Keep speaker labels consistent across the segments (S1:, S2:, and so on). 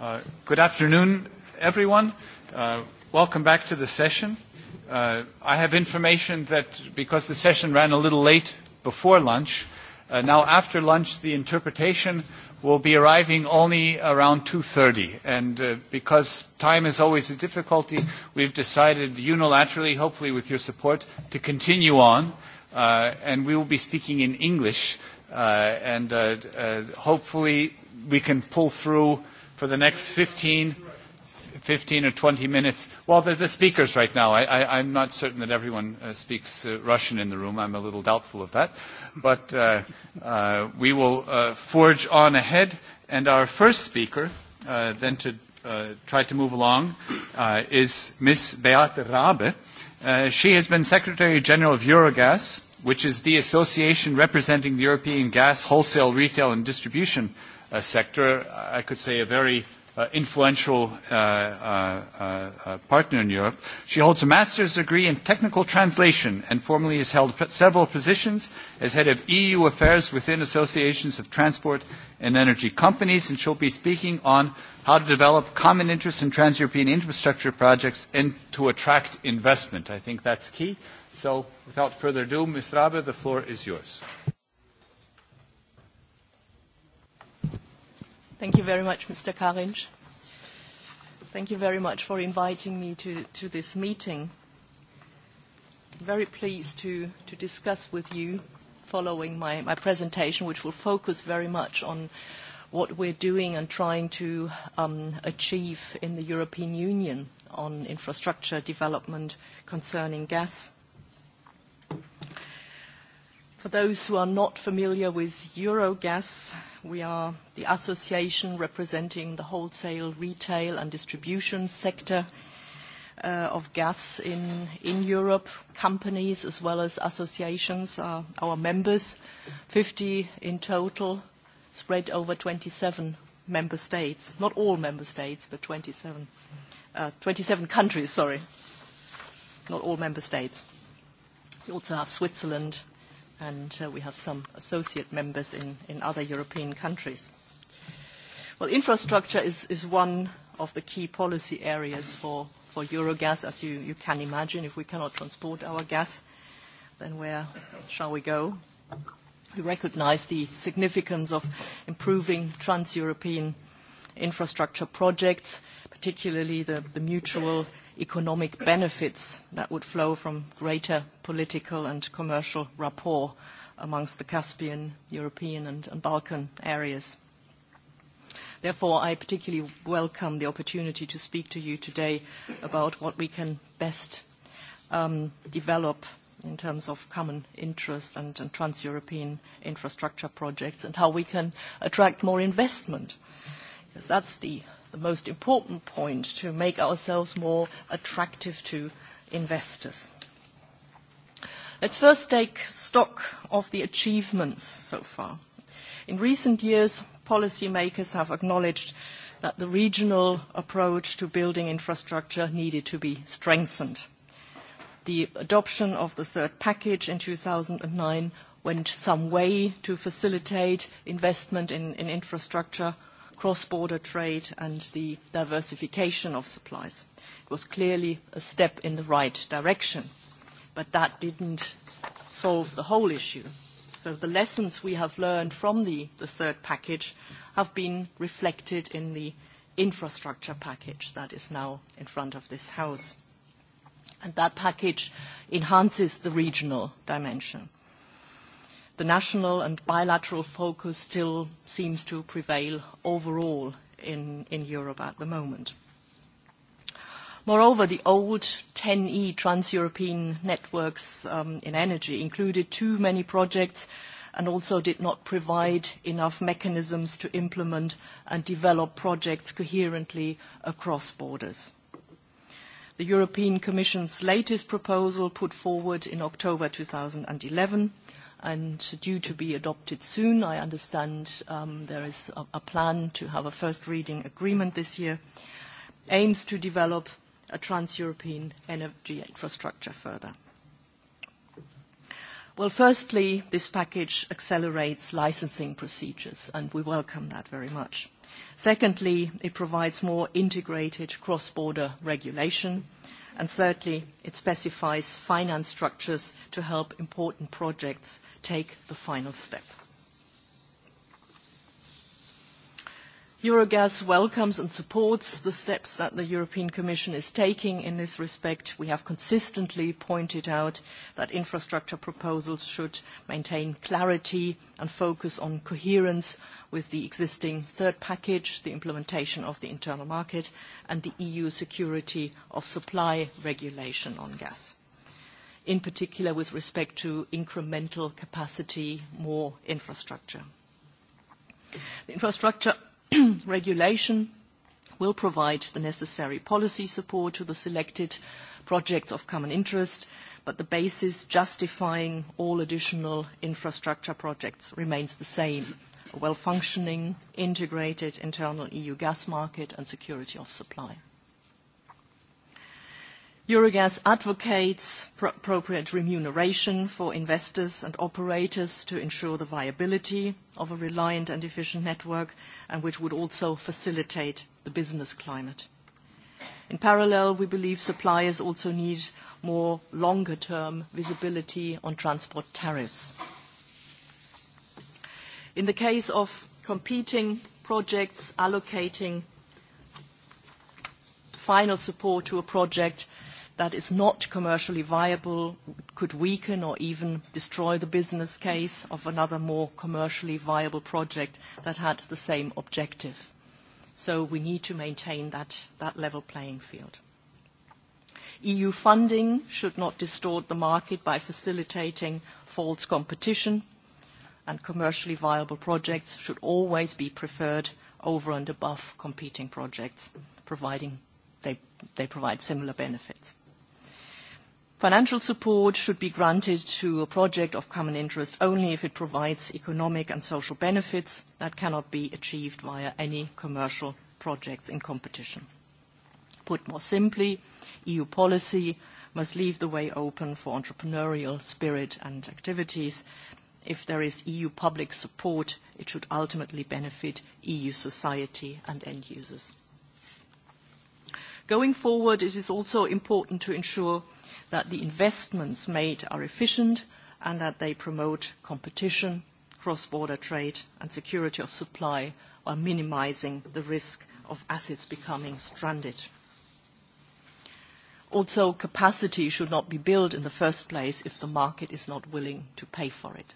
S1: Uh, good afternoon, everyone. Uh, welcome back to the session. Uh, I have information that because the session ran a little late before lunch, uh, now after lunch the interpretation will be arriving only around 2.30. And uh, because time is always a difficulty, we've decided unilaterally, hopefully with your support, to continue on. Uh, and we will be speaking in English. Uh, and uh, uh, hopefully we can pull through for the next 15, 15 or 20 minutes. Well, they're the speakers right now. I, I, I'm not certain that everyone uh, speaks uh, Russian in the room. I'm a little doubtful of that. But uh, uh, we will uh, forge on ahead. And our first speaker, uh, then to uh, try to move along, uh, is Ms. Beate Rabe. Uh, she has been Secretary General of Eurogas, which is the association representing the European gas wholesale, retail, and distribution uh, Uh, sector, I could say a very uh, influential uh, partner in Europe. She holds a master's degree in technical translation and formerly has held several positions as head of EU affairs within associations of transport and energy companies, and she'll be speaking on how to develop common interests in trans-European infrastructure projects and to attract investment. I think that's key. without further ado, Ms. Rabe, the floor is yours.
S2: Thank you very much, Mr. Karinch. Thank you very much for inviting me to, to this meeting. Very pleased to, to discuss with you following my, my presentation, which will focus very much on what we're doing and trying to um, achieve in the European Union on infrastructure development concerning gas For those who are not familiar with Eurogas, we are the association representing the wholesale, retail and distribution sector uh, of gas in, Europe. Companies as well as associations are our members, 50 in total, spread over 27 member states. Not all member states, but 27, 27 uh, countries, sorry. Not all member states. We also have Switzerland, and uh, we have some associate members in, in other European countries. Well, infrastructure is, is one of the key policy areas for, for Eurogas, as you, you can imagine. If we cannot transport our gas, then where shall we go? We recognize the significance of improving trans-European infrastructure projects, particularly the, the mutual economic benefits that would flow from greater political and commercial rapport amongst the Caspian, European and, Balkan areas. Therefore, I particularly welcome the opportunity to speak to you today about what we can best um, develop in terms of common interest and trans-European infrastructure projects and how we can attract more investment. Because that's the the most important point to make ourselves more attractive to investors. Let's first take stock of the achievements so far. In recent years, policymakers have acknowledged that the regional approach to building infrastructure needed to be strengthened. The adoption of the third package in 2009 went some way to facilitate investment in, infrastructure cross-border trade and the diversification of supplies. It was clearly a step in the right direction, but that didn't solve the whole issue. So the lessons we have learned from the, the third package have been reflected in the infrastructure package that is now in front of this house. And that package enhances the regional dimension the national and bilateral focus still seems to prevail overall in, in Europe at the moment. Moreover, the old 10E trans-European networks um, in energy included too many projects and also did not provide enough mechanisms to implement and develop projects coherently across borders. The European Commission's latest proposal, put forward in October 2011, and due to be adopted soon. I understand um, there is a, a plan to have a first reading agreement this year, aims to develop a trans-European energy infrastructure further. Well, firstly, this package accelerates licensing procedures, and we welcome that very much. Secondly, it provides more integrated cross-border regulation And thirdly, it specifies finance structures to help important projects take the final step. Eurogas welcomes and supports the steps that the European Commission is taking in this respect. We have consistently pointed out that infrastructure proposals should maintain clarity and focus on coherence with the existing third package, the implementation of the internal market, and the EU security of supply regulation on gas in particular with respect to incremental capacity, more infrastructure. The infrastructure regulation will provide the necessary policy support to the selected projects of common interest, but the basis justifying all additional infrastructure projects remains the same: a well-functioning, integrated internal EU gas market and security of supply. Eurogas advocates appropriate remuneration for investors and operators to ensure the viability of a reliant and efficient network, and which would also facilitate the business climate. In parallel, we believe suppliers also need more longer-term visibility on transport tariffs. In the case of competing projects, allocating final support to a project that is not commercially viable, could weaken or even destroy the business case of another more commercially viable project that had the same objective. So we need to maintain that, that level playing field. EU funding should not distort the market by facilitating false competition, and commercially viable projects should always be preferred over and above competing projects, providing they, they provide similar benefits. Financial support should be granted to a project of common interest only if it provides economic and social benefits that cannot be achieved via any commercial projects in competition. Put more simply, EU policy must leave the way open for entrepreneurial spirit and activities. If there is EU public support, it should ultimately benefit EU society and end users. Going forward, it is also important to ensure that the investments made are efficient and that they promote competition, cross-border trade and security of supply while minimizing the risk of assets becoming stranded. Also, capacity should not be built in the first place if the market is not willing to pay for it.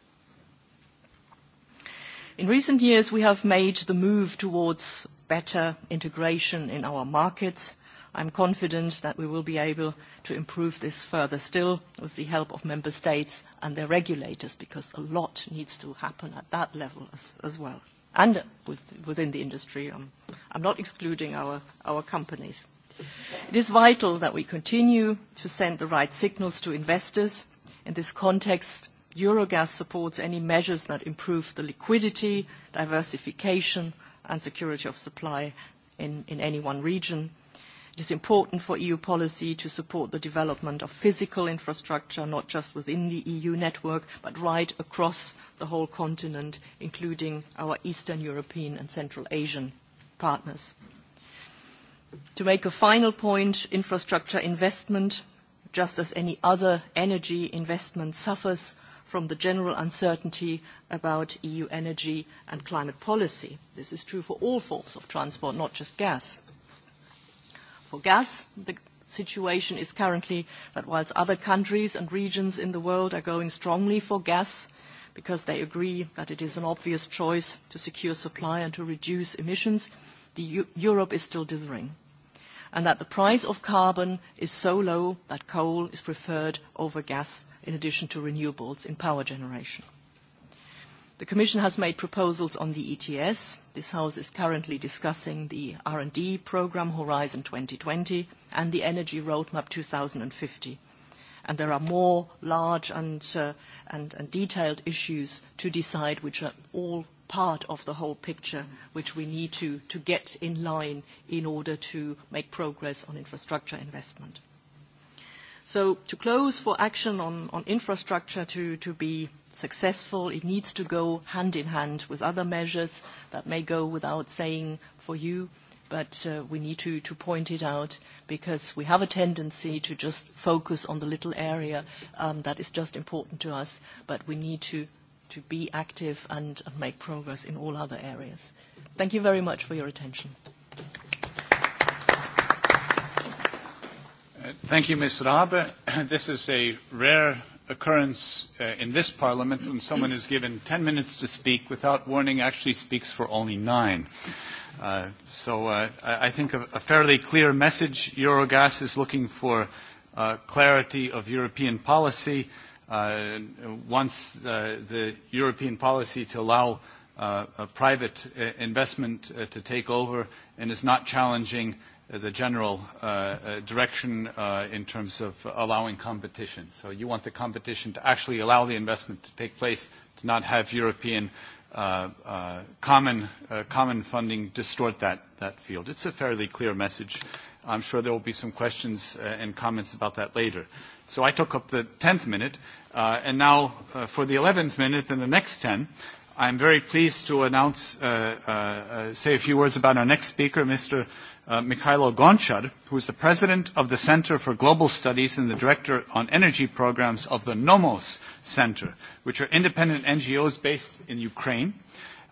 S2: In recent years, we have made the move towards better integration in our markets I'm confident that we will be able to improve this further still with the help of member states and their regulators, because a lot needs to happen at that level as, as well, and with, within the industry. Um, I'm not excluding our, our companies. It is vital that we continue to send the right signals to investors. In this context, Eurogas supports any measures that improve the liquidity, diversification, and security of supply in, in any one region It is important for EU policy to support the development of physical infrastructure, not just within the EU network, but right across the whole continent, including our Eastern European and Central Asian partners. To make a final point, infrastructure investment, just as any other energy investment, suffers from the general uncertainty about EU energy and climate policy. This is true for all forms of transport, not just gas for gas. The situation is currently that whilst other countries and regions in the world are going strongly for gas because they agree that it is an obvious choice to secure supply and to reduce emissions, the U Europe is still dithering, and that the price of carbon is so low that coal is preferred over gas in addition to renewables in power generation. The Commission has made proposals on the ETS. This House is currently discussing the R&D programme Horizon 2020 and the Energy Roadmap 2050. And there are more large uh, and, detailed issues to decide, which are all part of the whole picture, which we need to, get in line in order to make progress on infrastructure investment. So to close, for action on, infrastructure to be successful, it needs to go hand in hand with other measures that may go without saying for you, but uh, we need to, to point it out because we have a tendency to just focus on the little area um, that is just important to us, but we need to, to be active and, and make progress in all other areas. Thank you very much for your attention.
S1: Uh, thank you, Ms. Rabe. This is a rare occurrence uh, in this parliament when someone is given 10 minutes to speak without warning actually speaks for only nine. Uh, so uh, I think a, a fairly clear message. Eurogas is looking for uh, clarity of European policy. Uh, wants uh, the European policy to allow uh, a private uh, investment uh, to take over and is not challenging the general uh, uh, direction uh, in terms of allowing competition. So you want the competition to actually allow the investment to take place, to not have European common, funding distort that, that field. It's a fairly clear message. I'm sure there will be some questions and comments about that later. So I took up the 10th minute, and now for the 11th minute and the next 10, I'm very pleased to announce, say a few words about our next speaker, Mr. Uh, Mikhailo Gonchar, who is the president of the Center for Global Studies and the director on energy programs of the Nomos Center, which are independent NGOs based in Ukraine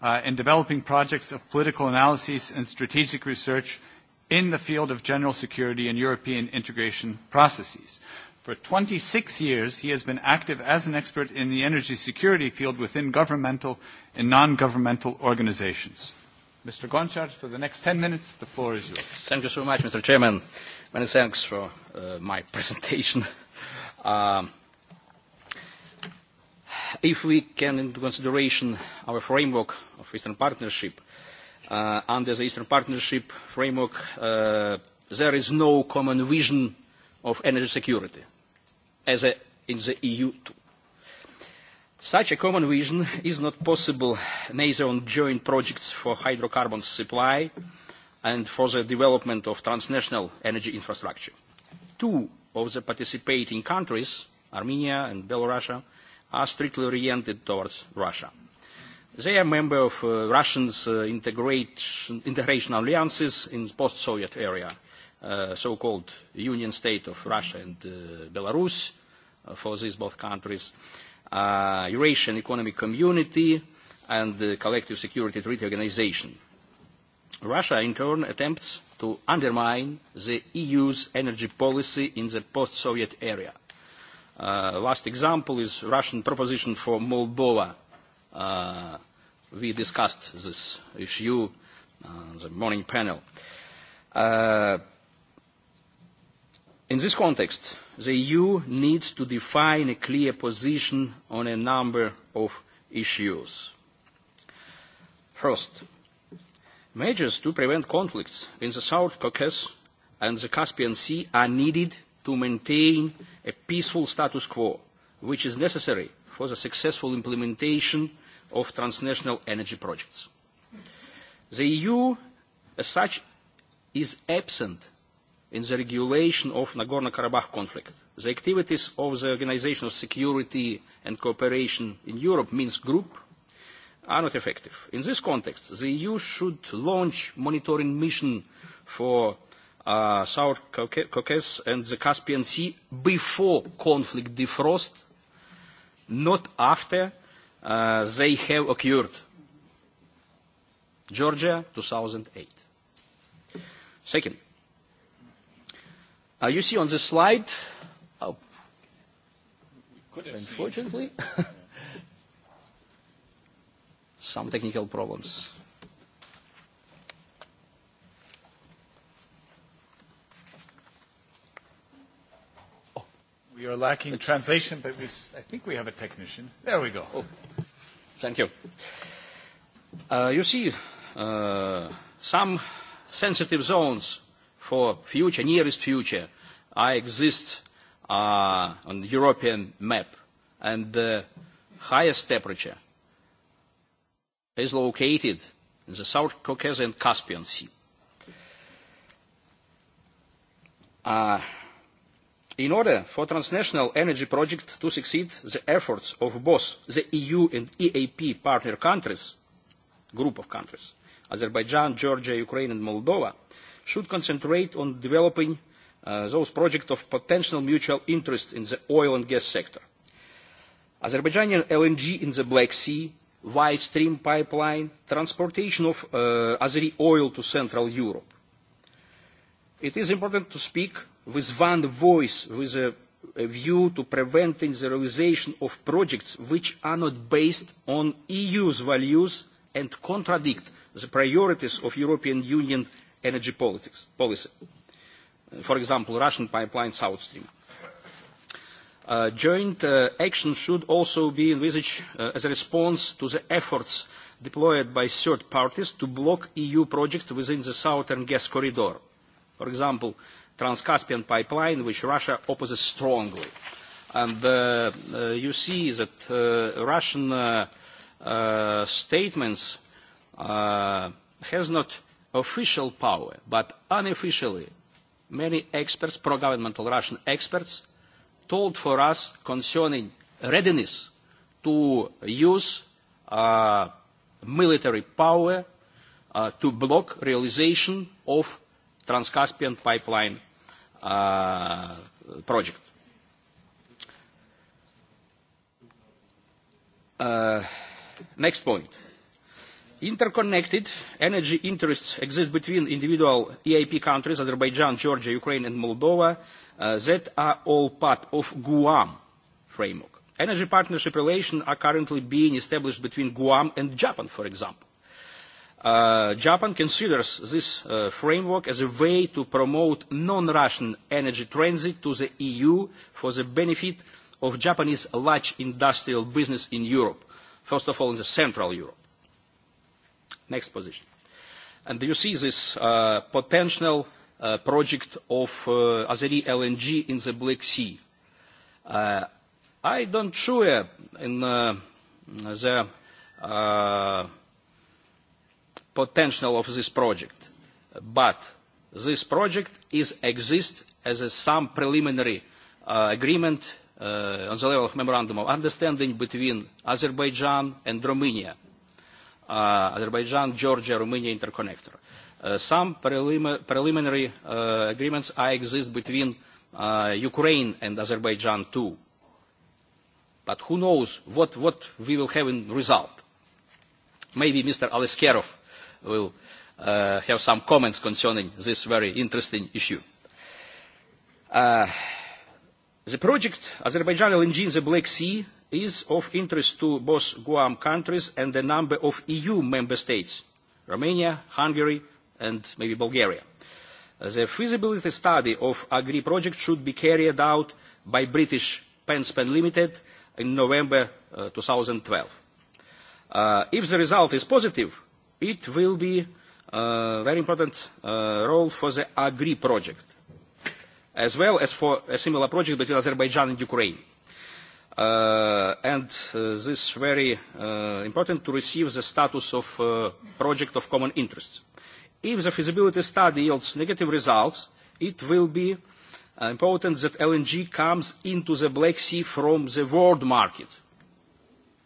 S1: uh, in developing projects of political analyses and strategic research in the field of general security and European integration processes. For 26 years, he has been active as an expert in the energy security field within governmental and non-governmental organizations.
S3: Mr. Gonchard, for the next 10 minutes, the floor is yours. Thank you so much, Mr. Chairman. Many thanks for uh, my presentation. um, if we can into consideration our framework of Eastern Partnership, uh, under the Eastern Partnership framework, uh, there is no common vision of energy security, as a, in the EU too. Such a common vision is not possible neither on joint projects for hydrocarbon supply and for the development of transnational energy infrastructure. Two of the participating countries, Armenia and Belarus, are strictly oriented towards Russia. They are members of uh, Russian's uh, integration, integration alliances in the post-Soviet area, uh, so-called Union State of Russia and uh, Belarus, uh, for these both countries. Uh, uh, Eurasian Economic Community, and the Collective Security Treaty Organization. Russia, in turn, attempts to undermine the EU's energy policy in the post-Soviet area. Uh, last example is Russian proposition for Moldova. Uh, we discussed this issue on uh, the morning panel. Uh, In this context, the EU needs to define a clear position on a number of issues. First, measures to prevent conflicts in the South Caucasus and the Caspian Sea are needed to maintain a peaceful status quo, which is necessary for the successful implementation of transnational energy projects. The EU, as such, is absent in the regulation of Nagorno-Karabakh conflict. The activities of the Organization of Security and Cooperation in Europe, Minsk Group, are not effective. In this context, the EU should launch monitoring mission for uh, South Caucasus and the Caspian Sea before conflict defrost, not after uh, they have occurred. Georgia, 2008. Second, you see on this slide, oh,
S4: unfortunately,
S3: some technical problems.
S1: Oh. We are lacking translation, but we, I think we have
S3: a technician. There we go. Oh. Thank you. Uh, you see uh, some sensitive zones for future, nearest future, i exist uh, on the European map, and the highest temperature is located in the South Caucasian Caspian Sea. Uh, in order for transnational energy project to succeed, the efforts of both the EU and EAP partner countries, group of countries, Azerbaijan, Georgia, Ukraine and Moldova, should concentrate on developing Uh, those projects of potential mutual interest in the oil and gas sector. Azerbaijani LNG in the Black Sea, White Stream pipeline, transportation of uh, Azeri oil to Central Europe. It is important to speak with one voice, with a, a view to preventing the realization of projects which are not based on EU's values and contradict the priorities of European Union energy politics, policy for example, Russian pipeline South Stream. Uh, joint uh, action should also be envisaged uh, as a response to the efforts deployed by third parties to block EU projects within the southern gas corridor. For example, Trans-Caspian pipeline, which Russia opposes strongly. And uh, uh, you see that uh, Russian uh, uh, statements uh, has not official power, but unofficially many experts, pro-governmental Russian experts, told for us concerning readiness to use uh, military power uh, to block realization of Trans-Caspian pipeline uh, project. Uh, next point interconnected energy interests exist between individual EIP countries, Azerbaijan, Georgia, Ukraine, and Moldova, uh, that are all part of Guam framework. Energy partnership relations are currently being established between Guam and Japan, for example. Uh, Japan considers this uh, framework as a way to promote non-Russian energy transit to the EU for the benefit of Japanese large industrial business in Europe, first of all in the Central Europe. Next position. And you see this uh, potential uh, project of uh, Azeri LNG in the Black Sea. Uh, I don't sure in uh, the uh, potential of this project, but this project is exist as a some preliminary uh, agreement uh, on the level of memorandum of understanding between Azerbaijan and Romania Azerbaijan-Georgia, Romania interconnector. Uh, some prelim preliminary uh, agreements exist between uh, Ukraine and Azerbaijan too. But who knows what, what we will have in result. Maybe Mr. Aleskerov will uh, have some comments concerning this very interesting issue. Uh, the project Azerbaijan LNG in the Black Sea is of interest to both Guam countries and a number of EU member states, Romania, Hungary, and maybe Bulgaria. Uh, the feasibility study of Agri project should be carried out by British Penspen Limited in November uh, 2012. Uh, if the result is positive, it will be a uh, very important uh, role for the Agri project, as well as for a similar project between Azerbaijan and Ukraine. Uh, and uh, this very uh, important to receive the status of uh, project of common interest. If the feasibility study yields negative results, it will be uh, important that LNG comes into the Black Sea from the world market,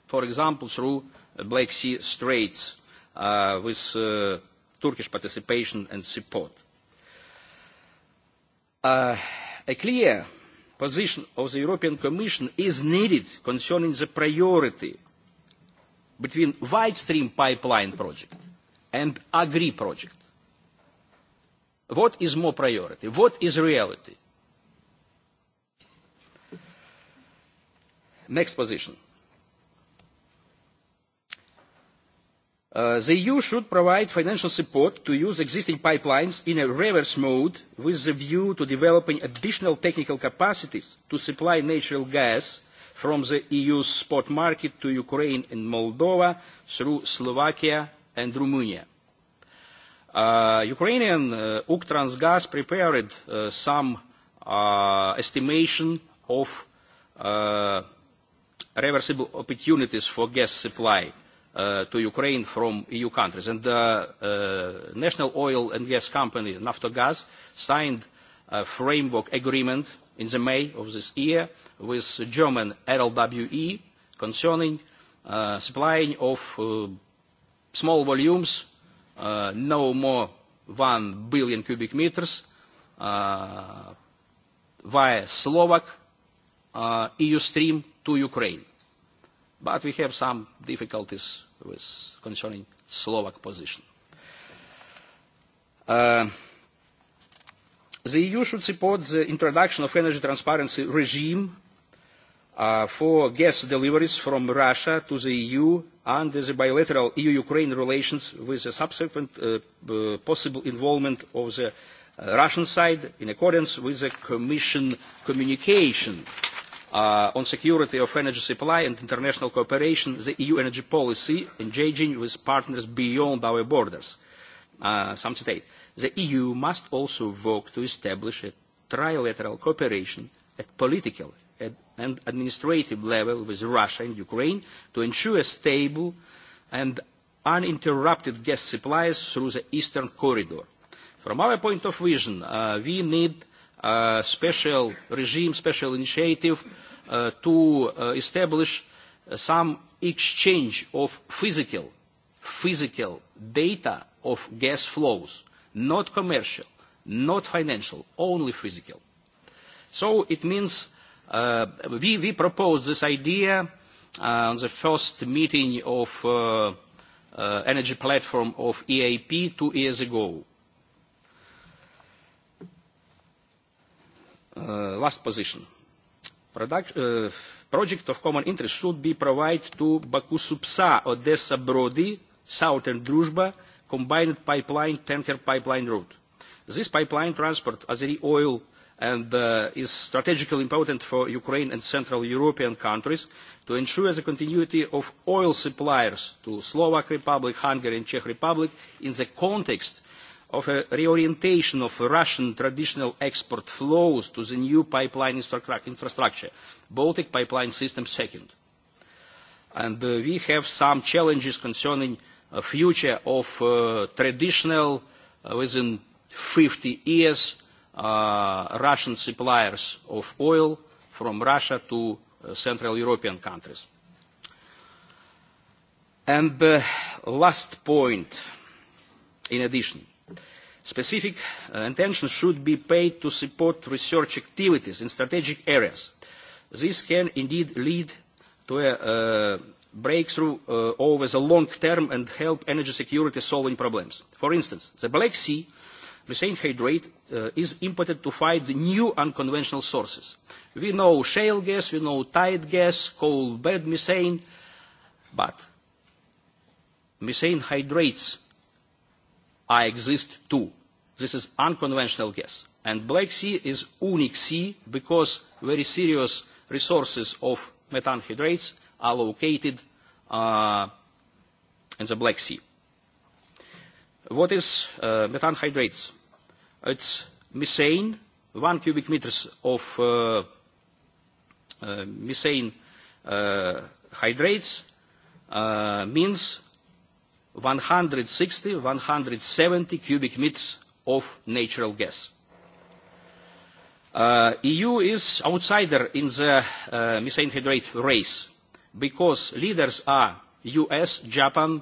S3: for example, through uh, Black Sea Straits uh, with uh, Turkish participation and support. Uh, a clear position of the European Commission is needed concerning the priority between White Stream pipeline project and Agri project. What is more priority? What is reality? Next position. Uh, the EU should provide financial support to use existing pipelines in a reverse mode with the view to developing additional technical capacities to supply natural gas from the EU's spot market to Ukraine and Moldova through Slovakia and Romania. Uh, Ukrainian uh, Uktransgaz prepared uh, some uh, estimation of uh, reversible opportunities for gas supply Uh, to Ukraine from EU countries. And the uh, National Oil and Gas Company, Naftogaz, signed a framework agreement in the May of this year with German RLWE concerning uh, supplying of uh, small volumes, uh, no more 1 billion cubic meters, via Slovak EU stream to Ukraine but we have some difficulties with concerning Slovak position. Uh, the EU should support the introduction of energy transparency regime uh, for gas deliveries from Russia to the EU under the bilateral EU-Ukraine relations with the subsequent uh, uh, possible involvement of the uh, Russian side in accordance with the Commission communication Uh, on security of energy supply and international cooperation, the EU energy policy, engaging with partners beyond our borders. Uh, some state. The EU must also work to establish a trilateral cooperation at political and administrative level with Russia and Ukraine to ensure a stable and uninterrupted gas supplies through the Eastern Corridor. From our point of vision, uh, we need uh, special regime, special initiative uh, to uh, establish some exchange of physical, physical data of gas flows, not commercial, not financial, only physical. So it means uh, we, we proposed this idea uh, on the first meeting of uh, uh, energy platform of EAP two years ago. uh, last position. Product, uh, project of common interest should be provided to Baku Supsa, Odessa Brody, Southern Druzhba, combined pipeline, tanker pipeline route. This pipeline transport Azeri oil and uh, is strategically important for Ukraine and Central European countries to ensure the continuity of oil suppliers to Slovak Republic, Hungary and Czech Republic in the context of a reorientation of Russian traditional export flows to the new pipeline infrastructure, Baltic pipeline system second. And uh, we have some challenges concerning the uh, future of uh, traditional, uh, within 50 years, uh, Russian suppliers of oil from Russia to uh, Central European countries. And the uh, last point, in addition, Specific uh, attention should be paid to support research activities in strategic areas. This can indeed lead to a uh, breakthrough uh, over the long term and help energy security solving problems. For instance, the Black Sea methane hydrate uh, is imported to fight the new unconventional sources. We know shale gas, we know tight gas, coal bed methane, but methane hydrates I exist too This is unconventional gas. And Black Sea is unique sea because very serious resources of methane hydrates are located uh, in the Black Sea. What is uh, methane hydrates? It's methane, one cubic meters of uh, uh, methane uh, hydrates uh, means 160, 170 cubic meters of natural gas. Uh, EU is outsider in the uh, methane hydrate race because leaders are US, Japan,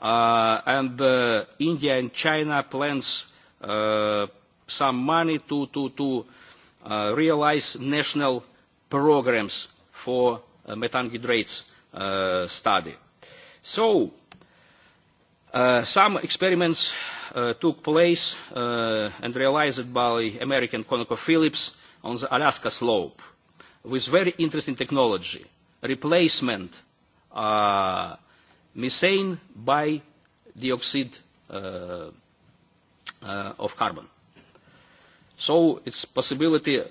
S3: uh, and uh, India and China plans uh, some money to, to, to uh, realize national programs for uh, methane hydrates uh, study. So Uh, some experiments uh, took place uh, and realized by American ConocoPhillips on the Alaska slope with very interesting technology, replacement uh, methane by dioxide uh, uh, of carbon. So it's possibility uh,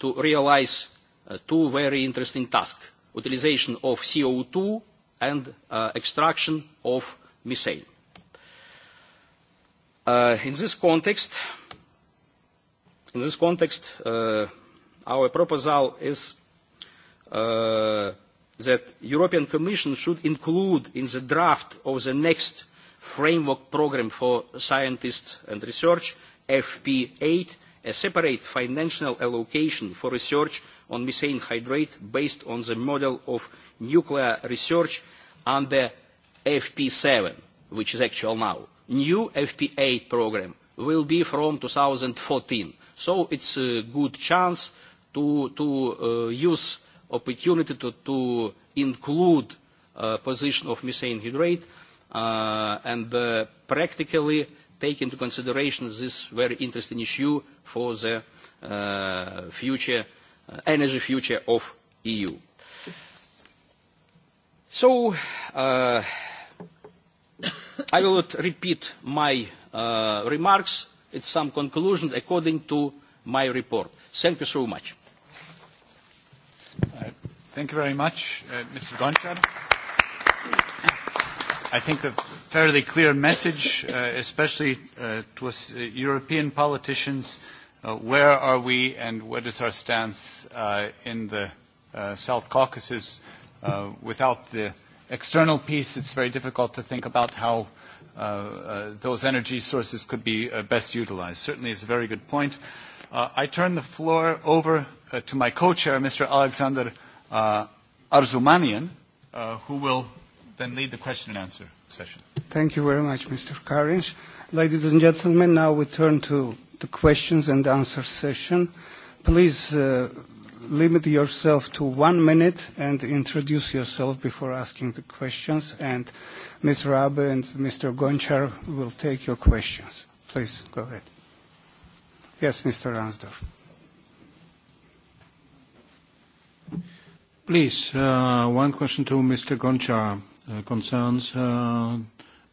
S3: to realize uh, two very interesting tasks, utilization of CO2 and uh, extraction of missile. Uh, in this context, in this context, uh, our proposal is uh, that European Commission should include in the draft of the next framework program for scientists and research, FP8, a separate financial allocation for research on methane hydrate based on the model of nuclear research under FP7, which is actual now. New FP8 program will be from 2014. So it's a good chance to, to uh, use opportunity to, to include uh, position of methane hydrate uh, and uh, practically take into consideration this very interesting issue for the uh, future, uh, energy future of EU. So, uh, i will not repeat my uh, remarks. It's some conclusions according to my report. Thank you so much. Uh, thank
S1: you very much, uh, Mr. Gonchar. I think a fairly clear message, uh, especially uh, to us uh, European politicians, uh, where are we and what is our stance uh, in the uh, South Caucasus uh, without the external piece, it's very difficult to think about how uh, uh, those energy sources could be uh, best utilized. Certainly it's a very good point. Uh, I turn the floor over uh, to my co-chair, Mr. Alexander Arzumanian, who will then lead the question and answer session.
S5: Thank you very much, Mr. Karinch. Ladies and gentlemen, now we turn to the questions and answer session. Please limit yourself to one minute and introduce yourself before asking the questions. And Ms. Rabe and Mr. Gonchar will take your questions. Please go ahead. Yes, Mr. Ransdorf.
S6: Please, uh, one question to Mr. Gonchar uh, concerns uh,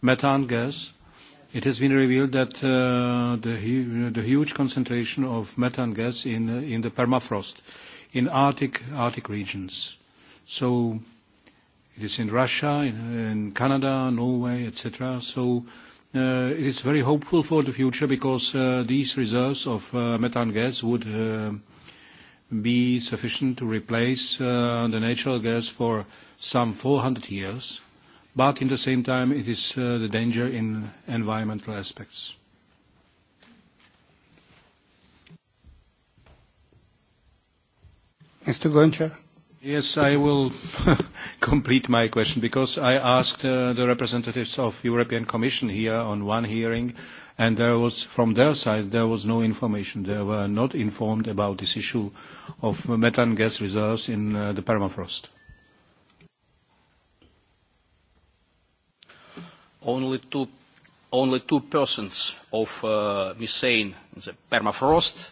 S6: methane gas. It has been revealed that the, huge concentration of methane gas in, in the permafrost in Arctic, Arctic regions. So it is in Russia, in, in Canada, Norway, etc. So uh, it is very hopeful for the future because uh, these reserves of uh, methane gas would uh, be sufficient to replace uh, the natural gas for some 400 years. But in the same time, it is uh, the danger in environmental aspects.
S5: Mr. Gonchar?
S6: Yes, I will complete my question because I asked uh, the representatives of European Commission here on one hearing, and there was, from their side, there was no information. They were not informed about this issue of methane gas reserves in uh, the permafrost.
S3: Only two, only two persons of uh, methane in the permafrost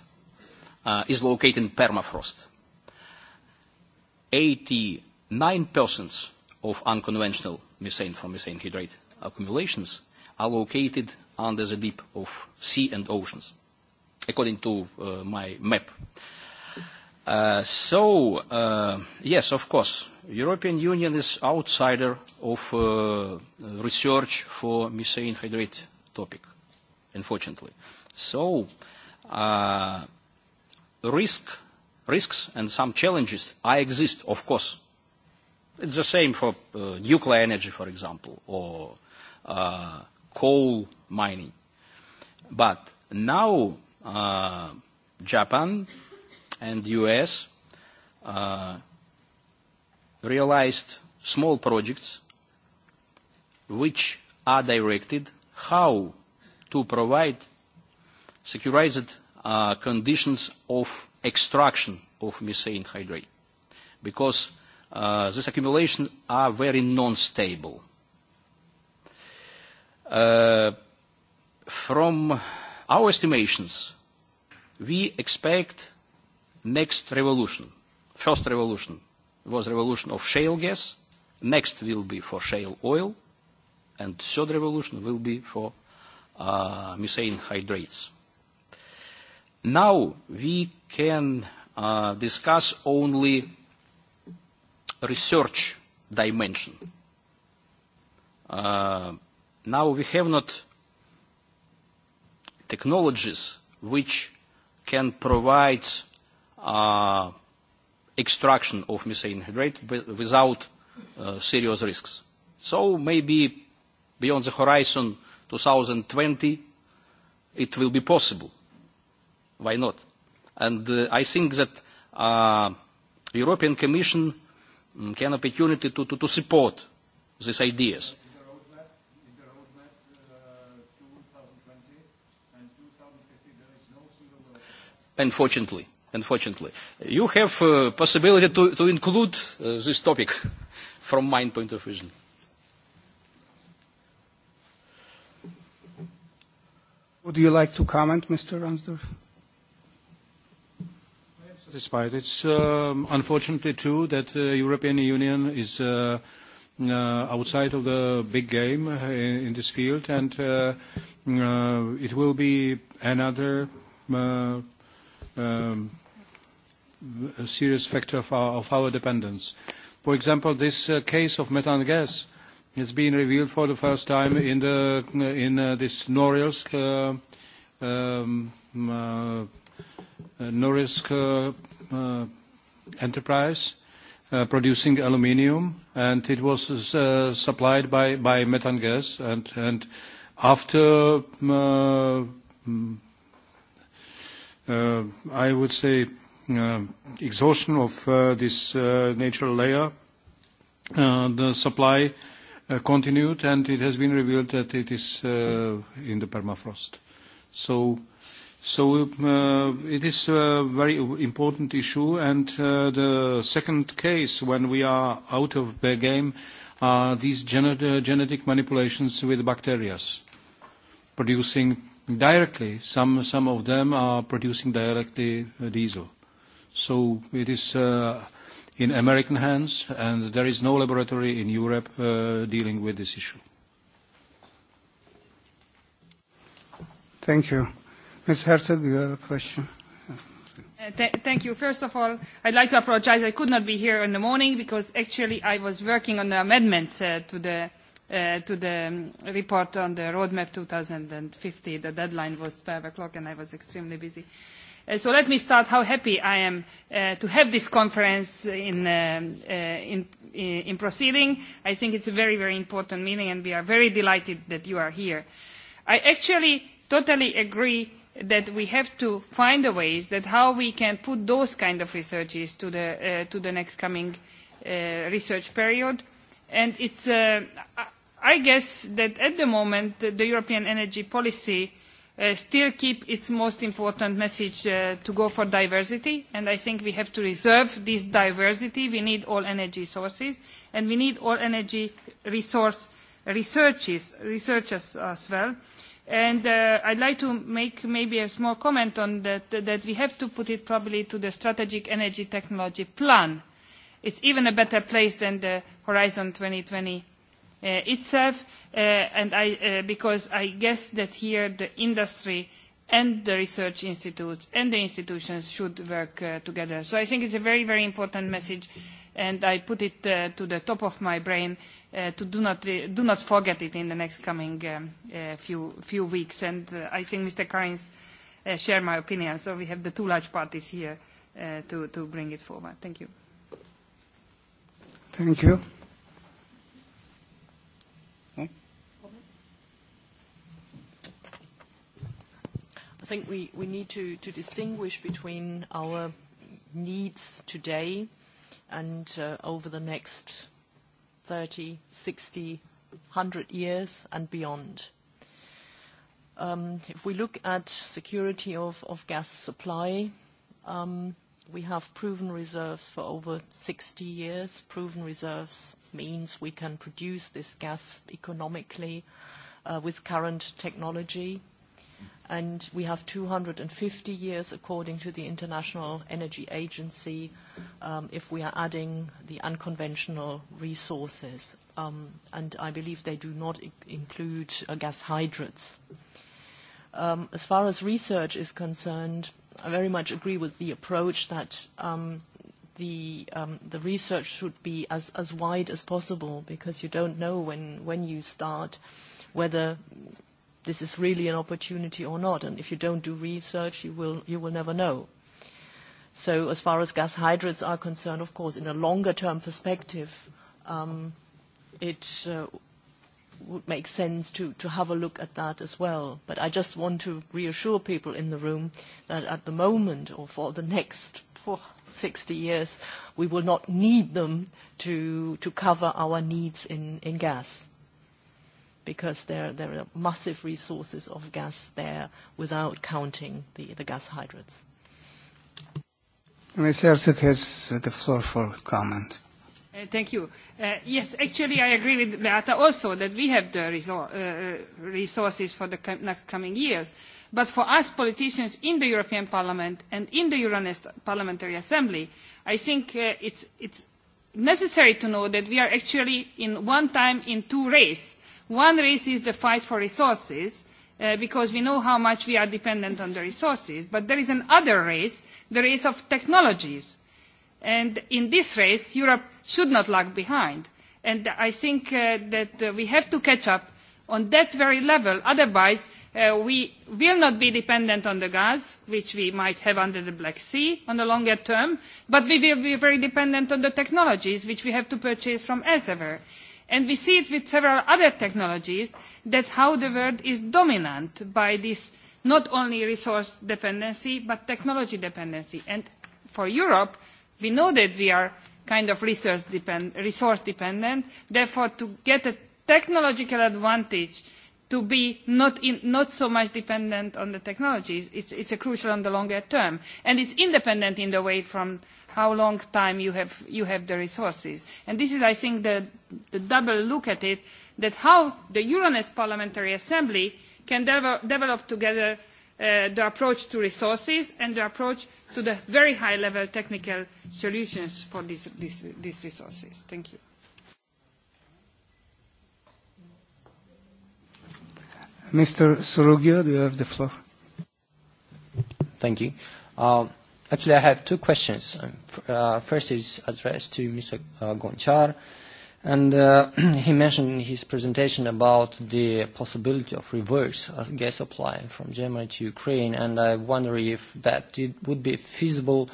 S3: uh, is located in permafrost 89% of unconventional methane from methane hydrate accumulations are located under the deep of sea and oceans, according to uh, my map. Uh, so, uh, yes, of course, European Union is outsider of uh, research for methane hydrate topic, unfortunately. So, uh, risk risks and some challenges I exist, of course. It's the same for uh, nuclear energy, for example, or uh, coal mining. But now uh, Japan and US uh, realized small projects which are directed how to provide securized uh, conditions of extraction of methane hydrate because uh, this accumulation are very non-stable. Uh, from our estimations, we expect next revolution. First revolution was revolution of shale gas, next will be for shale oil, and third revolution will be for uh, methane hydrates. Now we can uh, discuss only research dimension. Uh, now we have not technologies which can provide uh, extraction of methane hydrate without uh, serious risks. So maybe beyond the horizon 2020 it will be possible. Why not? And uh, I think that uh, European Commission mm, can opportunity to, to, to support these ideas. Uh, no unfortunately, unfortunately, you have uh, possibility to, to include uh, this topic from my point of vision.
S5: Would you like to comment, Mr. Ransdorf?
S6: despite. It's um, unfortunately true that the uh, European Union is uh, uh, outside of the big game in, this field, and it will be another um, serious factor of our, dependence. For example, this case of methane gas has been revealed for the first time in, this Norilsk um, Norilsk uh, uh, enterprise uh, producing aluminum, and it was supplied by, methane gas. And, after, mm, I would say, exhaustion of this natural layer, the supply continued, and it has been revealed that it is in the permafrost. So So uh, it is a very important issue. And uh, the second case, when we are out of the game, are these genet uh, genetic manipulations with bacteria, producing directly. Some some of them are producing directly uh, diesel. So it is uh, in American hands, and there is no laboratory in Europe uh, dealing with this issue.
S5: Thank you. Ms. Herzog, you have a question.
S7: Uh, th thank you. First of all, I'd like to apologize. I could not be here in the morning because actually I was working on the amendments uh, to the uh, to the um, report on the roadmap 2050. The deadline was 12 o'clock and I was extremely busy. Uh, so let me start how happy I am uh, to have this conference in, um, uh, in, uh, in proceeding. I think it's a very, very important meeting and we are very delighted that you are here. I actually totally agree that we have to find a ways that how we can put those kind of researches to the, uh, to the next coming uh, research period. And it's, uh, I guess that at the moment the European energy policy uh, still keep its most important message uh, to go for diversity. And I think we have to reserve this diversity. We need all energy sources and we need all energy resource researches, researchers as well. Uh, And uh, I'd like to make maybe a small comment on that, that we have to put it probably to the Strategic Energy Technology Plan. It's even a better place than the Horizon 2020 uh, itself, uh, and I, uh, because I guess that here the industry and the research institutes and the institutions should work uh, together. So I think it's a very, very important message, and I put it uh, to the top of my brain Uh, to do not, do not forget it in the next coming um, uh, few, few weeks. And uh, I think Mr. Karins uh, share my opinion, so we have the two large parties here uh, to, to bring it forward. Thank you.
S5: Thank you. I
S2: think we, we need to, to distinguish between our needs today and uh, over the next 30, 60, 100 years and beyond. Um, if we look at security of, of gas supply, um, we have proven reserves for over 60 years. Proven reserves means we can produce this gas economically uh, with current technology. And we have 250 years, according to the International Energy Agency, um, if we are adding the unconventional resources. Um, and I believe they do not include uh, gas hydrates. Um, as far as research is concerned, I very much agree with the approach that um, the, um, the research should be as, as wide as possible because you don't know when, when you start whether this is really an opportunity or not. And if you don't do research, you will, you will never know. So as far as gas hydrates are concerned, of course, in a longer-term perspective, um, it uh, would make sense to, have a look at that as well. But I just want to reassure people in the room that at the moment, or for the next 60 years, we will not need them to, cover our needs in, gas because there, are massive resources of gas there without counting the gas hydrates.
S5: Ms. Herzog has the floor for comment.
S7: Uh, thank you. Uh, yes, actually, I agree with Beata also that we have the resor- uh, uh, resources for the com- next coming years. But for us politicians in the European Parliament and in the Euronest Parliamentary Assembly, I think uh, it's, it's necessary to know that we are actually in one time in two races. One race is the fight for resources, Uh, because we know how much we are dependent on the resources. But there is another race, the race of technologies. And in this race, Europe should not lag behind. And I think uh, that uh, we have to catch up on that very level. Otherwise, uh, we will not be dependent on the gas, which we might have under the Black Sea on the longer term, but we will be very dependent on the technologies which we have to purchase from elsewhere. And we see it with several other technologies. That's how the world is dominant by this not only resource dependency, but technology dependency. And for Europe, we know that we are kind of resource, depend, resource dependent. Therefore, to get a technological advantage to be not, in, not so much dependent on the technologies, it's, it's a crucial on the longer term. And it's independent in the way from how long time you have, you have the resources. And this is, I think, the, the double look at it, that how the Euronest Parliamentary Assembly can de develop together uh, the approach to resources and the approach to the very high-level technical solutions for these, these, these resources. Thank you.
S5: Mr. Sorugio, do you have the floor?
S8: Thank you. Uh, Actually, I have two questions. Um, uh, first is addressed to Mr. Uh, Gonchar, and uh, he mentioned in his presentation about the possibility of reverse uh, gas supply from Germany to Ukraine, and I wonder if that it would be feasible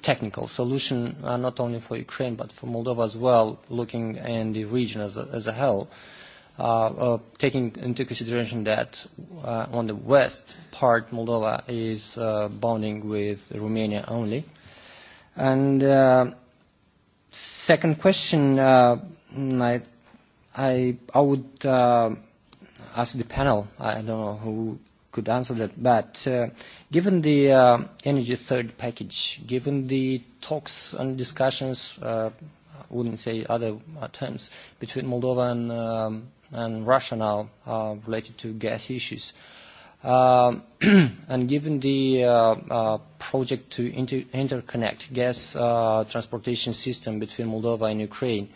S8: technical solution, uh, not only for Ukraine, but for Moldova as well, looking in the region as a, as a whole. Uh, uh, taking into consideration that uh, on the west part, Moldova is uh, bonding with Romania only. And uh, second question, uh, I, I, I would uh, ask the panel, I don't know who could answer that, but uh, given the uh, energy third package, given the talks and discussions, uh, I wouldn't say other terms, between Moldova and um, and rationale uh, related to gas issues. Uh, and given the uh, uh, project to inter interconnect gas uh, transportation system between Moldova and Ukraine,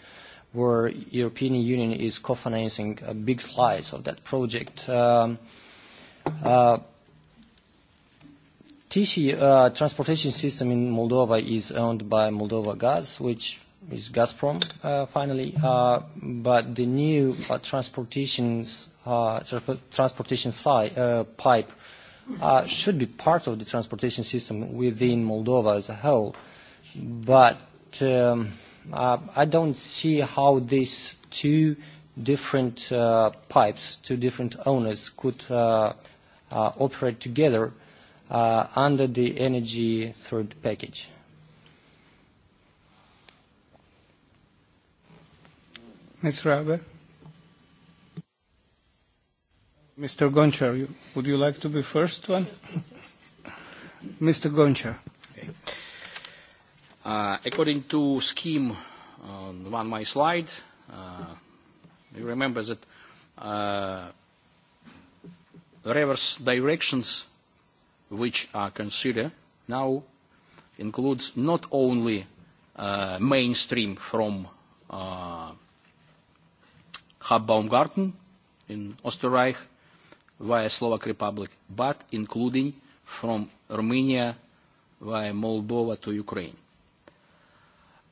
S8: where European Union is co-financing a big slice of that project, um, uh, TC uh, transportation system in Moldova is owned by Moldova Gas, which is Gazprom, uh, finally. Uh, but the new uh, transportation pipe should be part of the transportation system within Moldova as a whole. Um, I don't see how these two different pipes, two different owners could operate together under the energy third
S5: package. Ms. Rabe? Mr. Gonchar, you, would you like to be first one? Mr. Gonchar.
S6: Okay.
S3: Uh, according to scheme um, on one my slide, uh, you remember that uh, reverse directions which are considered now includes not only uh, mainstream from uh, Hub Baumgarten in Österreich via Slovak Republic, but including from Romania via Moldova to Ukraine.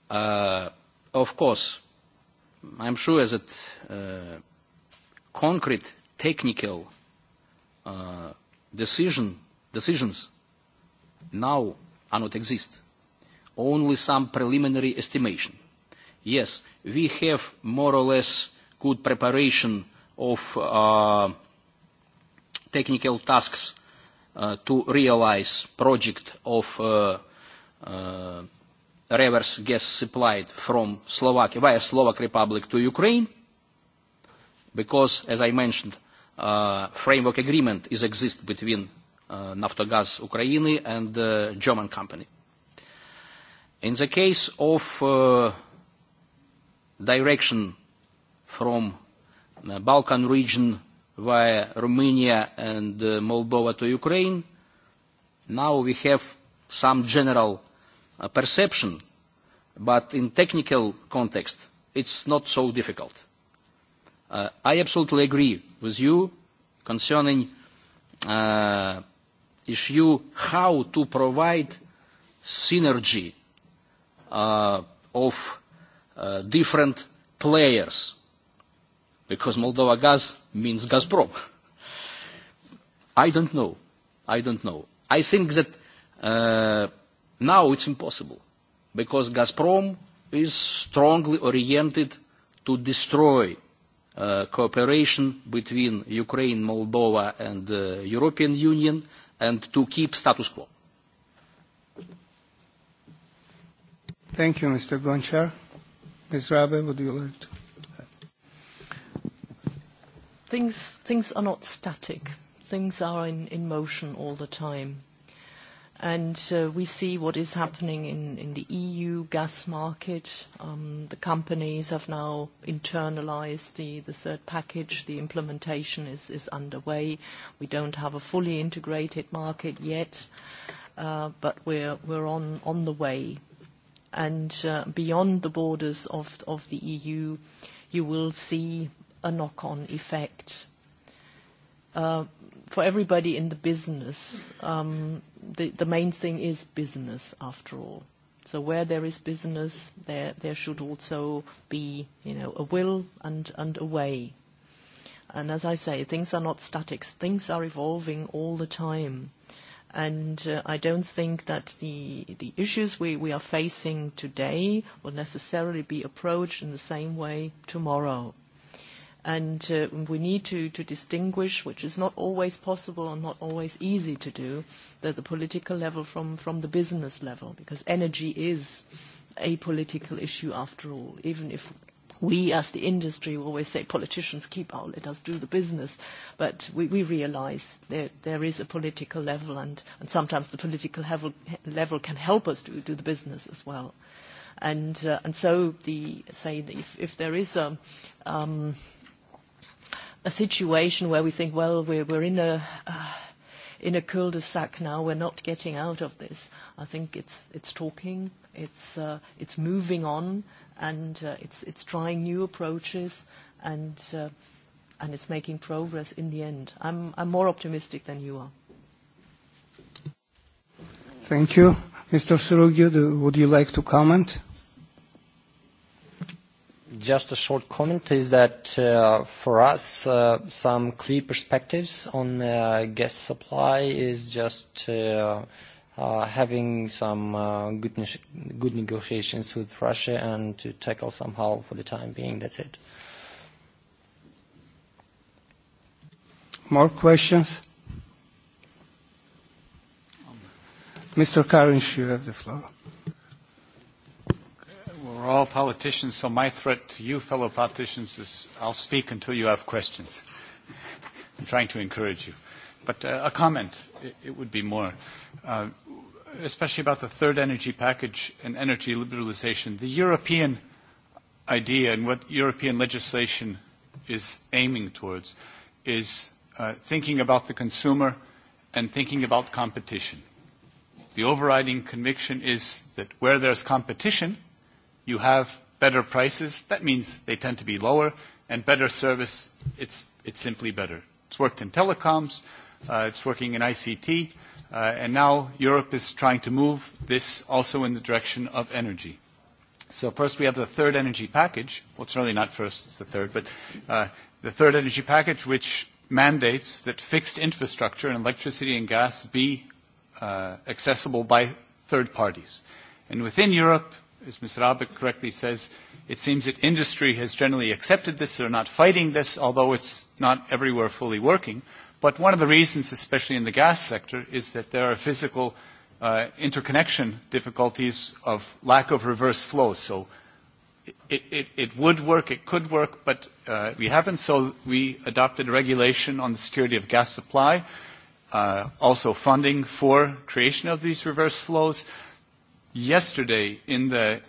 S3: Uh, of course, I'm sure that uh, concrete technical uh, decision, decisions now are not exist. Only some preliminary estimation. Yes, we have more or less good preparation of uh, technical tasks uh, to realize project of uh, uh, reverse gas supplied from Slovakia via Slovak Republic to Ukraine, because, as I mentioned, uh, framework agreement is exist between uh, Naftogaz Ukraine and uh, German company. In the case of uh, direction from the eh, Balkan region via Romania and eh, Moldova to Ukraine. Now we have some general eh, perception, but in technical context, it's not so difficult. Uh, I absolutely agree with you concerning uh, issue how to provide synergy uh, of different players because Moldova gas means Gazprom. I don't know. I don't know. I think that uh, now it's impossible because Gazprom is strongly oriented to destroy uh, cooperation between Ukraine, Moldova and the uh, European Union and to keep status quo.
S5: Thank you, Mr. Gonchar. Ms. Rabe, would you like to?
S2: things, things are not static. Things are in, in motion all the time. And uh, we see what is happening in, in the EU gas market. Um, the companies have now internalized the, the third package. The implementation is, is underway. We don't have a fully integrated market yet, uh, but we're, we're on, on the way. And uh, beyond the borders of, of the EU, you will see a knock-on effect. Uh, for everybody in the business, um, the, main thing is business after all. So where there is business, there, there should also be, you know, a will and, and a way. And as I say, things are not static. Things are evolving all the time. And uh, I don't think that the, the issues we, we are facing today will necessarily be approached in the same way tomorrow. And uh, we need to, to distinguish, which is not always possible and not always easy to do, the, the political level from, from the business level, because energy is a political issue after all, even if we as the industry always say politicians keep out, let us do the business. But we, we realize that there is a political level and, and sometimes the political level, level can help us do, do the business as well. And, uh, and so the, say, if, if there is a, um, a situation where we think, well, we're, we're in a uh, in a cul-de-sac now. We're not getting out of this. I think it's it's talking, it's uh, it's moving on, and uh, it's it's trying new approaches, and uh, and it's making progress in the end. I'm I'm more optimistic than you are.
S5: Thank you, Mr. Serugia. Would you like to comment?
S8: Just a short comment is that uh, for us, uh, some clear perspectives on uh, gas supply is just having some good, negotiations with Russia and to tackle somehow for the time being. That's
S5: it. More questions? Mr. Karinch, you have the floor.
S1: We're all politicians, so my threat to you fellow politicians is I'll speak until you have questions. I'm trying to encourage you. But uh, a comment, it, it would be more, uh, especially about the third energy package and energy liberalization. The European idea and what European legislation is aiming towards is uh, thinking about the consumer and thinking about competition. The overriding conviction is that where there's competition – you have better prices. That means they tend to be lower and better service. It's, simply better. It's worked in telecoms. Uh, it's working in ICT. Uh, and now Europe is trying to move this also in the direction of energy. So first we have the third energy package. Well, it's really not first, it's the third, but uh, the third energy package, which mandates that fixed infrastructure and electricity and gas be accessible by third parties. And within Europe, as Ms. Rabe correctly says, it seems that industry has generally accepted this. They're not fighting this, although it's not everywhere fully working. But one of the reasons, especially in the gas sector, is that there are physical uh, interconnection difficulties of lack of reverse flow. So it, it, it would work, it could work, but uh, we haven't. So we adopted a regulation on the security of gas supply, uh, also funding for creation of these reverse flows yesterday in the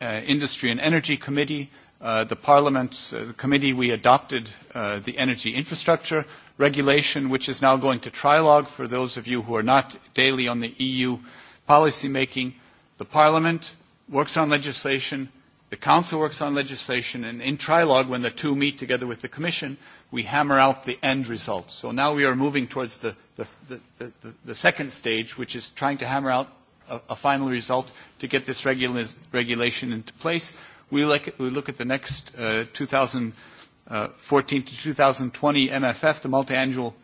S1: uh, Industry and Energy Committee, uh, the Parliament's uh, the committee, we adopted uh, the energy infrastructure regulation, which is now going to trilogue. For those of you who are not daily on the EU policy making, the Parliament works on legislation, the Council works on legislation, and in trilogue, when the two meet together with the Commission, we hammer out the end result. So now we are moving towards the, the, the, the, the second stage, which is trying to hammer out a, final result to get this regulation into place. We look at, we look at the next uh, 2014 uh, to 2020 MFF, the multi-annual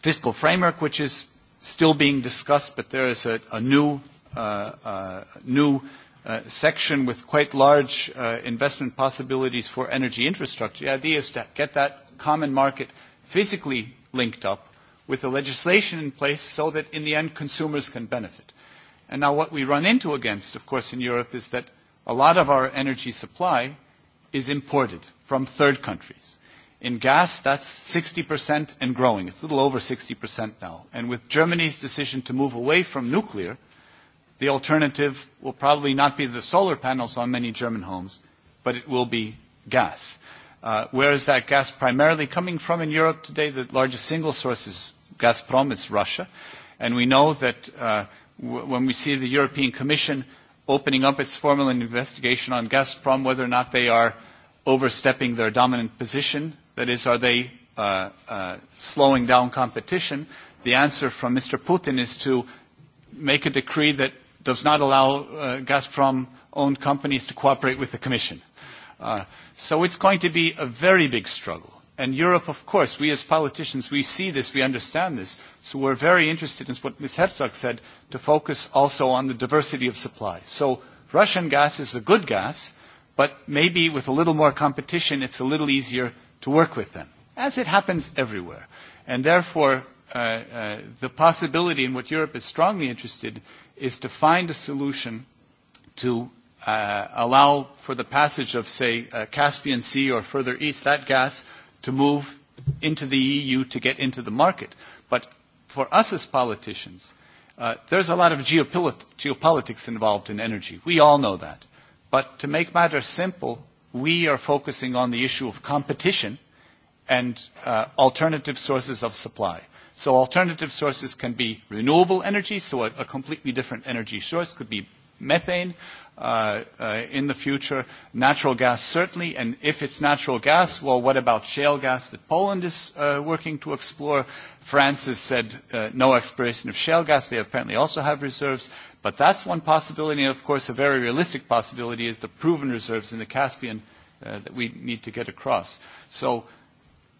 S1: fiscal framework, which is still being discussed, but there is a, a new, uh, uh, new uh, section with quite large uh, investment possibilities for energy infrastructure. The idea is to get that common market physically linked up with the legislation in place so that in the end consumers can benefit. And now what we run into against, of course, in Europe is that a lot of our energy supply is imported from third countries. In gas, that's 60% and growing. It's a little over 60% now. And with Germany's decision to move away from nuclear, the alternative will probably not be the solar panels on many German homes, but it will be gas. Uh, where is that gas primarily coming from in Europe today? The largest single source is Gazprom, it's Russia. And we know that uh, when we see the European Commission opening up its formal investigation on Gazprom, whether or not they are overstepping their dominant position, that is, are they uh, uh, slowing down competition, the answer from Mr. Putin is to make a decree that does not allow uh, Gazprom-owned companies to cooperate with the Commission. Uh, so it's going to be a very big struggle. And Europe, of course, we as politicians, we see this, we understand this. So we're very interested in what Ms. Herzog said, to focus also on the diversity of supply. So Russian gas is a good gas, but maybe with a little more competition, it's a little easier to work with them, as it happens everywhere. And therefore, uh, uh, the possibility in what Europe is strongly interested is to find a solution to uh, allow for the passage of, say, uh, Caspian Sea or further east, that gas to move into the EU to get into the market. But for us as politicians, Uh, there's a lot of geopolitics involved in energy. We all know that. But to make matters simple, we are focusing on the issue of competition and uh, alternative sources of supply. So alternative sources can be renewable energy, so a, a completely different energy source could be methane uh, uh, in the future, natural gas certainly, and if it's natural gas, well, what about shale gas that Poland is uh, working to explore? France has said uh, no exploration of shale gas. They apparently also have reserves. But that's one possibility. And of course, a very realistic possibility is the proven reserves in the Caspian uh, that we need to get across. So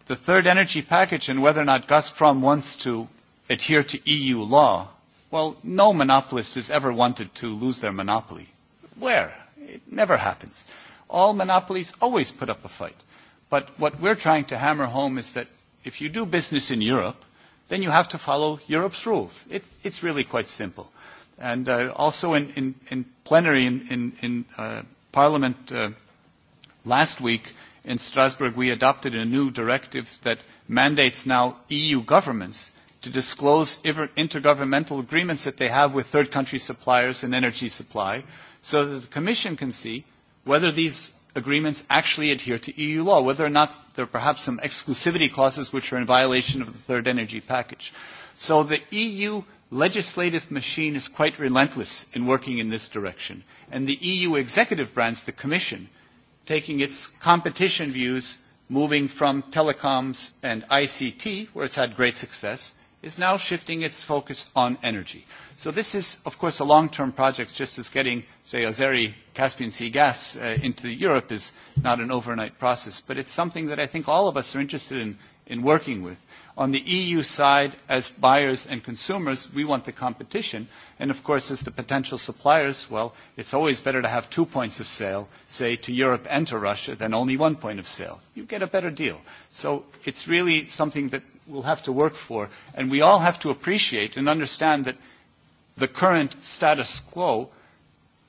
S1: the third energy package and whether or not Gazprom wants to adhere to EU law, well, no monopolist has ever wanted to lose their monopoly. Where? It never happens. All monopolies always put up a fight. But what we're trying to hammer home is that if you do business in Europe, then you have to follow Europe's rules. It, it's really quite simple. And uh, also in, in, in plenary in, in, in uh, Parliament uh, last week in Strasbourg, we adopted a new directive that mandates now EU governments to disclose intergovernmental agreements that they have with third country suppliers in energy supply so that the Commission can see whether these agreements actually adhere to EU law, whether or not there are perhaps some exclusivity clauses which are in violation of the third energy package. So the EU legislative machine is quite relentless in working in this direction. And the EU executive branch, the Commission, taking its competition views, moving from telecoms and ICT, where it's had great success, is now shifting its focus on energy. So this is, of course, a long-term project, just as getting, say, Azeri Caspian Sea gas uh, into Europe is not an overnight process, but it's something that I think all of us are interested in, in working with. On the EU side, as buyers and consumers, we want the competition. And of course, as the potential suppliers, well, it's always better to have two points of sale, say, to Europe and to Russia, than only one point of sale. You get a better deal. So it's really something that we'll have to work for. And we all have to appreciate and understand that the current status quo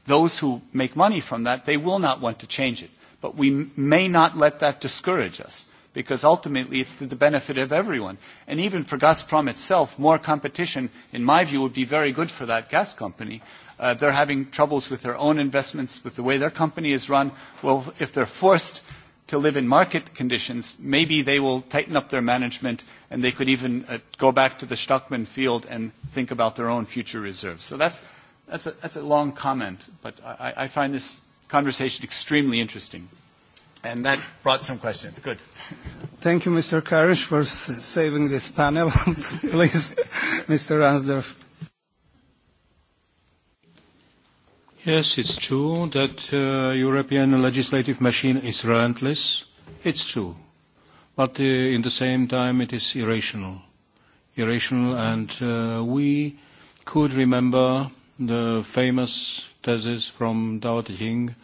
S1: those who make money from that, they will not want to change it. But we may not let that discourage us because ultimately it's to the benefit of everyone. And even for Gazprom itself, more competition, in my view, would be very good for that gas company. Uh, they're having troubles with their own investments, with the way their company is run. Well, if they're forced to live in market conditions, maybe they will tighten up their management and they could even uh, go back to the Stockman field and think about their own future reserves. So that's, That's a, that's a long comment, but I, I find this conversation extremely interesting. And that brought some questions. Good.
S5: Thank you, Mr. Karish, for saving this panel. Please, Mr. Ransdorf.
S6: Yes, it's true that uh, European legislative machine is relentless. It's true. But uh, in the same time, it is irrational. Irrational, and uh, we could remember the famous thesis from Tao Te Ching,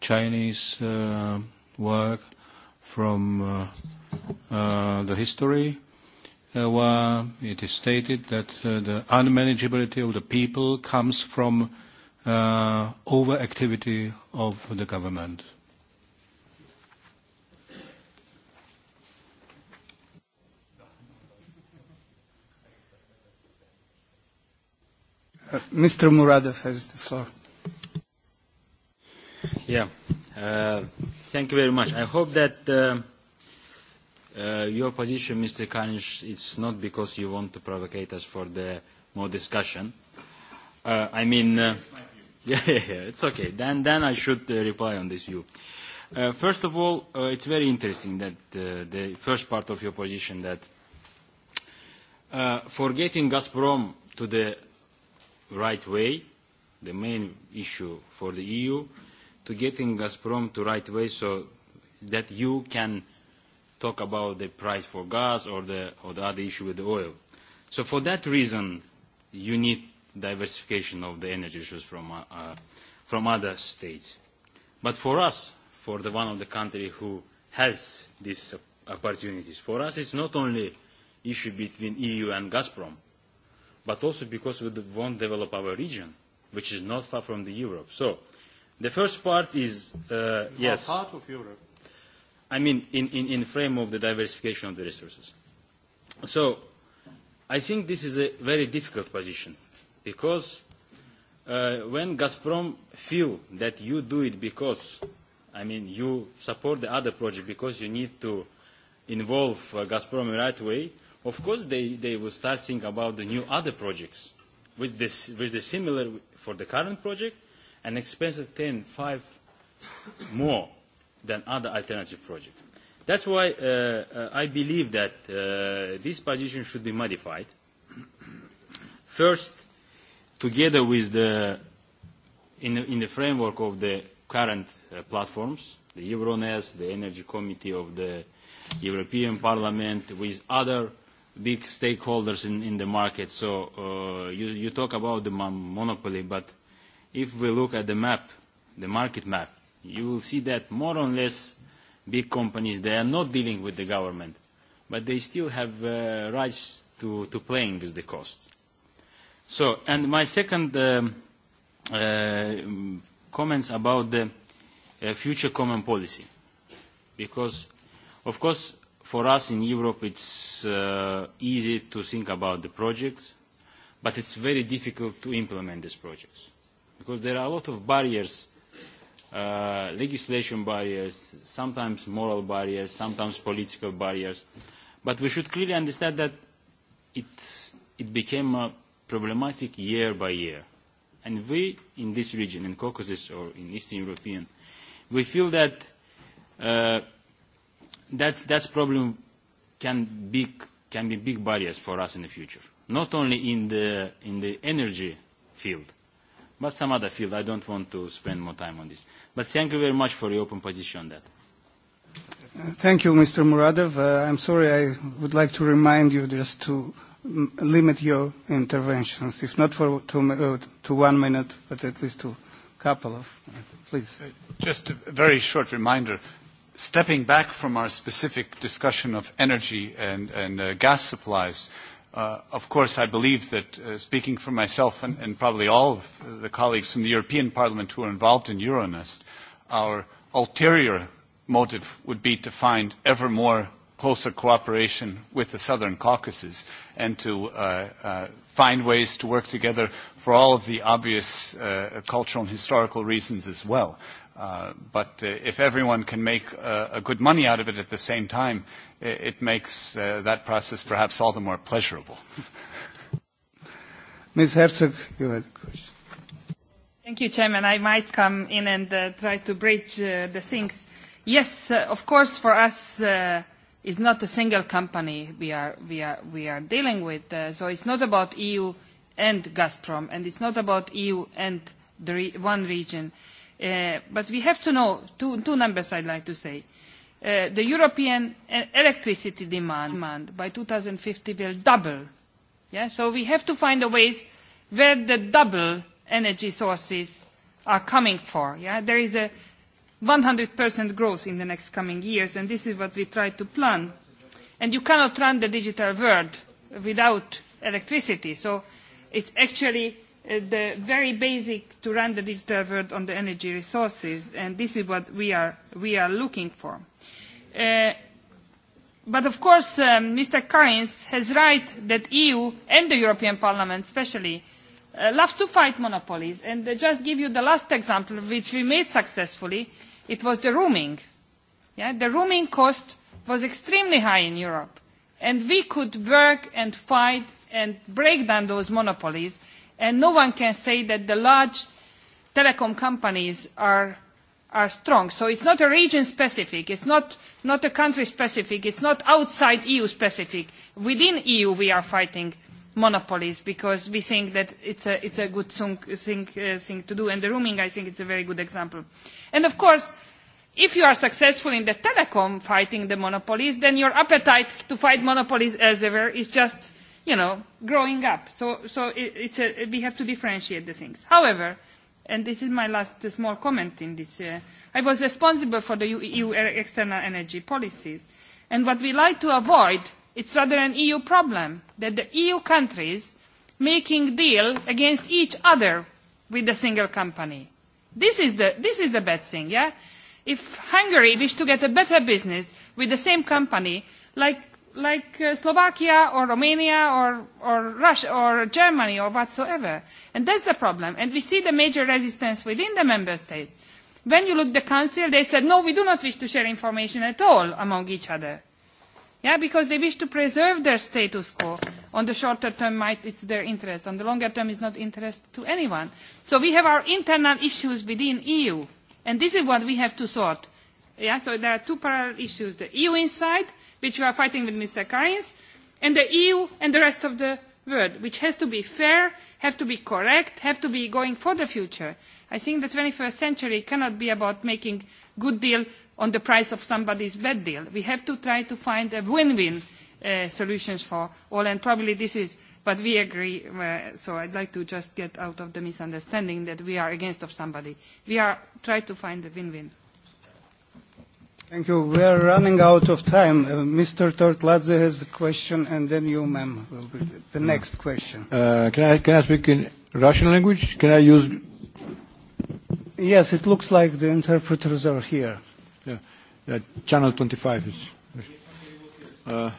S6: Chinese uh, work from uh, uh, the history, uh, where it is stated that uh, the unmanageability of the people comes from uh, overactivity of the government.
S5: Uh, Mr. Muradov has the
S9: floor.
S10: Yeah. Uh, thank you very much. I hope that uh, uh, your position, Mr. Kanish, is not because you want to provocate us for the more discussion. Uh, I mean, uh, yeah, yeah, yeah, it's okay. Then, then I should uh, reply on this view. Uh, first of all, uh, it's very interesting that uh, the first part of your position that uh, for getting Gazprom to the right way, the main issue for the EU, to getting Gazprom to right way so that you can talk about the price for gas or the, or the other issue with the oil. So for that reason, you need diversification of the energy issues from, uh, from other states. But for us, for the one of the country who has these opportunities, for us it's not only issue between EU and Gazprom but also because we to develop our region, which is not far from the Europe. So the first part is, uh, you yes. part of Europe. I mean, in, in, in frame of the diversification of the resources. So I think this is a very difficult position because uh, when Gazprom feel that you do it because, I mean, you support the other project because you need to involve uh, Gazprom in the right way, of course they, they will start thinking about the new other projects with, this, with the similar for the current project and expensive 10, 5 more than other alternative projects. That's why uh, uh, I believe that uh, this position should be modified. First, together with the, in the, in the framework of the current uh, platforms, the Euronest, the Energy Committee of the European Parliament, with other uh, big stakeholders in, in the market. So uh, you, you talk about the monopoly, but if we look at the map, the market map, you will see that more or less big companies, they are not dealing with the government, but they still have uh, rights to, to playing with the cost. So, and my second um, uh, comments about the uh, future common policy, because of course for us in Europe, it's uh, easy to think about the projects, but it's very difficult to implement these projects because there are a lot of barriers, uh, legislation barriers, sometimes moral barriers, sometimes political barriers. But we should clearly understand that it, it became a problematic year by year. And we in this region, in Caucasus or in Eastern European, we feel that uh, that's, that's problem can be, can be big barriers for us in the future, not only in the, in the energy field, but some other field. I don't want to spend more time on this. But thank you very much for your open position on that.
S5: Thank you, Mr. Muradov. Uh, I'm sorry, I would like to remind you just to limit your interventions, if not for to, uh, to one minute, but at least to a couple of minutes. Please. Uh,
S1: just a very short reminder stepping back from our specific discussion of energy and, and uh, gas supplies, uh, of course, I believe that uh, speaking for myself and, and probably all of the colleagues from the European Parliament who are involved in Euronest, our ulterior motive would be to find ever more closer cooperation with the Southern Caucasus and to uh, uh, find ways to work together for all of the obvious uh, cultural and historical reasons as well. Uh, but uh, if everyone can make uh, a good money out of it at the same time, it, makes that process perhaps all the more pleasurable.
S5: Ms. Herzog, you had a question.
S7: Thank you, Chairman. I might come in and try to bridge the things. Yes, of course, for us, it's not a single company we are, dealing with. so it's not about EU and Gazprom, and it's not about EU and one region. Uh, but we have to know two, two numbers I'd like to say. Uh, the European e-, electricity demand, demand by 2050 will double. Yeah? So we have to find a ways where the double energy sources are coming for. Yeah? There is a 100% growth in the next coming years, and this is what we try to plan. And you cannot run the digital world without electricity. So it's actually Uh, the very basic to run the digital world on the energy resources, and this is what we are, we are looking for. Uh, but of course, um, Mr. Karins has right that EU and the European Parliament especially uh, loves to fight monopolies. And uh, just give you the last example, which we made successfully, it was the roaming. Yeah? The roaming cost was extremely high in Europe. And we could work and fight and break down those monopolies And no one can say that the large telecom companies are, are strong. So it's not a region specific, it's not, not a country specific, it's not outside EU specific. Within EU we are fighting monopolies because we think that it's a, it's a good thing, thing, uh, thing to do. And the roaming, I think it's a very good example. And of course, if you are successful in the telecom fighting the monopolies, then your appetite to fight monopolies elsewhere is just you know, growing up. So, so it, it's a, we have to differentiate the things. However, and this is my last small comment in this, uh, I was responsible for the EU e er, external energy policies. And what we like to avoid, it's rather an EU problem, that the EU countries making deal against each other with the single company. This is the, this is the bad thing, yeah? If Hungary wish to get a better business with the same company, like like uh, Slovakia or Romania or, or Russia or Germany or whatsoever. And that's the problem. And we see the major resistance within the member states. When you look at the council, they said, no, we do not wish to share information at all among each other. Yeah, because they wish to preserve their status quo. On the shorter term, might, it's their interest. On the longer term, it's not interest to anyone. So we have our internal issues within EU. And this is what we have to sort. Yeah, so there are two parallel issues, the EU inside which we are fighting with Mr. kainz and the EU and the rest of the world, which has to be fair, has to be correct, has to be going for the future. I think the twenty first century cannot be about making a good deal at the price of somebody's bad deal. We have to try to find a win-win uh, solutions for all, and probably this is what we agree, on uh, so i would like to just get out of the misunderstanding that we are against somebody. We are trying to find a win-win.
S5: Thank you. We are running out of time. Uh, Mr. Tortladze has a question, and then you, ma'am, will be the next question.
S11: Uh, can I can I speak in Russian language? Can I use?
S5: Yes, it looks like the interpreters are here. Yeah, yeah channel
S11: 25 is. Uh,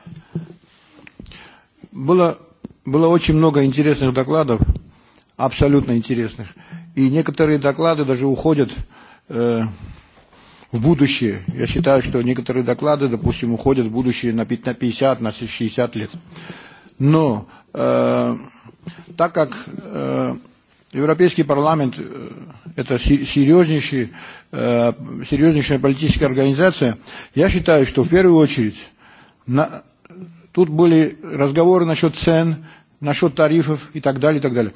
S11: было было очень много интересных докладов, абсолютно интересных, и некоторые доклады даже уходят. Uh, в будущее. Я считаю, что некоторые доклады, допустим, уходят в будущее на 50, на 60 лет. Но э, так как э, Европейский парламент э, это серьезнейшая, э, серьезнейшая политическая организация, я считаю, что в первую очередь на, тут были разговоры насчет цен, насчет тарифов и так далее, и так далее.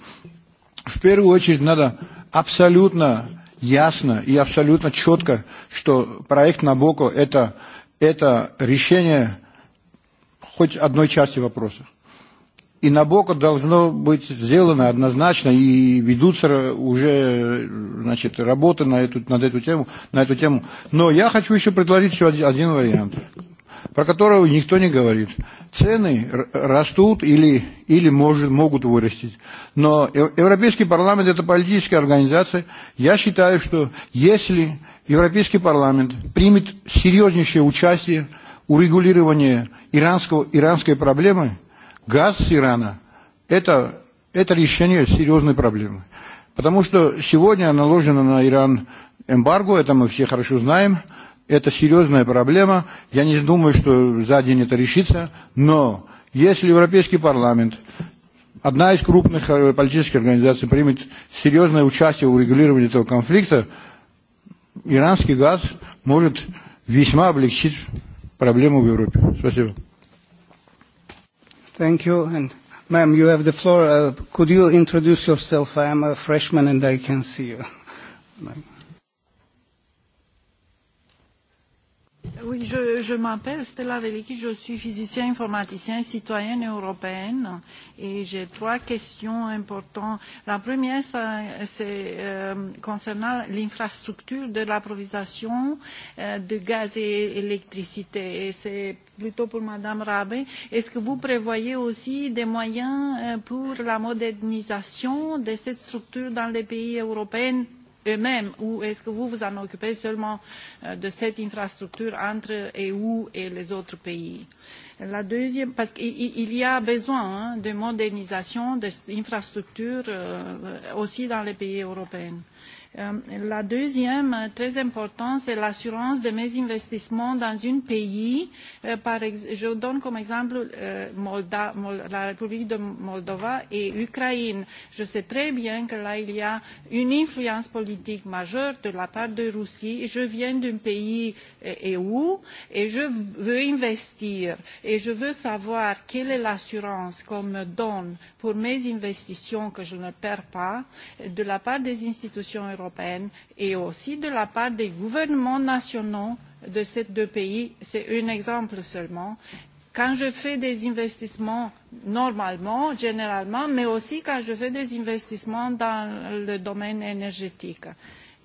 S11: В первую очередь надо абсолютно ясно и абсолютно четко, что проект Набоко это, это решение хоть одной части вопроса. И Набоко должно быть сделано однозначно, и ведутся уже значит, работы на эту, над эту тему, на эту тему. Но я хочу еще предложить еще один, один вариант про которого никто не говорит. Цены растут или, или может, могут вырастить. Но Европейский парламент – это политическая организация. Я считаю, что если Европейский парламент примет серьезнейшее участие в урегулирования иранского, иранской проблемы, газ с Ирана – это, это решение серьезной проблемы. Потому что сегодня наложено на Иран эмбарго, это мы все хорошо знаем – Это серьезная проблема. Я не думаю, что за день это решится. Но если Европейский парламент, одна из крупных политических организаций, примет серьезное участие в урегулировании этого конфликта, иранский газ может весьма облегчить проблему в Европе. Спасибо.
S5: Thank you. And ma'am, you have the floor. Uh, could you introduce yourself? I am a freshman and I can see you.
S12: Oui, je, je m'appelle Stella Veliki, je suis physicien informaticien citoyenne européenne et j'ai trois questions importantes. La première, c'est euh, concernant l'infrastructure de l'approvisionnement euh, de gaz et électricité. Et c'est plutôt pour Madame Rabé. Est-ce que vous prévoyez aussi des moyens euh, pour la modernisation de cette structure dans les pays européens eux-mêmes ou est-ce que vous vous en occupez seulement euh, de cette infrastructure entre EU et les autres pays La deuxième, parce qu'il y a besoin hein, de modernisation des infrastructures euh, aussi dans les pays européens. Euh, la deuxième, très importante, c'est l'assurance de mes investissements dans un pays. Euh, par ex, je donne comme exemple euh, Molda, Mol, la République de Moldova et l'Ukraine. Je sais très bien que là, il y a une influence politique majeure de la part de Russie. Je viens d'un pays EU et je veux investir et je veux savoir quelle est l'assurance qu'on me donne pour mes investissements que je ne perds pas de la part des institutions européennes européenne et aussi de la part des gouvernements nationaux de ces deux pays. C'est un exemple seulement. Quand je fais des investissements normalement, généralement, mais aussi quand je fais des investissements dans le domaine énergétique.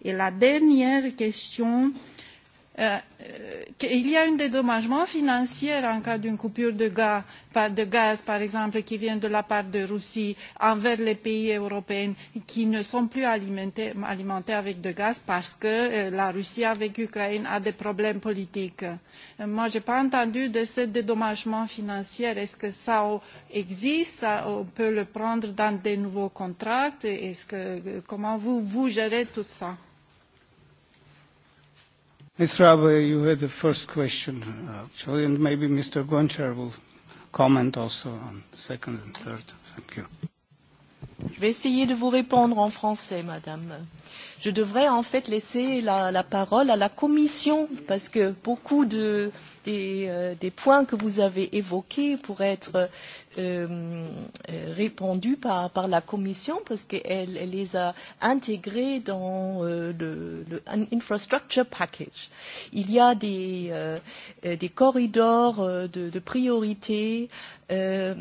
S12: Et la dernière question euh, Euh, euh, il y a un dédommagement financier en cas d'une coupure de gaz, de gaz, par exemple, qui vient de la part de Russie envers les pays européens qui ne sont plus alimentés, alimentés avec de gaz parce que euh, la Russie avec l'Ukraine a des problèmes politiques. Euh, moi, je n'ai pas entendu de ce dédommagement financier. Est-ce que ça existe ça, On peut le prendre dans des nouveaux contrats Est-ce que, euh, comment vous, vous gérez tout ça
S5: Ms. Rabe, you had the first question, actually, and maybe Mr. Gonchar will comment also on second and third. Thank you.
S2: Je vais essayer de vous répondre en français, madame. Je devrais en fait laisser la, la parole à la Commission parce que beaucoup de, des, euh, des points que vous avez évoqués pourraient être euh, euh répandues par, par la Commission parce qu'elle elle les a intégrées dans euh, le, le infrastructure package. Il y a des, euh, des corridors euh, de, de priorité euh,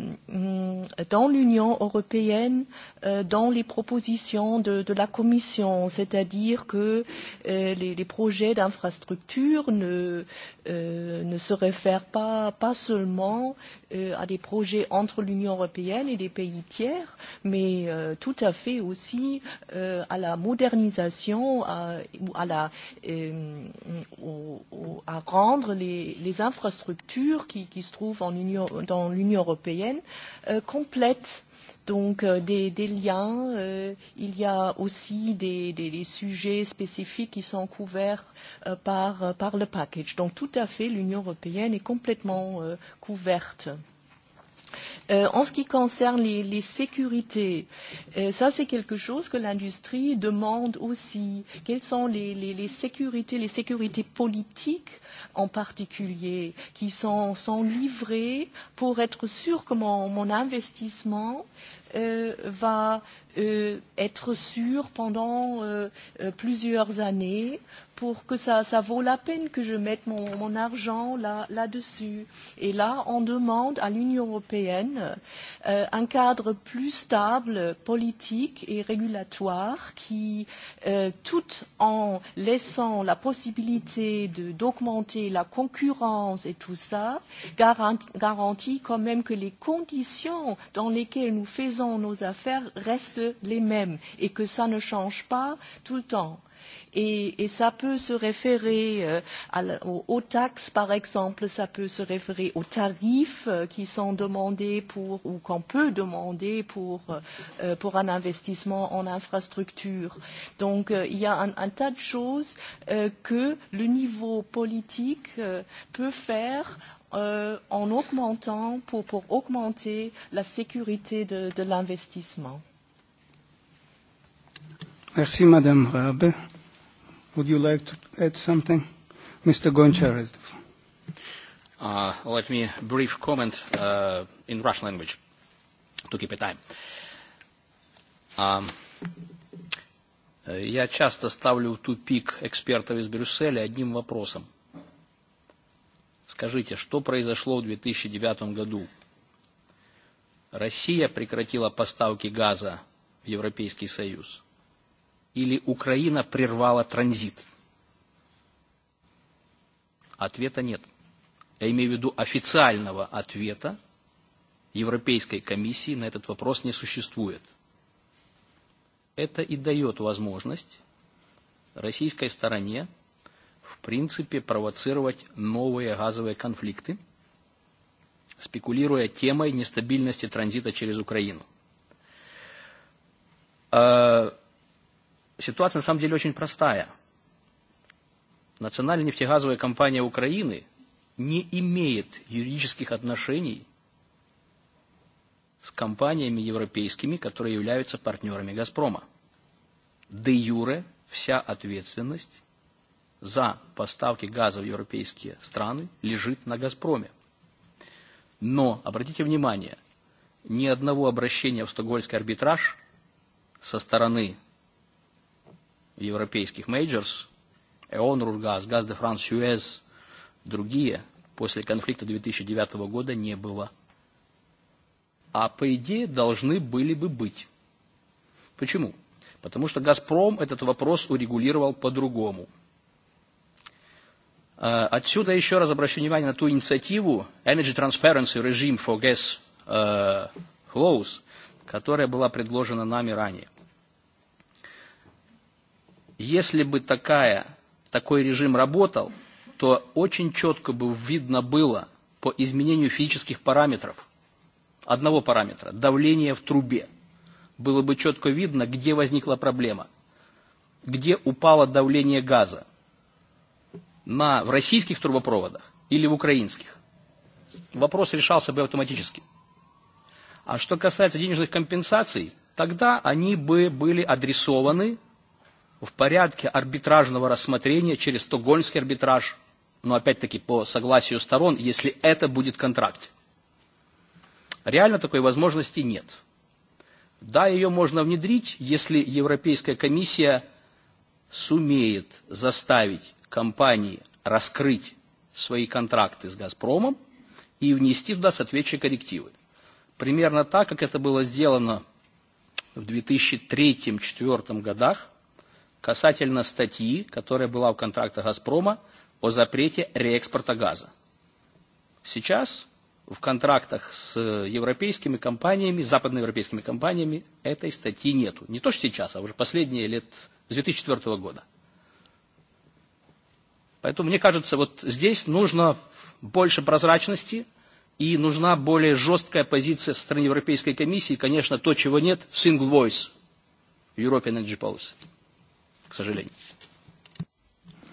S2: dans l'Union européenne euh, dans les propositions de, de la Commission, c'est-à-dire que euh, les, les projets d'infrastructure ne, Euh, ne se réfère pas, pas seulement euh, à des projets entre l'Union européenne et des pays tiers, mais euh, tout à fait aussi euh, à la modernisation, à, à, la, euh, au, au, à rendre les, les infrastructures qui, qui se trouvent en Union, dans l'Union européenne euh, complètes donc euh, des, des liens. Euh, il y a aussi des, des, des sujets spécifiques qui sont couverts euh, par, euh, par le package. Donc tout à fait, l'Union européenne est complètement euh, couverte. Euh, en ce qui concerne les, les sécurités, euh, ça c'est quelque chose que l'industrie demande aussi. Quelles sont les, les, les sécurités, les sécurités politiques en particulier qui sont, sont livrés pour être sûr que mon, mon investissement euh, va euh, être sûr pendant euh, euh, plusieurs années pour que ça, ça vaut la peine que je mette mon, mon argent là, dessus là Et là, on demande à l'Union européenne euh, un cadre plus stable, politique et régulatoire, qui, euh, tout en laissant la possibilité d'augmenter la concurrence et tout ça, garantit quand même que les conditions dans lesquelles nous faisons nos affaires restent les mêmes et que ça ne change pas tout le temps. Et, et ça peut se référer euh, à, aux, aux taxes, par exemple, ça peut se référer aux tarifs euh, qui sont demandés pour ou qu'on peut demander pour, euh, euh, pour un investissement en infrastructure. Donc euh, il y a un, un tas de choses euh, que le niveau politique euh, peut faire euh, en augmentant pour, pour augmenter la sécurité de, de l'investissement.
S5: Merci, Madame Rabe. Would you like to add something? Mr. Gonchar has the floor.
S3: Uh, let me brief comment uh, in Russian language to keep a time. Um, я часто ставлю в тупик экспертов из Брюсселя одним вопросом. Скажите, что произошло в 2009 году? Россия прекратила поставки газа в Европейский Союз или Украина прервала транзит? Ответа нет. Я имею в виду официального ответа Европейской комиссии на этот вопрос не существует. Это и дает возможность российской стороне в принципе провоцировать новые газовые конфликты, спекулируя темой нестабильности транзита через Украину ситуация на самом деле очень простая. Национальная нефтегазовая компания Украины не имеет юридических отношений с компаниями европейскими, которые являются партнерами «Газпрома». Де юре вся ответственность за поставки газа в европейские страны лежит на «Газпроме». Но, обратите внимание, ни одного обращения в Стокгольмский арбитраж со стороны европейских мейджорс, ЭОН, Ружгаз, Газ де Франс, Сюэз, другие, после конфликта 2009 года не было. А по идее должны были бы быть. Почему? Потому что «Газпром» этот вопрос урегулировал по-другому. Отсюда еще раз обращу внимание на ту инициативу Energy Transparency Regime for Gas Flows, которая была предложена нами ранее. Если бы такая, такой режим работал, то очень четко бы видно было по изменению физических параметров, одного параметра, давление в трубе, было бы четко видно, где возникла проблема, где упало давление газа, на, в российских трубопроводах или в украинских. Вопрос решался бы автоматически. А что касается денежных компенсаций, тогда они бы были адресованы в порядке арбитражного рассмотрения через Стокгольмский арбитраж, но опять-таки по согласию сторон, если это будет контракт. Реально такой возможности нет. Да, ее можно внедрить, если Европейская комиссия сумеет заставить компании раскрыть свои контракты с «Газпромом» и внести туда соответствующие коррективы. Примерно так, как это было сделано в 2003-2004 годах, касательно статьи, которая была в контракте «Газпрома» о запрете реэкспорта газа. Сейчас в контрактах с европейскими компаниями, западноевропейскими компаниями этой статьи нету. Не то, что сейчас, а уже последние лет с 2004 года. Поэтому, мне кажется, вот здесь нужно больше прозрачности и нужна более жесткая позиция со стороны Европейской комиссии. Конечно, то, чего нет, single voice European Energy Policy
S5: сожалению.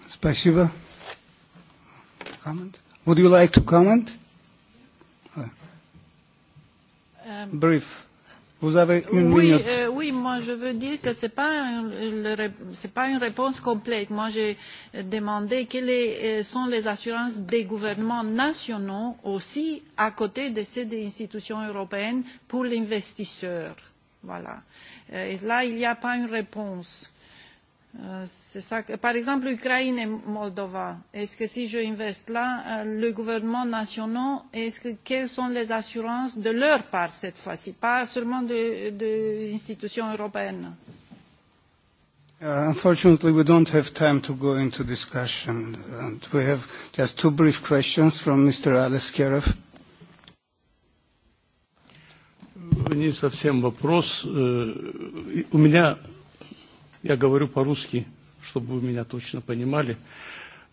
S5: Спасибо. Comment? Would you like to comment?
S12: Um,
S5: Brief. Vous avez une oui, minute. Euh,
S12: oui, moi je veux dire que ce n'est pas, pas une réponse complète. Moi j'ai demandé quelles euh, sont les assurances des gouvernements nationaux aussi à côté de ces des institutions européennes pour l'investisseur. Voilà. Euh, et là, il n'y a pas une réponse Euh, c'est ça Par exemple, Ukraine et Moldova, est-ce que si je investe là, euh, le gouvernement national, est-ce que quelles sont les assurances de leur part cette fois-ci, pas seulement des de institutions européennes
S5: Uh, unfortunately, we don't have time to go into discussion. And we have just two brief questions from Mr. Aleskerov.
S13: Не совсем вопрос. Э, у меня Я говорю по-русски, чтобы вы меня точно понимали.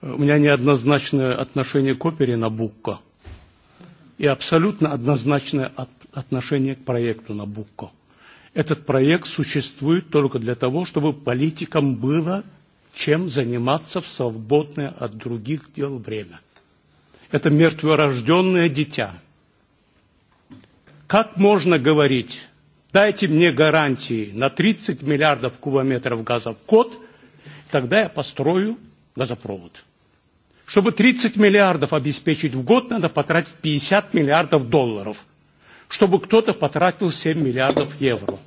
S13: У меня неоднозначное отношение к опере Набукко и абсолютно однозначное отношение к проекту Набукко. Этот проект существует только для того, чтобы политикам было чем заниматься в свободное от других дел время. Это мертворожденное дитя. Как можно говорить Дайте мне гарантии на 30 миллиардов кубометров газа в год, тогда я построю газопровод. Чтобы 30 миллиардов обеспечить в год, надо потратить 50 миллиардов долларов. Чтобы кто-то потратил 7 миллиардов евро.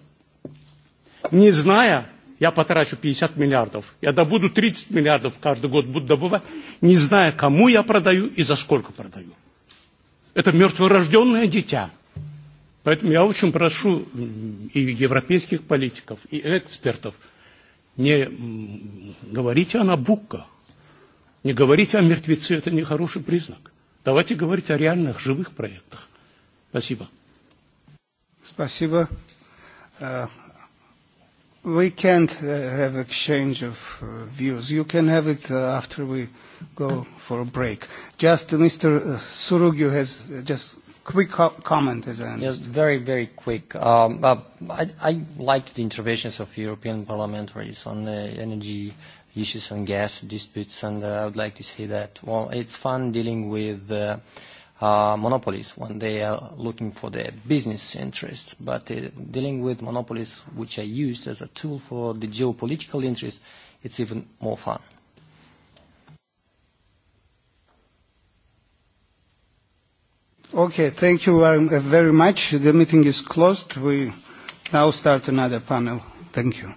S13: Не зная, я потрачу 50 миллиардов, я добуду 30 миллиардов каждый год, буду добывать, не зная, кому я продаю и за сколько продаю. Это мертворожденное дитя – Поэтому я очень прошу и европейских политиков, и экспертов, не говорите о Набукко, не говорите о мертвеце, это нехороший признак. Давайте говорить о реальных, живых проектах. Спасибо. Спасибо.
S5: Uh, we can't uh, have exchange of uh, views. You can have it uh, after we go for a break. Just uh, Mr. Surugyu has just quick co comment, as I understand. Yes,
S8: very, very quick. Um, uh, I, I liked the interventions of European parliamentaries on the uh, energy issues and gas disputes, and uh, I would like to say that, well, it's fun dealing with uh, uh, monopolies when they are looking for their business interests, but uh, dealing with monopolies which are used as a tool for the geopolitical interests, it's
S5: even more fun. Okay, thank you very much. The meeting is closed. We now start another panel. Thank you.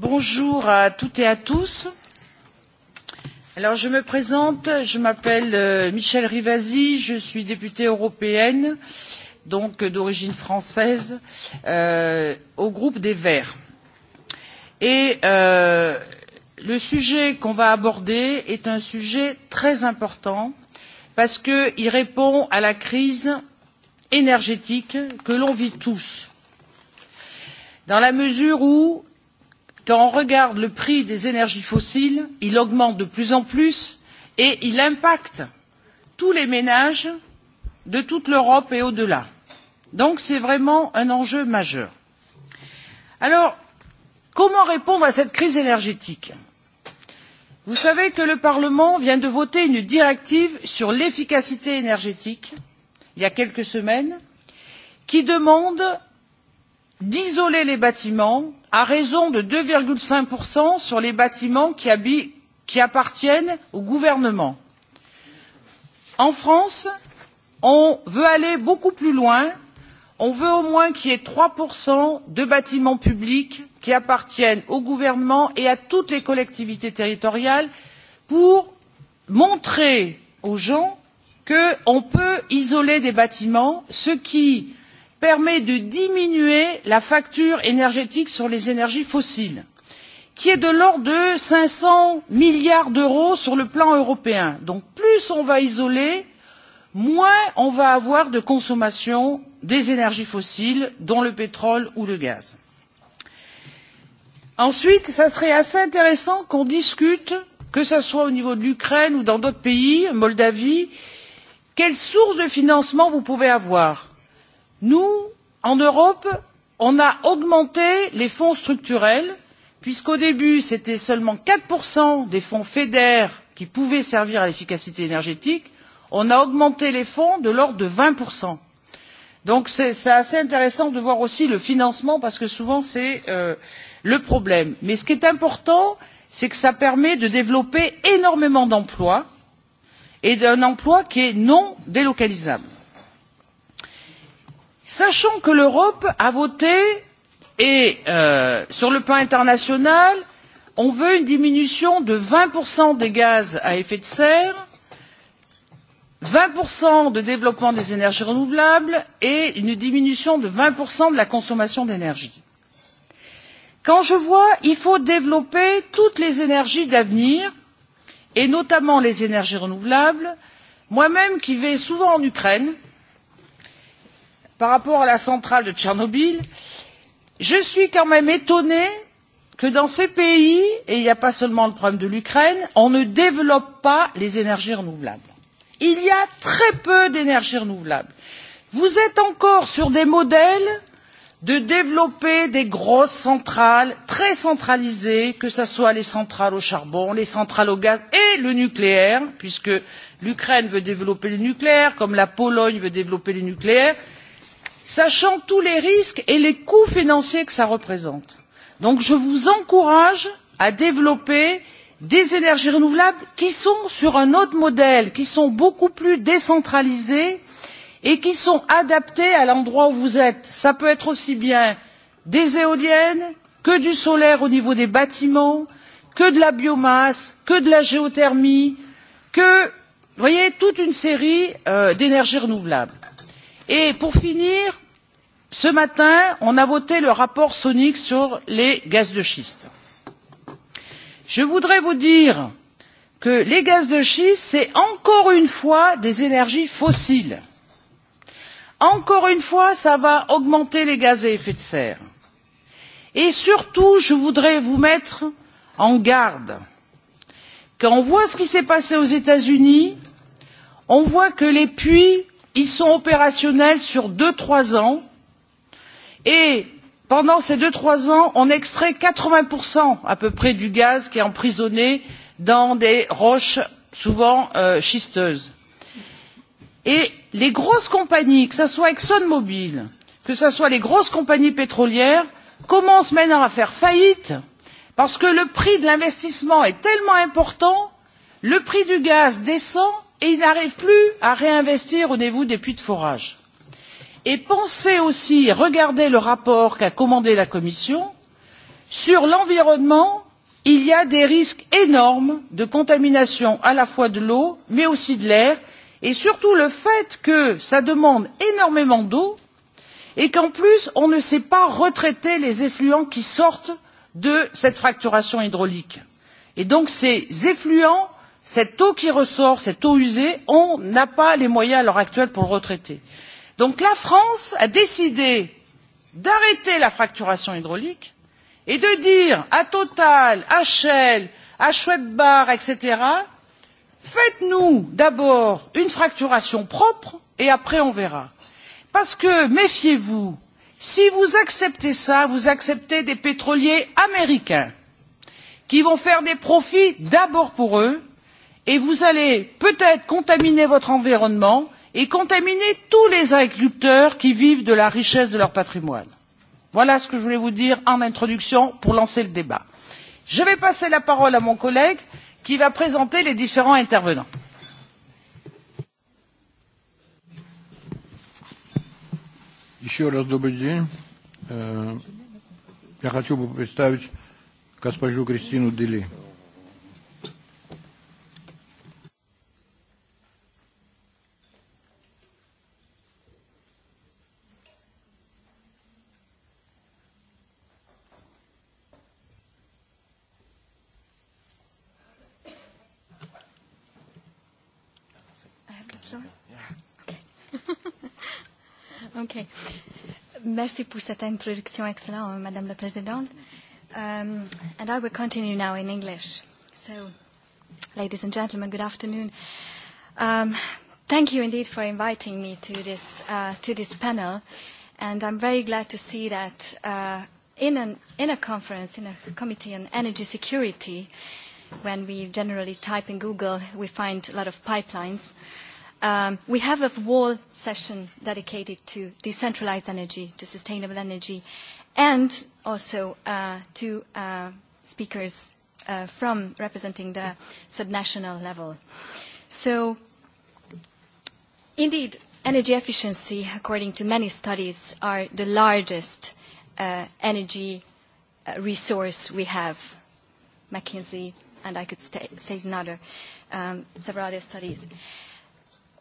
S14: bonjour à toutes et à tous. Alors, je me présente je m'appelle euh, michèle rivasi je suis députée européenne donc d'origine française euh, au groupe des verts et euh, le sujet qu'on va aborder est un sujet très important parce qu'il répond à la crise énergétique que l'on vit tous dans la mesure où quand on regarde le prix des énergies fossiles il augmente de plus en plus et il impacte tous les ménages de toute l'europe et au delà. donc c'est vraiment un enjeu majeur. alors comment répondre à cette crise énergétique? vous savez que le parlement vient de voter une directive sur l'efficacité énergétique il y a quelques semaines qui demande d'isoler les bâtiments à raison de deux cinq sur les bâtiments qui, appartiennent au gouvernement. en france on veut aller beaucoup plus loin on veut au moins qu'il y ait trois de bâtiments publics qui appartiennent au gouvernement et à toutes les collectivités territoriales pour montrer aux gens qu'on peut isoler des bâtiments ce qui permet de diminuer la facture énergétique sur les énergies fossiles qui est de l'ordre de cinq cents milliards d'euros sur le plan européen. donc plus on va isoler moins on va avoir de consommation des énergies fossiles dont le pétrole ou le gaz. ensuite il serait assez intéressant qu'on discute que ce soit au niveau de l'ukraine ou dans d'autres pays moldavie quelles sources de financement vous pouvez avoir nous en europe avons augmenté les fonds structurels puisqu'au début ce n'étaient seulement quatre des fonds feder qui pouvaient servir à l'efficacité énergétique on a augmenté les fonds de l'ordre de vingt donc c'est assez intéressant de voir aussi le financement parce que souvent c'est euh, le problème. mais ce qui est important c'est que cela permet de développer énormément d'emplois et d'un emploi qui est non délocalisable sachant que l'europe a voté et euh, sur le plan international on veut une diminution de vingt des gaz à effet de serre vingt de développement des énergies renouvelables et une diminution de vingt de la consommation d'énergie. quand je vois qu'il faut développer toutes les énergies d'avenir et notamment les énergies renouvelables moi même qui vais souvent en ukraine par rapport à la centrale de tchernobyl je suis quand même étonnée que dans ces pays et il n'y a pas seulement le problème de l'ukraine on ne développe pas les énergies renouvelables. il y a très peu d'énergies renouvelables. vous êtes encore sur des modèles de développer des grosses centrales très centralisées que ce soit les centrales au charbon les centrales au gaz et le nucléaire puisque l'ukraine veut développer le nucléaire comme la pologne veut développer le nucléaire sachant tous les risques et les coûts financiers que cela représente. je vous encourage donc à développer des énergies renouvelables qui sont sur un autre modèle qui sont beaucoup plus décentralisées et qui sont adaptées à l'endroit où vous êtes. cela peut être aussi bien des éoliennes que du solaire au niveau des bâtiments que de la biomasse que de la géothermie que vous voyez toute une série euh, d'énergies renouvelables Et pour finir ce matin on a voté le rapport sonik sur les gaz de schiste. je voudrais vous dire que les gaz de schiste sont encore une fois des énergies fossiles. encore une fois cela va augmenter les gaz à effet de serre. et surtout je voudrais vous mettre en garde quand on voit ce qui s'est passé aux états unis on voit que les puits ils sont opérationnels sur deux trois ans et pendant ces deux trois ans on extrait quatre vingts à peu près du gaz qui est emprisonné dans des roches souvent euh, schisteuses. et les grosses compagnies que ce soit exxonmobil que ce soit les grosses compagnies pétrolières commencent maintenant à faire faillite parce que le prix de l'investissement est tellement important le prix du gaz descend et ils n'arrivent plus à réinvestir au niveau des puits de forage. Et pensez aussi, regardez le rapport qu'a commandé la Commission sur l'environnement, il y a des risques énormes de contamination à la fois de l'eau mais aussi de l'air et surtout le fait que ça demande énormément d'eau et qu'en plus on ne sait pas retraiter les effluents qui sortent de cette fracturation hydraulique. Et donc ces effluents cette eau qui ressort cette eau usée on n'a pas les moyens à l'heure actuelle pour le retraiter. donc la france a décidé d'arrêter la fracturation hydraulique et de dire à total à shell à schweb bar etc. faites nous d'abord une fracturation propre et après on verra. parce que méfiez vous si vous acceptez ça vous acceptez des pétroliers américains qui vont faire des profits d'abord pour eux et vous allez peut être contaminer votre environnement et contaminer tous les agriculteurs qui vivent de la richesse de leur patrimoine. voilà ce que je voulais vous dire en introduction pour lancer le débat. je vais passer la parole à mon collègue qui va présenter les différents intervenants.
S11: Еще раз добрый день. Я хочу представить госпожу Кристину Дели.
S15: Okay. Merci pour cette introduction excellente, Madame la Présidente. Um, and I will continue now in English. So, ladies and gentlemen, good afternoon. Um, thank you indeed for inviting me to this, uh, to this panel. And I'm very glad to see that uh, in, an, in a conference, in a committee on energy security, when we generally type in Google, we find a lot of pipelines. Um, we have a wall session dedicated to decentralized energy, to sustainable energy, and also uh, to uh, speakers uh, from representing the subnational level. So, indeed, energy efficiency, according to many studies, are the largest uh, energy uh, resource we have. McKinsey, and I could state another, um, several other studies. Mm-hmm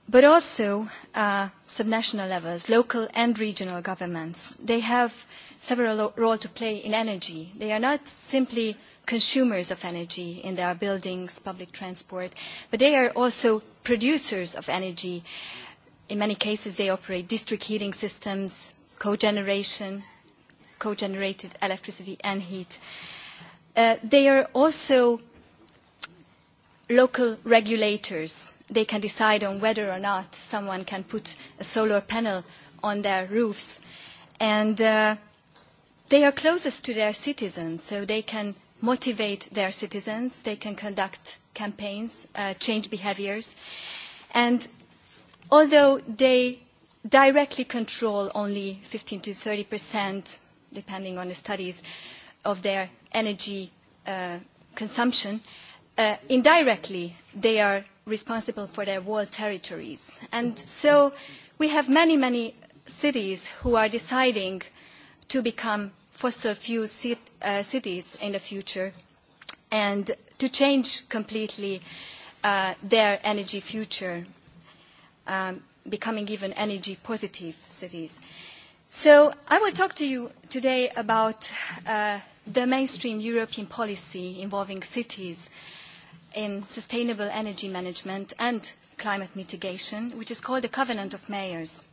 S15: but also uh, subnational levels, local and regional governments. They have several role to play in energy. They are not simply consumers of energy in their buildings, public transport, but they are also producers of energy. In many cases, they operate district heating systems, cogeneration, cogenerated electricity and heat. Uh, they are also local regulators they can decide on whether or not someone can put a solar panel on their roofs. And uh, they are closest to their citizens, so they can motivate their citizens, they can conduct campaigns, uh, change behaviors. And although they directly control only 15 to 30 percent, depending on the studies, of their energy uh, consumption, uh, indirectly they are responsible for their world territories. And so we have many, many cities who are deciding to become fossil fuel cit uh, cities in the future and to change completely uh, their energy future, um, becoming even energy positive cities. So I will talk to you today about uh, the mainstream European policy involving cities in sustainable energy management and climate mitigation, which is called the Covenant of Mayors.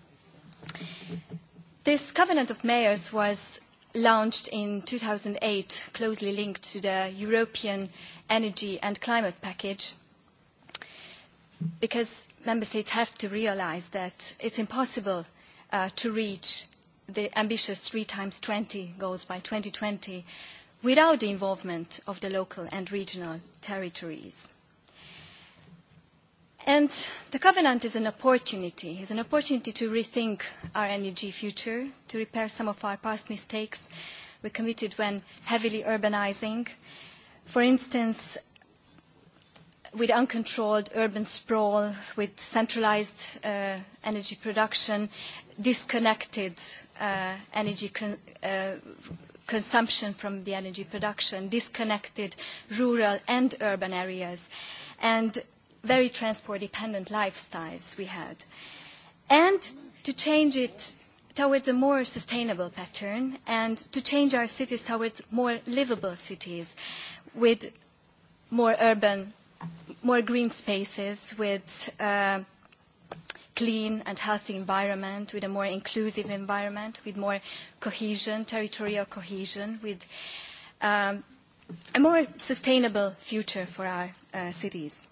S15: This Covenant of Mayors was launched in 2008, closely linked to the European Energy and Climate Package, because member states have to realize that it's impossible uh, to reach the ambitious 3 times 20 goals by 2020 without the involvement of the local and regional territories. And the Covenant is an opportunity, is an opportunity to rethink our energy future, to repair some of our past mistakes we committed when heavily urbanizing. For instance, with uncontrolled urban sprawl, with centralized uh, energy production, disconnected uh, energy con- uh, consumption from the energy production, disconnected rural and urban areas, and very transport-dependent lifestyles we had. And to change it towards a more sustainable pattern and to change our cities towards more livable cities with more urban, more green spaces, with uh, clean and healthy environment, with a more inclusive environment, with more cohesion, territorial cohesion, with um, a more sustainable future for our uh, cities,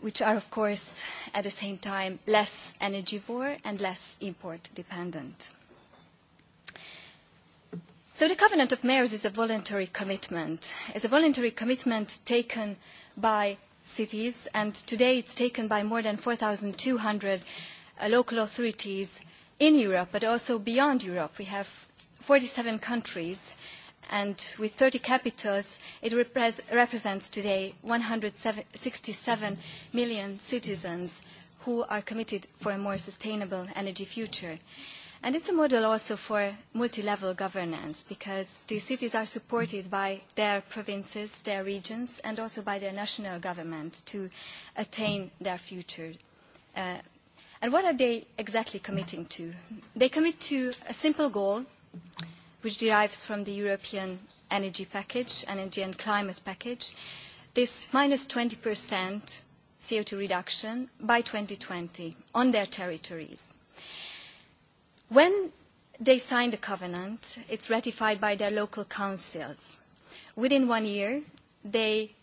S15: which are, of course, at the same time, less energy poor and less import dependent. So the Covenant of Mayors is a voluntary commitment. It's a voluntary commitment taken by cities, and today it's taken by more than 4,200 uh, local authorities in Europe, but also beyond Europe. We have 47 countries, and with 30 capitals, it repre represents today 167 million citizens who are committed for a more sustainable energy future. Mm-hmm. And it's a model also for multi-level governance because these cities are supported by their provinces, their regions, and also by their national government to attain their future. Uh, and what are they exactly committing to? They commit to a simple goal, which derives from the European energy package, energy and climate package, this minus 20% CO2 reduction by 2020 on their territories. When they sign the covenant, it's ratified by their local councils. Within one year, they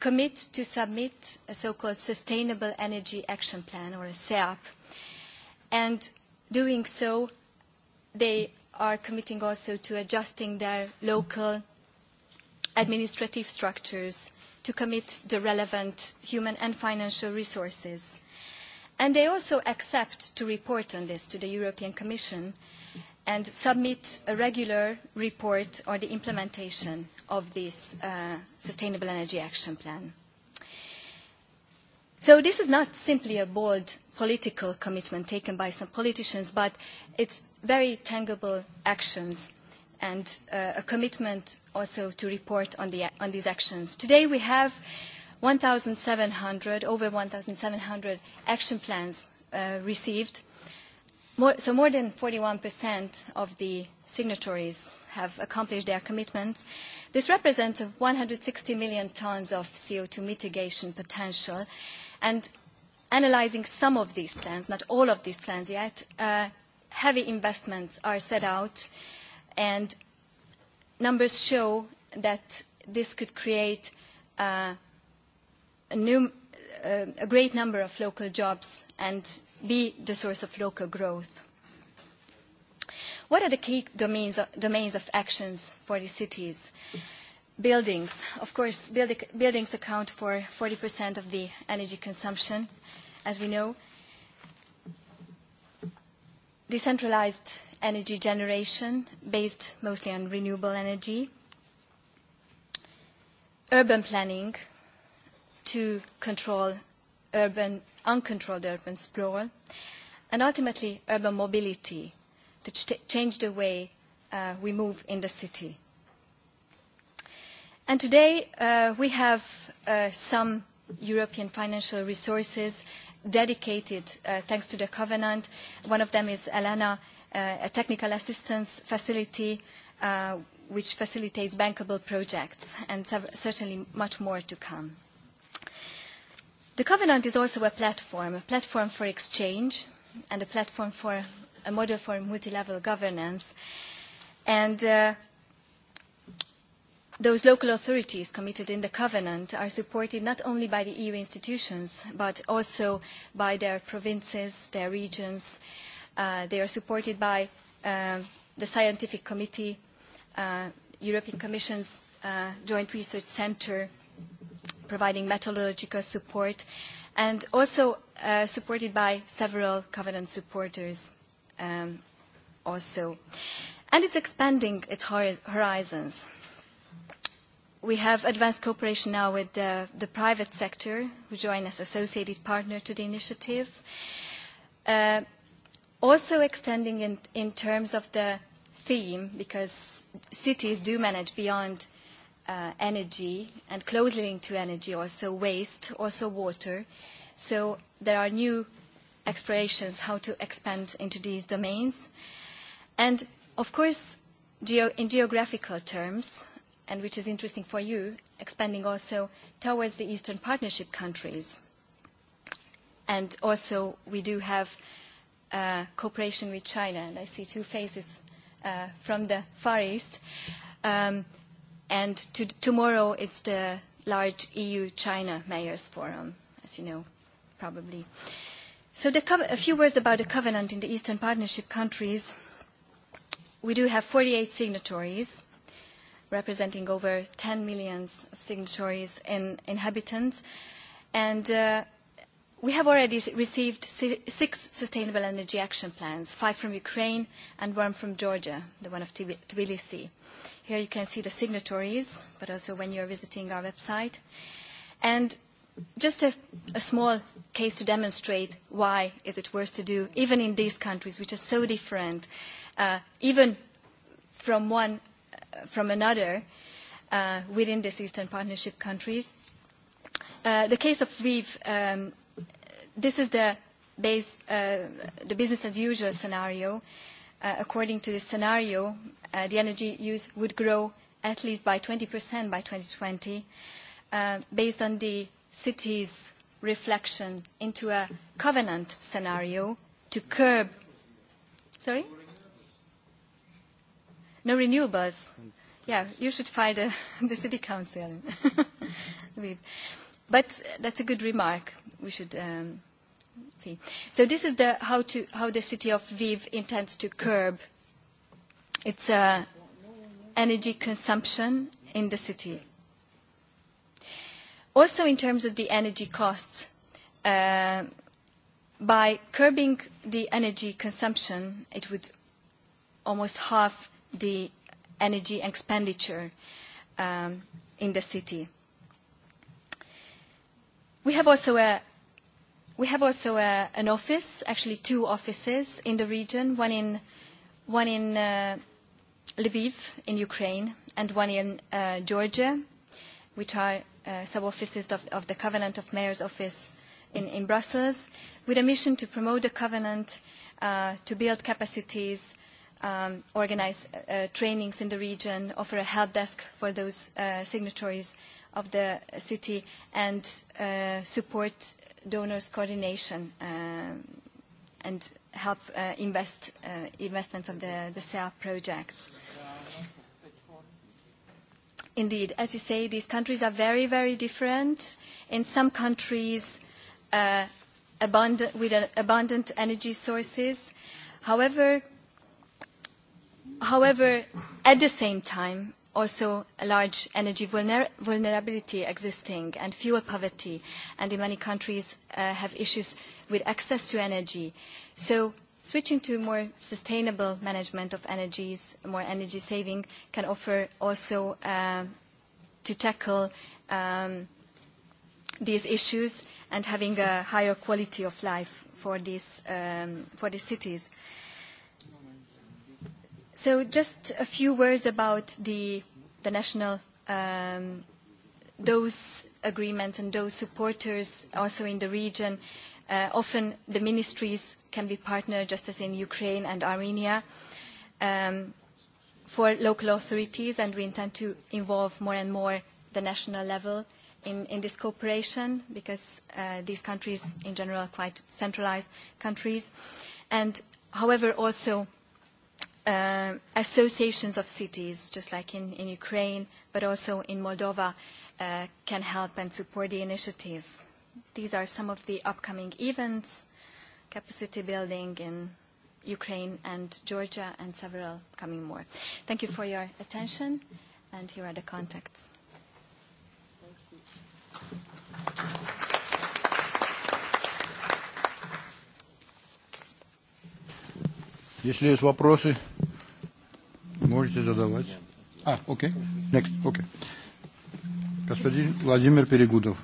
S15: commit to submit a so-called Sustainable Energy Action Plan, or a SEAP, and doing so, they are committing also to adjusting their local administrative structures to commit the relevant human and financial resources. And they also accept to report on this to the European Commission and submit a regular report on the implementation of this uh, Sustainable Energy Action Plan. So this is not simply a bold political commitment taken by some politicians, but it's very tangible actions and uh, a commitment also to report on, the, on these actions. Today we have uh, 1,700, over 1,700 action plans uh, received. More, so more than 41% of the signatories have accomplished their commitments. This represents 160 million tons of CO2 mitigation potential. And analyzing some of these plans, not all of these plans yet, uh, heavy investments are set out, and numbers show that this could create uh, a, new, uh, a great number of local jobs and be the source of local growth. What are the key domains domains of actions for the cities? Buildings. Of course, build, buildings account for 40% of the energy consumption, as we know. Decentralized energy generation, based mostly on renewable energy. Urban planning, to control urban, uncontrolled urban sprawl, and ultimately urban mobility to ch change the way uh, we move in the city. And today uh, we have uh, some European financial resources dedicated, uh, thanks to the covenant. One of them is ELENA, uh, a technical assistance facility, uh, which facilitates bankable projects, and certainly much more to come. The Covenant is also a platform, a platform for exchange and a platform for a model for multilevel governance. And uh, those local authorities committed in the Covenant are supported not only by the EU institutions, but also by their provinces, their regions. Uh, they are supported by uh, the Scientific Committee, uh, European Commission's uh, Joint Research Centre, providing metallurgical support, and also uh, supported by several covenant supporters um, also. And it's expanding its horizons. We have advanced cooperation now with uh, the private sector, who join as associated partner to the initiative. Uh, also extending in, in terms of the theme, because cities do manage beyond uh, energy and closely linked to energy, also waste, also water. So there are new explorations how to expand into these domains. And of course, geo in geographical terms, and which is interesting for you, expanding also towards the Eastern Partnership countries. And also we do have uh, cooperation with China, and I see two faces uh, from the Far East. Um, And to, tomorrow it's the large EU-China Mayors Forum, as you know, probably. So the, co- a few words about the covenant in the Eastern Partnership countries. We do have 48 signatories representing over 10 million of signatories in inhabitants. And uh, we have already received six sustainable energy action plans, five from Ukraine and one from Georgia, the one of Tbilisi. Here you can see the signatories, but also when you're visiting our website. And just a, a small case to demonstrate why is it worth to do, even in these countries, which are so different, uh, even from one uh, from another uh, within these Eastern Partnership countries. Uh, the case of Viv, um, this is the base, uh, the business as usual scenario. Uh, according to this scenario, Uh, the energy use would grow at least by 20% by 2020 uh, based on the city's reflection into a covenant scenario to curb. Sorry? No renewables. Yeah, you should find uh, the city council. but that's a good remark. We should um, see. So this is the how, to, how the city of Viv intends to curb It's uh, energy consumption in the city. Also in terms of the energy costs, uh, by curbing the energy consumption, it would almost half the energy expenditure um, in the city. We have also a we have also a, an office, actually two offices in the region, one in one in uh, Lviv in Ukraine and one in uh, Georgia, which are uh, sub-offices of, of the Covenant of Mayors Office in, in Brussels, with a mission to promote the Covenant, uh, to build capacities, um, organize uh, trainings in the region, offer a help desk for those uh, signatories of the city, and uh, support donors' coordination um, and help uh, invest uh, investments of the, the SEA projects indeed, as you say, these countries are very, very different. In some countries, uh, abundant, with uh, abundant energy sources. However, however, at the same time, also a large energy vulner vulnerability existing and fuel poverty, and in many countries uh, have issues with access to energy. So Switching to more sustainable management of energies, more energy saving, can offer also uh, to tackle um, these issues and having a higher quality of life for these, um, for these cities. So just a few words about the, the national, um, those agreements and those supporters also in the region Uh, often the ministries can be partnered, just as in Ukraine and Armenia, um, for local authorities, and we intend to involve more and more the national level in, in this cooperation, because uh, these countries, in general, are quite centralized countries. And, however, also uh, associations of cities, just like in, in Ukraine, but also in Moldova, uh, can help and support the initiative these are some of the upcoming events, capacity building in Ukraine and Georgia, and several coming more. Thank you for your attention, and here are the contacts.
S11: Если есть вопросы, можете задавать. А, окей. Okay. Next, Okay. Господин Владимир Перегудов.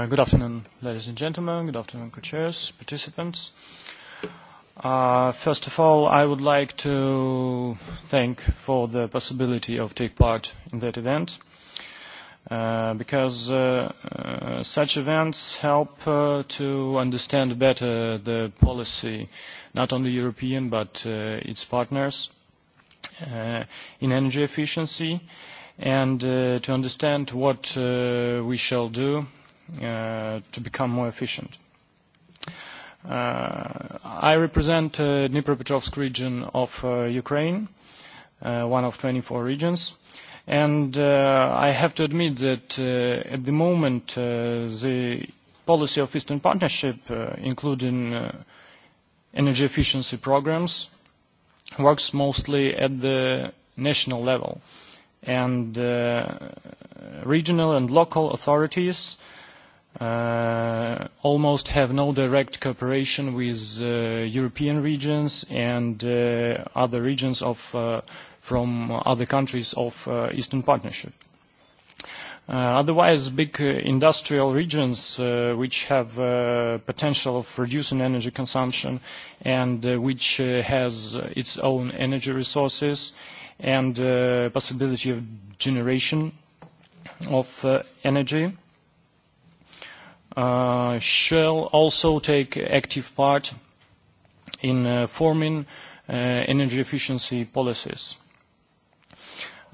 S16: Uh, good afternoon, ladies and gentlemen. Good afternoon, co-chairs, participants. Uh, first of all, I would like to thank for the possibility of take part in that event, uh, because uh, uh, such events help uh, to understand better the policy, not only European, but its partners, in energy efficiency, and to understand what we shall do Uh, to become more efficient. Uh, I represent uh, Dnipropetrovsk region of Ukraine, one of 24 regions. And I have to admit that at the moment the policy of Eastern Partnership, including energy efficiency programs, works mostly at the national level. And regional and local authorities Uh, almost have no direct cooperation with uh, European regions and uh, other regions of, uh, from other countries of uh, Eastern Partnership. Uh, otherwise, big uh, industrial regions uh, which have uh, potential of reducing energy consumption and uh, which uh, has its own energy resources and uh, possibility of generation of uh, energy Uh, shall also take active part in uh, forming uh, energy efficiency policies.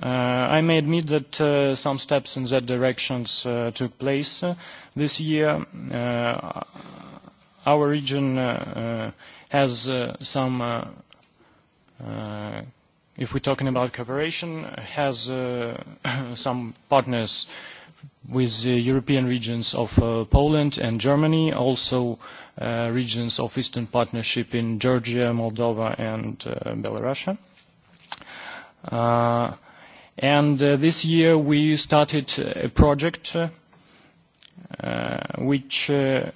S16: Uh, I may admit that uh, some steps in that direction uh, took place uh, this year. Uh, our region uh, uh, has uh, some, uh, uh, if we're talking about cooperation, has uh, some partners with the European regions of uh, Poland and Germany, also uh, regions of Eastern Partnership in Georgia, Moldova, and uh, Belarus. Uh, and uh, this year we started a project uh, which, uh,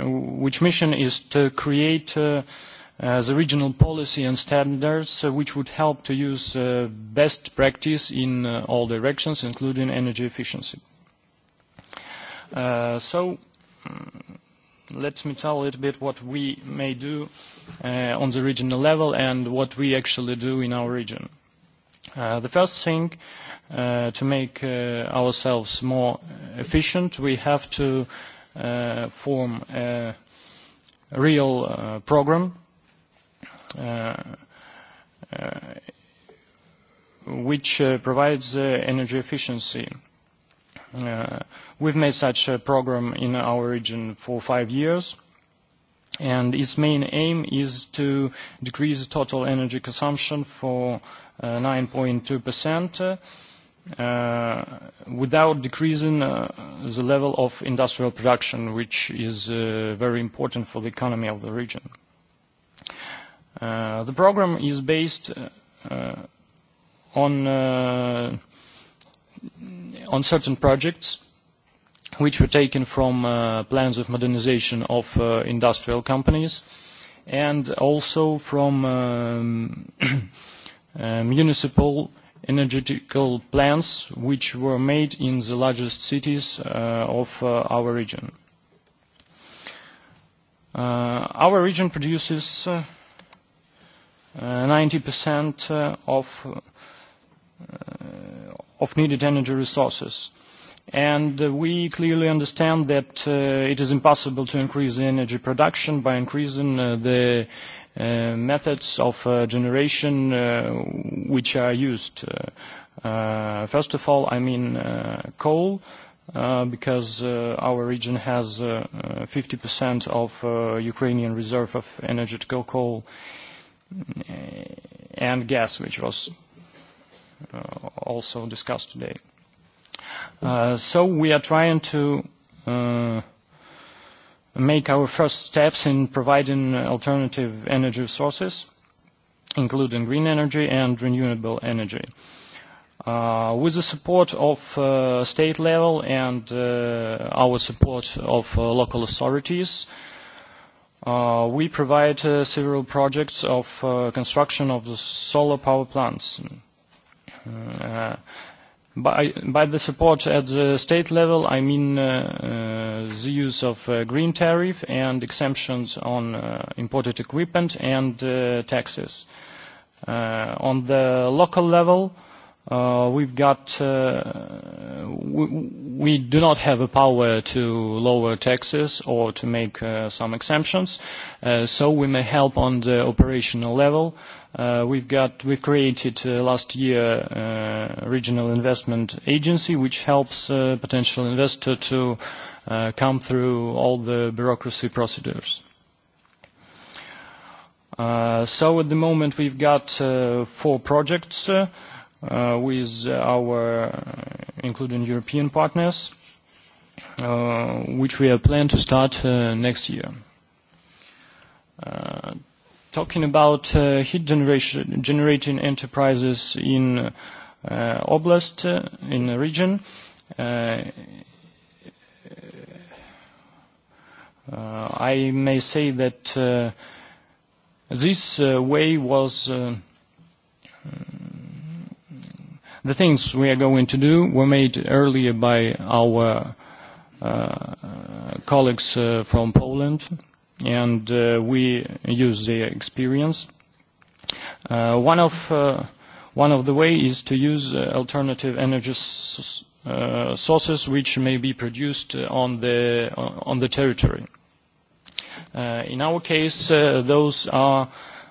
S16: which mission is to create uh, Uh, the regional policy and standards, uh, which would help to use uh, best practice in uh, all directions, including energy efficiency. Uh, so mm, let me tell a little bit what we may do uh, on the regional level and what we actually do in our region. The first thing, to make ourselves more efficient, we have to form a real program Uh, which uh, provides uh, energy efficiency. We've made such a program in our region for five years, and its main aim is to decrease total energy consumption for 9.2% Uh, without decreasing uh, the level of industrial production, which is uh, very important for the economy of the region. Uh, the program is based uh, on uh, on certain projects which were taken from uh, plans of modernization of uh, industrial companies and also from um, uh, municipal energetical plans which were made in the largest cities uh, of uh, our region. Uh, our region produces uh, 90% uh, uh, of, uh, uh, of needed energy resources. And uh, we clearly understand that uh, it is impossible to increase energy production by increasing uh, the uh, methods of uh, generation uh, which are used. Uh, uh, first of all, I mean uh, coal, uh, because uh, our region has uh, 50% of uh, Ukrainian reserve of energetical coal. Uh, Eh, and gas, which was uh, also discussed today. Uh, so we are trying to uh, make our first steps in providing alternative energy sources, including green energy and renewable energy. Uh, with the support of uh, state level and uh, our support of uh, local authorities, uh, Uh, we provide uh, several projects of uh, construction of the solar power plants. Mm. by, the support at the state level, I mean the use of green tariff and exemptions on imported equipment and taxes. on the local level, Uh, we've got uh, we, we do not have the power to lower taxes or to make uh, some exemptions, uh, so we may help on the operational level. Uh, we've got we've created uh, last year uh, regional investment agency, which helps potential investor to come through all the bureaucracy procedures. So at the moment, we've got four projects uh, with our, uh, including European partners, uh, which we have planned to start uh, next year. Uh, talking about uh, heat generation, generating enterprises in uh, oblast, uh, in the region, uh, uh, I may say that uh, this uh, way was uh, The things we are going to do were made earlier by our uh, colleagues uh, from Poland, and uh, we use their experience. Uh, one of uh, one of the way is to use uh, alternative energy uh, sources which may be produced on the on the territory. Uh, in our case, uh, those are uh,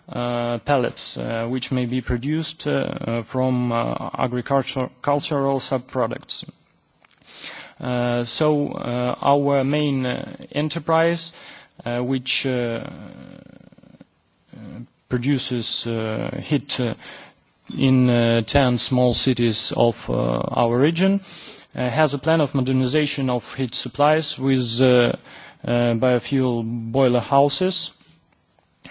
S16: uh, pellets, uh, which may be produced uh, from uh, agricultural subproducts. Uh, so uh, our main uh, enterprise, uh, which uh, uh produces uh, heat uh, in uh, 10 small cities of uh, our region, uh, has a plan of modernization of heat supplies with uh, uh, biofuel boiler houses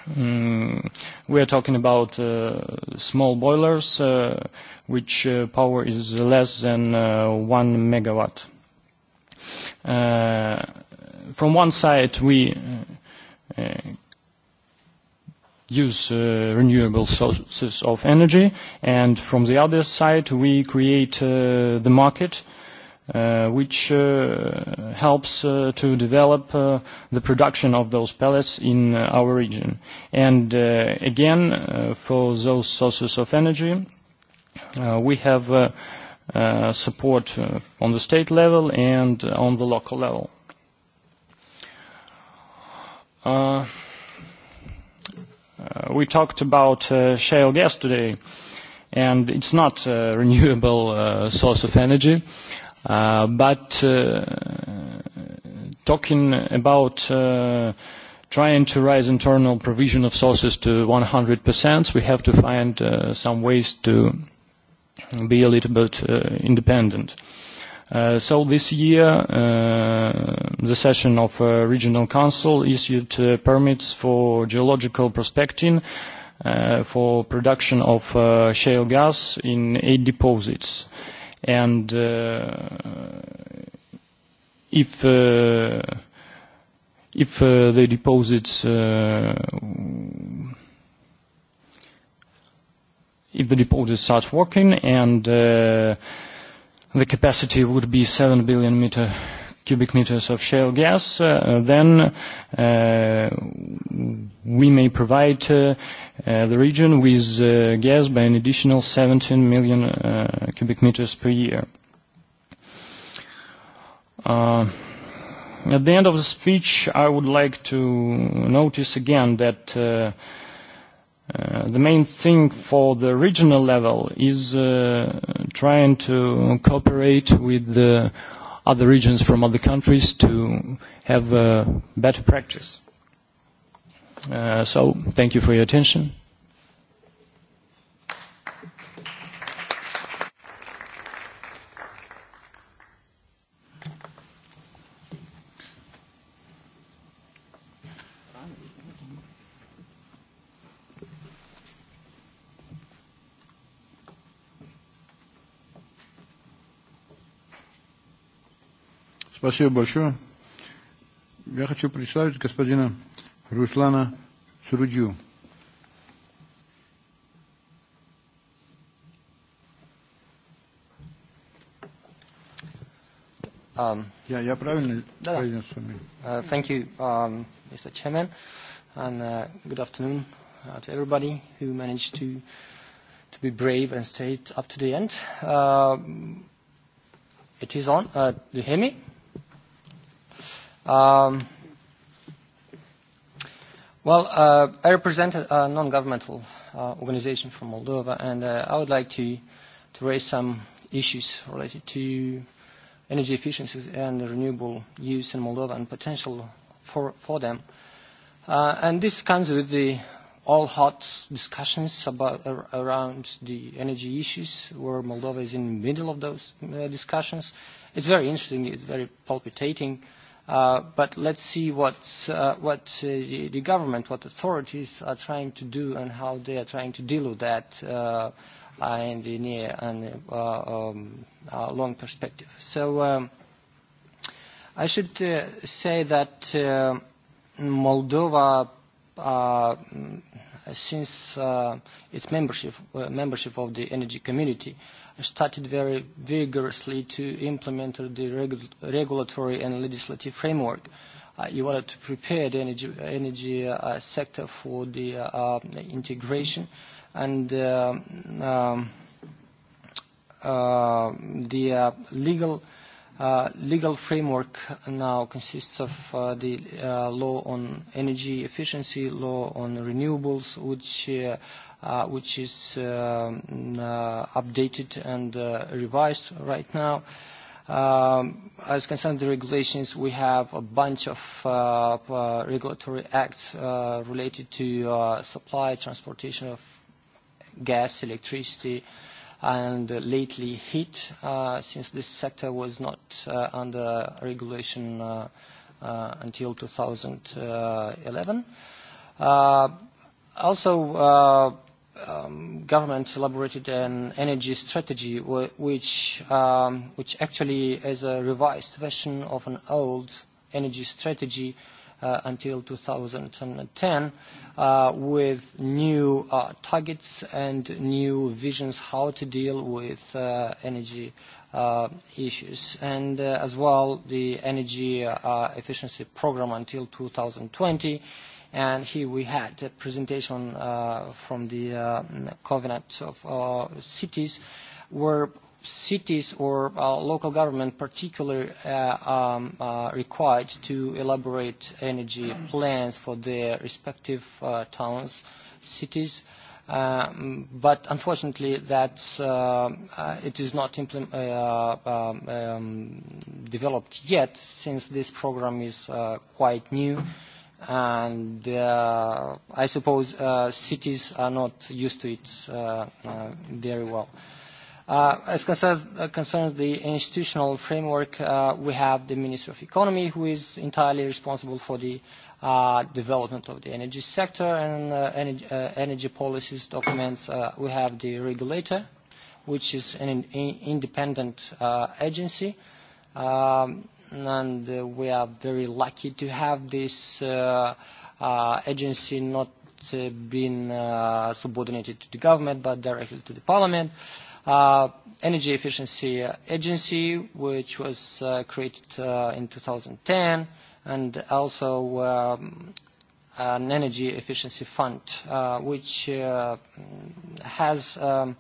S16: Mm, we are talking about uh, small boilers, uh, which uh, power is less than uh, one megawatt. Uh, from one side, we uh, uh use uh, renewable sources of energy, and from the other side, we create uh, the market uh, Uh, which uh, helps uh, to develop uh, the production of those pellets in uh, our region. And uh, again, uh, for those sources of energy, uh, we have uh, uh, support uh, on the state level and on the local level. Uh, uh, we talked about uh, shale gas today, and it's not a renewable uh, source of energy. Uh, Uh, but uh, talking about uh, trying to raise internal provision of sources to 100%, we have to find uh, some ways to be a little bit uh, independent. Uh, so this year, uh, the session of uh, Regional Council issued uh, permits for geological prospecting uh, for production of uh, shale gas in eight deposits. Uh, and uh, if uh, if uh, the deposits uh, if the deposits start working and uh, the capacity would be seven billion meter cubic meters of shale gas, uh, then uh, we may provide uh, uh, the region with uh, gas by an additional 17 million uh, cubic meters per year. Uh, at the end of the speech, I would like to notice again that uh, Uh, the main thing for the regional level is uh, trying to cooperate with the other regions from other countries to have uh, better practice. Uh, so thank you for your attention.
S11: Спасибо большое. Я хочу представить господина Руслана Суруджу. Um, yeah, я правильно да, произнес фамилию?
S8: Uh, thank you, um, Mr. Chairman, and uh, good afternoon uh, to everybody who managed to to be brave and stayed up to the end. Uh, it is on. Uh, do you hear me? Um, well, uh, I represent a, non-governmental uh, organization from Moldova, and uh, I would like to, to raise some issues related to energy efficiency and renewable use in Moldova and potential for, for them. Uh, and this comes with the all hot discussions about, ar around the energy issues, where Moldova is in the middle of those uh, discussions. It's very interesting, it's very palpitating. Uh, Uh, but let's see what, uh, uh, the, government, what authorities are trying to do and how they are trying to deal with that in the near and um, long perspective. So um, I should say that Moldova, since its membership, of the energy community, started very vigorously to implement the regu regulatory and legislative framework uh, in order to prepare the energy, energy uh, sector for the uh, um, integration and uh, um, uh, the uh, legal uh, legal framework now consists of uh, the uh, law on energy efficiency, law on renewables, which uh, Uh, which is uh, uh, updated and revised right now. Um, as concerns the regulations, we have a bunch of regulatory acts related to supply, transportation of gas, electricity, and lately heat, since this sector was not under regulation until 2011. also, um, government elaborated an energy strategy which, um, which actually is a revised version of an old energy strategy uh, until 2010 uh, with new uh, targets and new visions how to deal with uh, energy uh, issues. And uh, as well, the energy uh, efficiency program until 2020 And here we had a presentation uh, from the uh, Covenant of uh, Cities, where cities or local government particularly um, required to elaborate energy plans for their respective towns, cities. Um, but unfortunately, that it is not um, developed yet, since this program is quite new and uh, I suppose uh, cities are not used to it uh, uh, very well. Uh, as concerns, uh, concerns the institutional framework, uh, we have the Minister of Economy, who is entirely responsible for the uh, development of the energy sector and uh, energy, uh, energy policies documents. Uh, we have the regulator, which is an in independent uh, agency. Um, and uh, we are very lucky to have this uh, uh, agency not being subordinated to the government but directly to the parliament. Energy Efficiency Agency, which was created in 2010, and also um, an energy efficiency fund, which has um,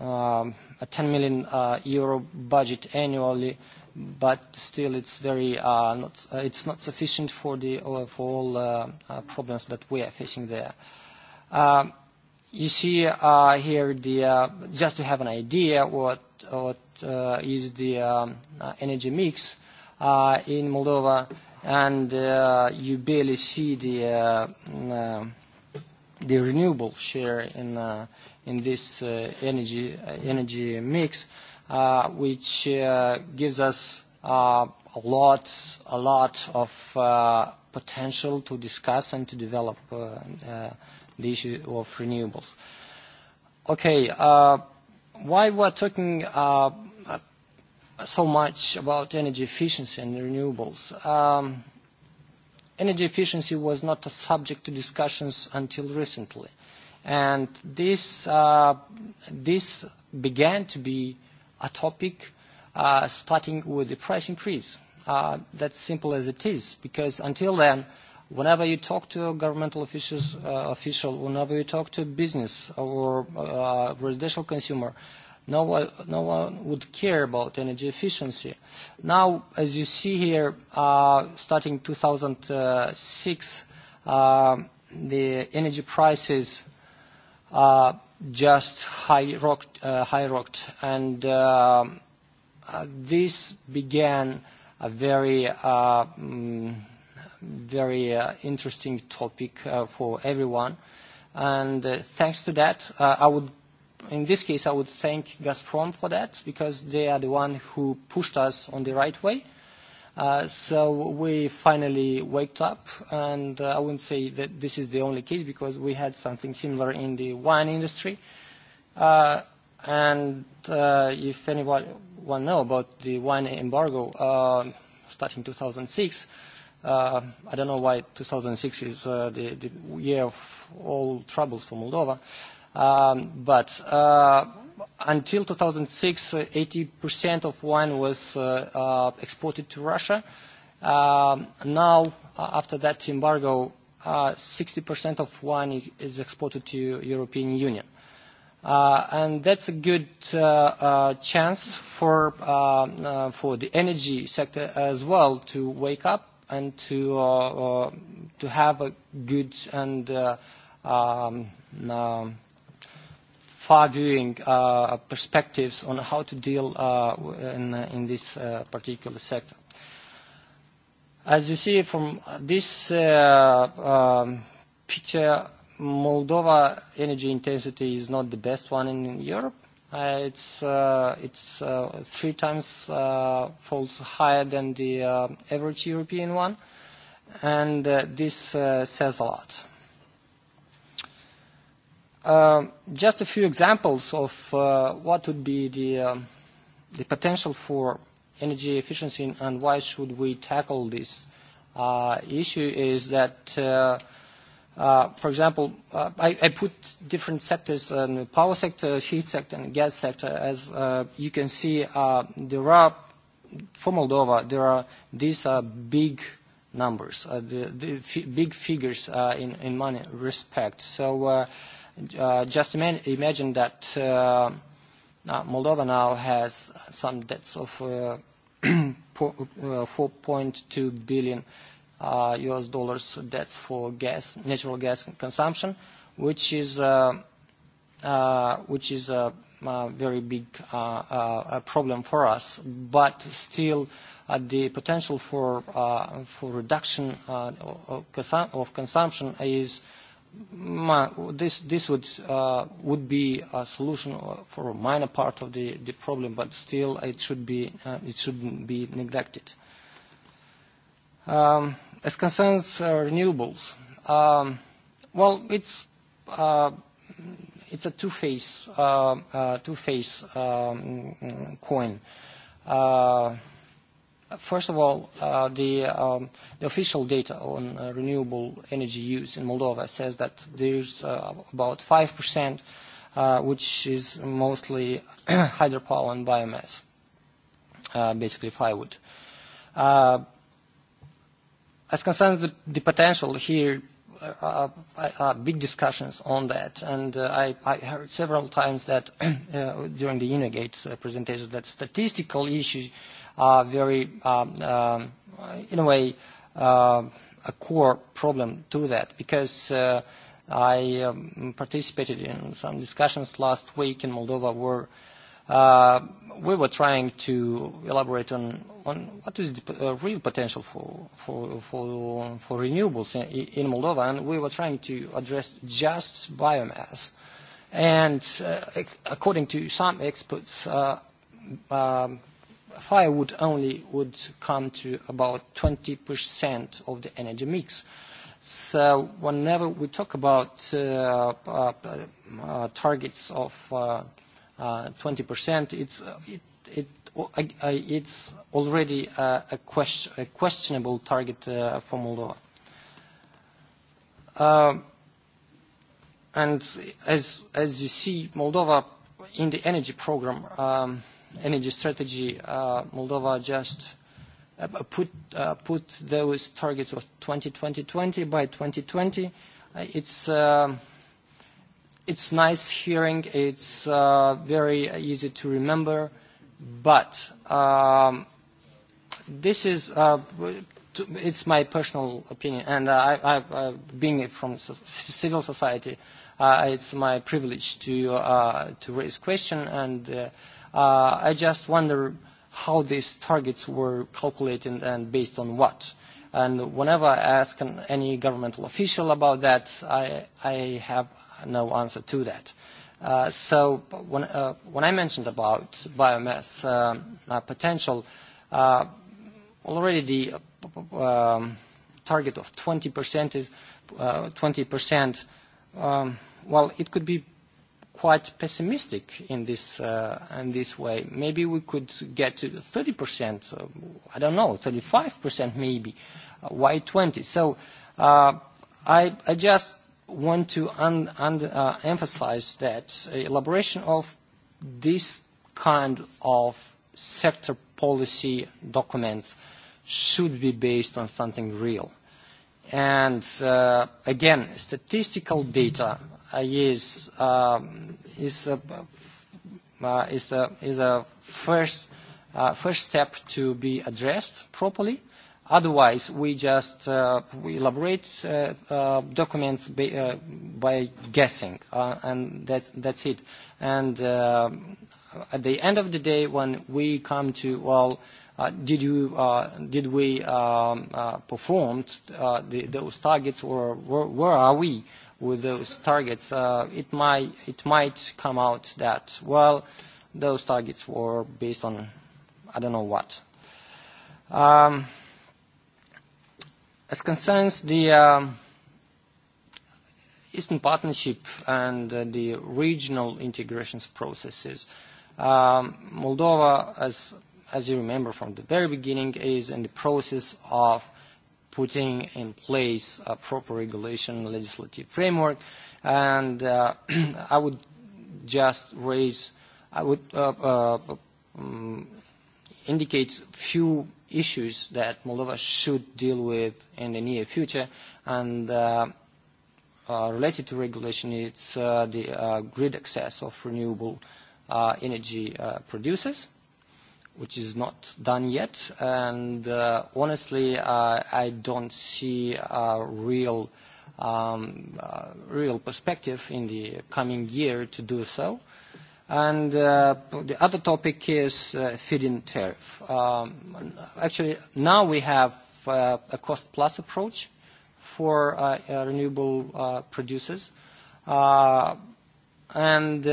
S8: um, a 10 million euro budget annually but still it's very uh, not uh, it's not sufficient for the uh, for all uh, problems that we are facing there. Um, you see here the just to have an idea what what is the um, energy mix in Moldova, and you barely see the um, the renewable share in in this energy energy mix. Uh, which uh, gives us uh, a lot, a lot of potential to discuss and to develop the issue of renewables. Okay, why we're talking so much about energy efficiency and renewables? Um, energy efficiency was not a subject to discussions until recently. And this, this began to be a topic uh, starting with the price increase. Uh, that's simple as it is, because until then, whenever you talk to a governmental officials, uh, official, whenever you talk to business or uh, residential consumer, no one, no one would care about energy efficiency. Now, as you see here, uh, starting 2006, uh, the energy prices uh, just high rocked, uh, high rocked. and uh, uh, this began a very uh, um, very uh, interesting topic uh, for everyone, and uh, thanks to that, uh, I would. In this case, I would thank Gazprom for that because they are the one who pushed us on the right way Uh, so we finally waked up, and uh, I wouldn't say that this is the only case because we had something similar in the wine industry. Uh, and uh, if anyone know about the wine embargo uh, starting 2006, uh, I don't know why 2006 is uh, the, the year of all troubles for Moldova, um, but uh, until 2006, 80% uh, of wine was uh, uh, exported to Russia. Um, now, after that embargo, 60% of wine is exported to European Union. Uh, and that's a good uh, uh, chance for for the energy sector as well to wake up and to to have a good and um, um far-viewing uh, perspectives on how to deal uh, in, this uh, particular sector. As you see from this um, picture, Moldova energy intensity is not the best one in Europe. it's three times falls higher than the average European one, and this says a lot. Um, just a few examples of uh, what would be the, um, the potential for energy efficiency and why should we tackle this uh, issue is that, uh, uh, for example, uh, I, I put different sectors, um, the power sector, heat sector, and gas sector. As uh, you can see, uh, there are, for Moldova, there are, these are big numbers, uh, the, the f big figures uh, in, in money respect. So uh, Uh, just imagine that uh, Moldova now has some debts of uh, 4.2 uh, billion uh, US dollars debts for gas, natural gas consumption, which is uh, uh, which is a, a very big uh, uh, problem for us. But still, uh, the potential for uh, for reduction uh, of, consu of consumption is my, this this would uh, would be a solution for a minor part of the the problem, but still it should be uh, it shouldn't be neglected. Um, as concerns uh, renewables, um, well, it's uh, it's a two-phase uh, uh, two-phase um, coin. Uh, First of all, uh, the, um, the official data on uh, renewable energy use in Moldova says that there's uh, about 5%, uh, which is mostly hydropower and biomass, uh, basically firewood. Uh, as concerns the, the potential here, uh, uh, uh big discussions on that, and uh, I, I heard several times that uh, during the Unigate uh, presentation that statistical issues are very, um, um, in a way, uh, a core problem to that because uh, I um, participated in some discussions last week in Moldova where uh, we were trying to elaborate on, on what is the uh, real potential for, for, for, for renewables in, in Moldova, and we were trying to address just biomass. And uh, according to some experts, uh, um, firewood only would come to about 20% of the energy mix. So whenever we talk about uh, uh, uh, targets of 20%, uh, uh, it's, uh, it, it, it's already a, a, question, a questionable target for Moldova. Um, and as, as you see, Moldova in the energy program um, energy strategy, uh, Moldova just uh, put, uh, put those targets of 2020-20 by 2020. Uh, it's, um, it's nice hearing. It's uh, very easy to remember. But um, this is uh, it's my personal opinion, and I, I, being from civil society, it's my privilege to, to raise question and Uh, I just wonder how these targets were calculated and based on what. And whenever I ask any governmental official about that, I, have no answer to that. Uh, so uh, when, I mentioned about biomass potential, already the um, target of 20%, is, 20% um, well, it could be quite pessimistic in this, uh, in this way. Maybe we could get to 30%, uh, I don't know, 35% maybe. Uh, why 20? So uh, I, I just want to un, un, uh, emphasize that elaboration of this kind of sector policy documents should be based on something real. And uh, again, statistical data is is is a, is a first uh, first step to be addressed properly. Otherwise, we just uh, we elaborate uh, uh, documents by, uh, by guessing, uh, and that, that's it. And uh, at the end of the day, when we come to, well, uh, did, you, uh, did we um, uh, perform uh, the, those targets, or where, where are we? Uh, with those targets, uh, it, might, it might come out that, well, those targets were based on I don't know what. Um, as concerns the um, Eastern Partnership and uh, the regional integrations processes, um, Moldova, as, as you remember from the very beginning, is in the process of putting in place a proper regulation legislative framework. And uh, I would just raise, I would uh, uh, um, indicate few issues that Moldova should deal with in the near future. And uh, uh, related to regulation, it's uh, the uh, grid access of renewable uh, energy uh, producers which is not done yet. And uh, honestly, I don't see a real, um, real perspective in the coming year to do so. And uh, the other topic is uh, feed-in tariff. Um, actually, now we have a cost-plus approach for renewable producers. and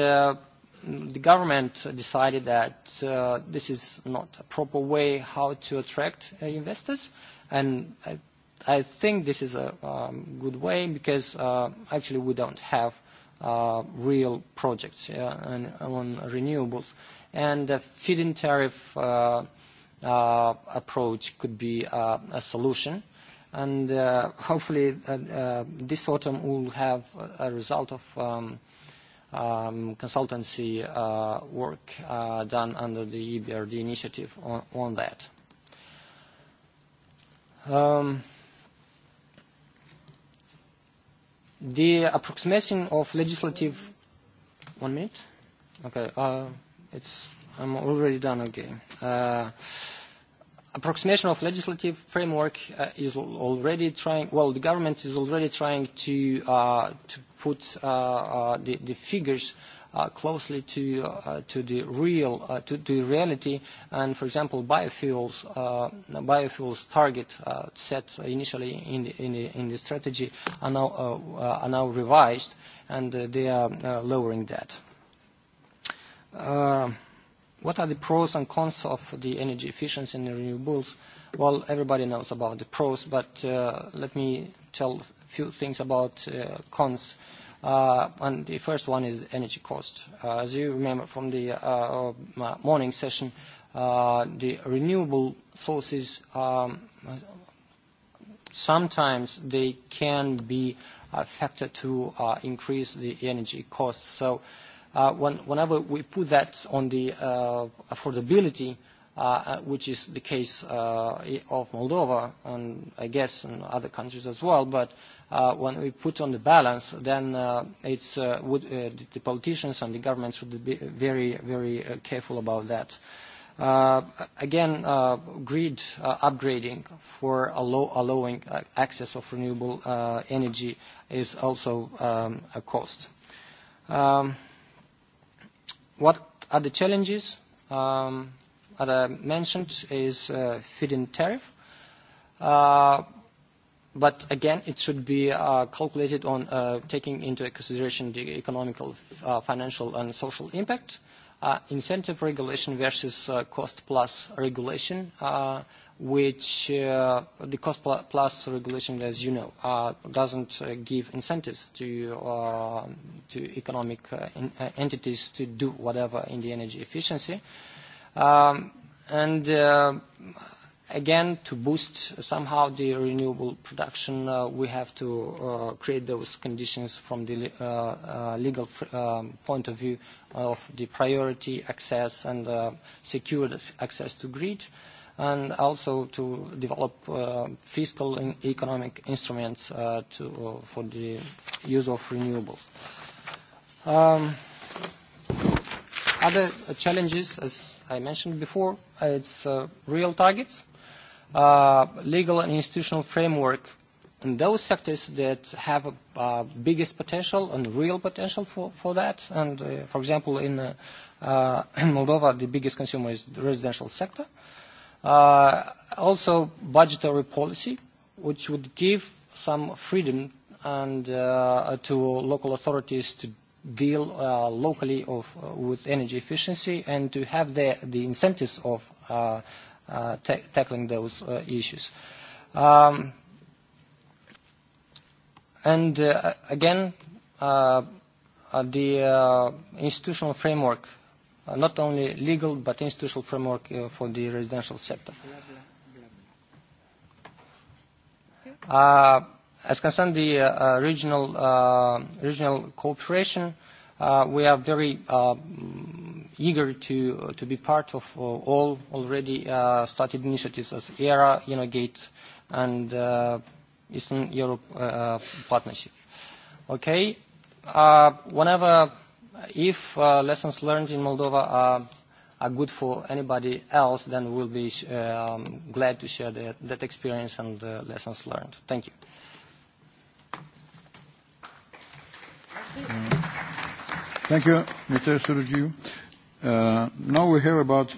S8: the government decided that uh, this is not a proper way how to attract uh, investors. And I, I think this is a um, good way because uh, actually we don't have uh, real projects uh, on, on renewables. And the feed-in tariff uh, uh, approach could be uh, a solution and uh, hopefully uh, uh, this autumn we'll have a, a result of um, Um, consultancy uh, work uh, done under the EBRD initiative on, that. Um, the approximation of legislative... One minute? Okay. Uh, it's, I'm already done again. Okay. Approximation of legislative framework is already trying... Well, the government is already trying to put uh, uh, the, the figures Uh, closely to uh, to the real uh, to, to reality. And for example, biofuels uh, biofuels target set initially in the, in the, in the strategy are now are now revised, and they are lowering that. What are the pros and cons of the energy efficiency and renewables? Well, everybody knows about the pros, but let me tell a few things about cons Uh, and the first one is energy cost. Uh, as you remember from the uh, morning session, the renewable sources, um, sometimes they can be a factor to increase the energy costs. So whenever we put that on the affordability Uh, uh, which is the case uh, of Moldova and I guess in other countries as well. But uh, when we put on the balance, then uh, it's, uh, would, uh, the politicians and the government should be very, very uh, careful about that. Uh, again, uh, grid uh, upgrading for allow, allowing uh, access of renewable uh, energy is also um, a cost. Um, what are the challenges? Um, that I mentioned is uh, feed-in tariff. Uh, but again, it should be uh, calculated on uh, taking into consideration the economical, financial, and social impact. incentive regulation versus cost-plus regulation, which the cost-plus regulation, as you know, doesn't give incentives to, economic entities to do whatever in the energy efficiency. Um, and uh, again, to boost somehow the renewable production, uh, we have to uh, create those conditions from the uh, uh, legal um, point of view of the priority access and uh, secured access to grid and also to develop uh, fiscal and economic instruments uh, to, uh, for the use of renewables. Um, other challenges, as i mentioned before, uh, it's uh, real targets, uh, legal and institutional framework in those sectors that have a, uh, biggest potential and real potential for, for that. And uh, for example, in, uh, uh, in Moldova, the biggest consumer is the residential sector. Uh, also, budgetary policy, which would give some freedom and uh, to local authorities to deal uh, locally of, uh, with energy efficiency and to have the, the incentives of uh, uh, ta tackling those uh, issues. Um, and uh, again, uh, uh, the uh, institutional framework, uh, not only legal but institutional framework uh, for the residential sector. Uh, As concerns the uh, regional, uh, regional cooperation, uh, we are very uh, eager to, to be part of uh, all already uh, started initiatives as ERA, Unigate, and Eastern Europe Partnership. Okay. Whenever if lessons learned in Moldova are, are good for anybody else, then we'll be um, glad to share that, that experience and the lessons learned. Thank you.
S11: Thank you, Mr. Surujiu. Uh, now we have about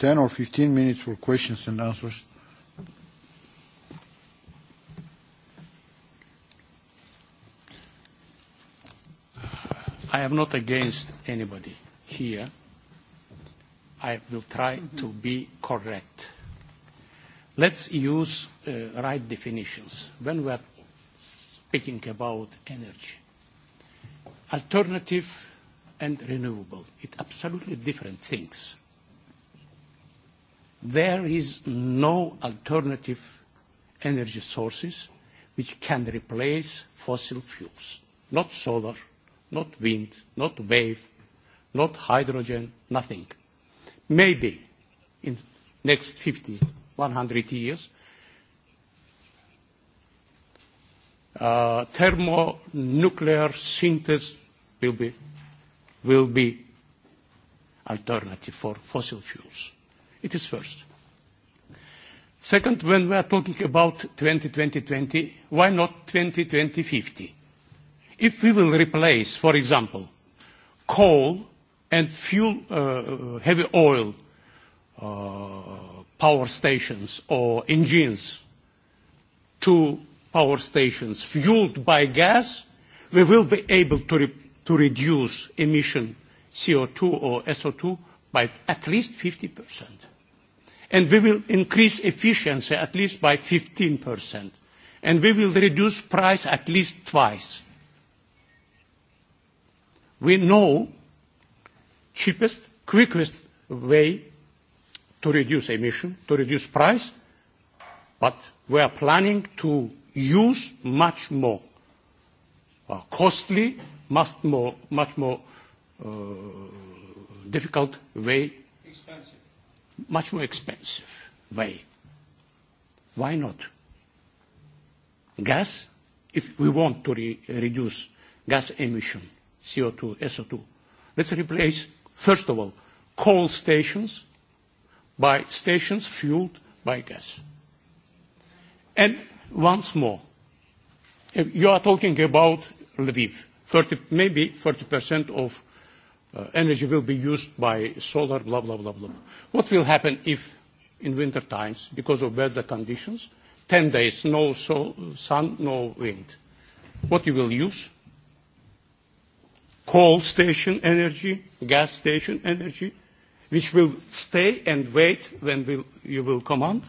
S11: 10 or 15 minutes for questions and answers.
S13: I am not against anybody here. I will try to be correct. Let's use uh, right definitions. When we are speaking about energy, alternative and renewable. It's absolutely different things. There is no alternative energy sources which can replace fossil fuels. Not solar, not wind, not wave, not hydrogen, nothing. Maybe in next 50, 100 years, uh, thermonuclear synthesis will be, will be alternative for fossil fuels. It is first. Second, when we are talking about 2020, why not 2050? If we will replace, for example, coal and fuel, uh, uh, heavy oil uh, power stations or engines to power stations fueled by gas, we will be able to, re to reduce emission CO2 or SO2 by at least 50%. And we will increase efficiency at least by 15%. And we will reduce price at least twice. We know cheapest, quickest way to reduce emission, to reduce price, but we are planning to use much more uh, costly much more, much more uh, difficult way, expensive. much more expensive way. Why not? Gas, if we want to re reduce gas emission, CO2, SO2, let's replace, first of all, coal stations by stations fueled by gas. And once more, you are talking about Lviv 30, maybe 40% of uh, energy will be used by solar, blah, blah, blah, blah. What will happen if in winter times, because of weather conditions, 10 days, no sol, sun, no wind? What you will use? Coal station energy, gas station energy, which will stay and wait when will, you will command.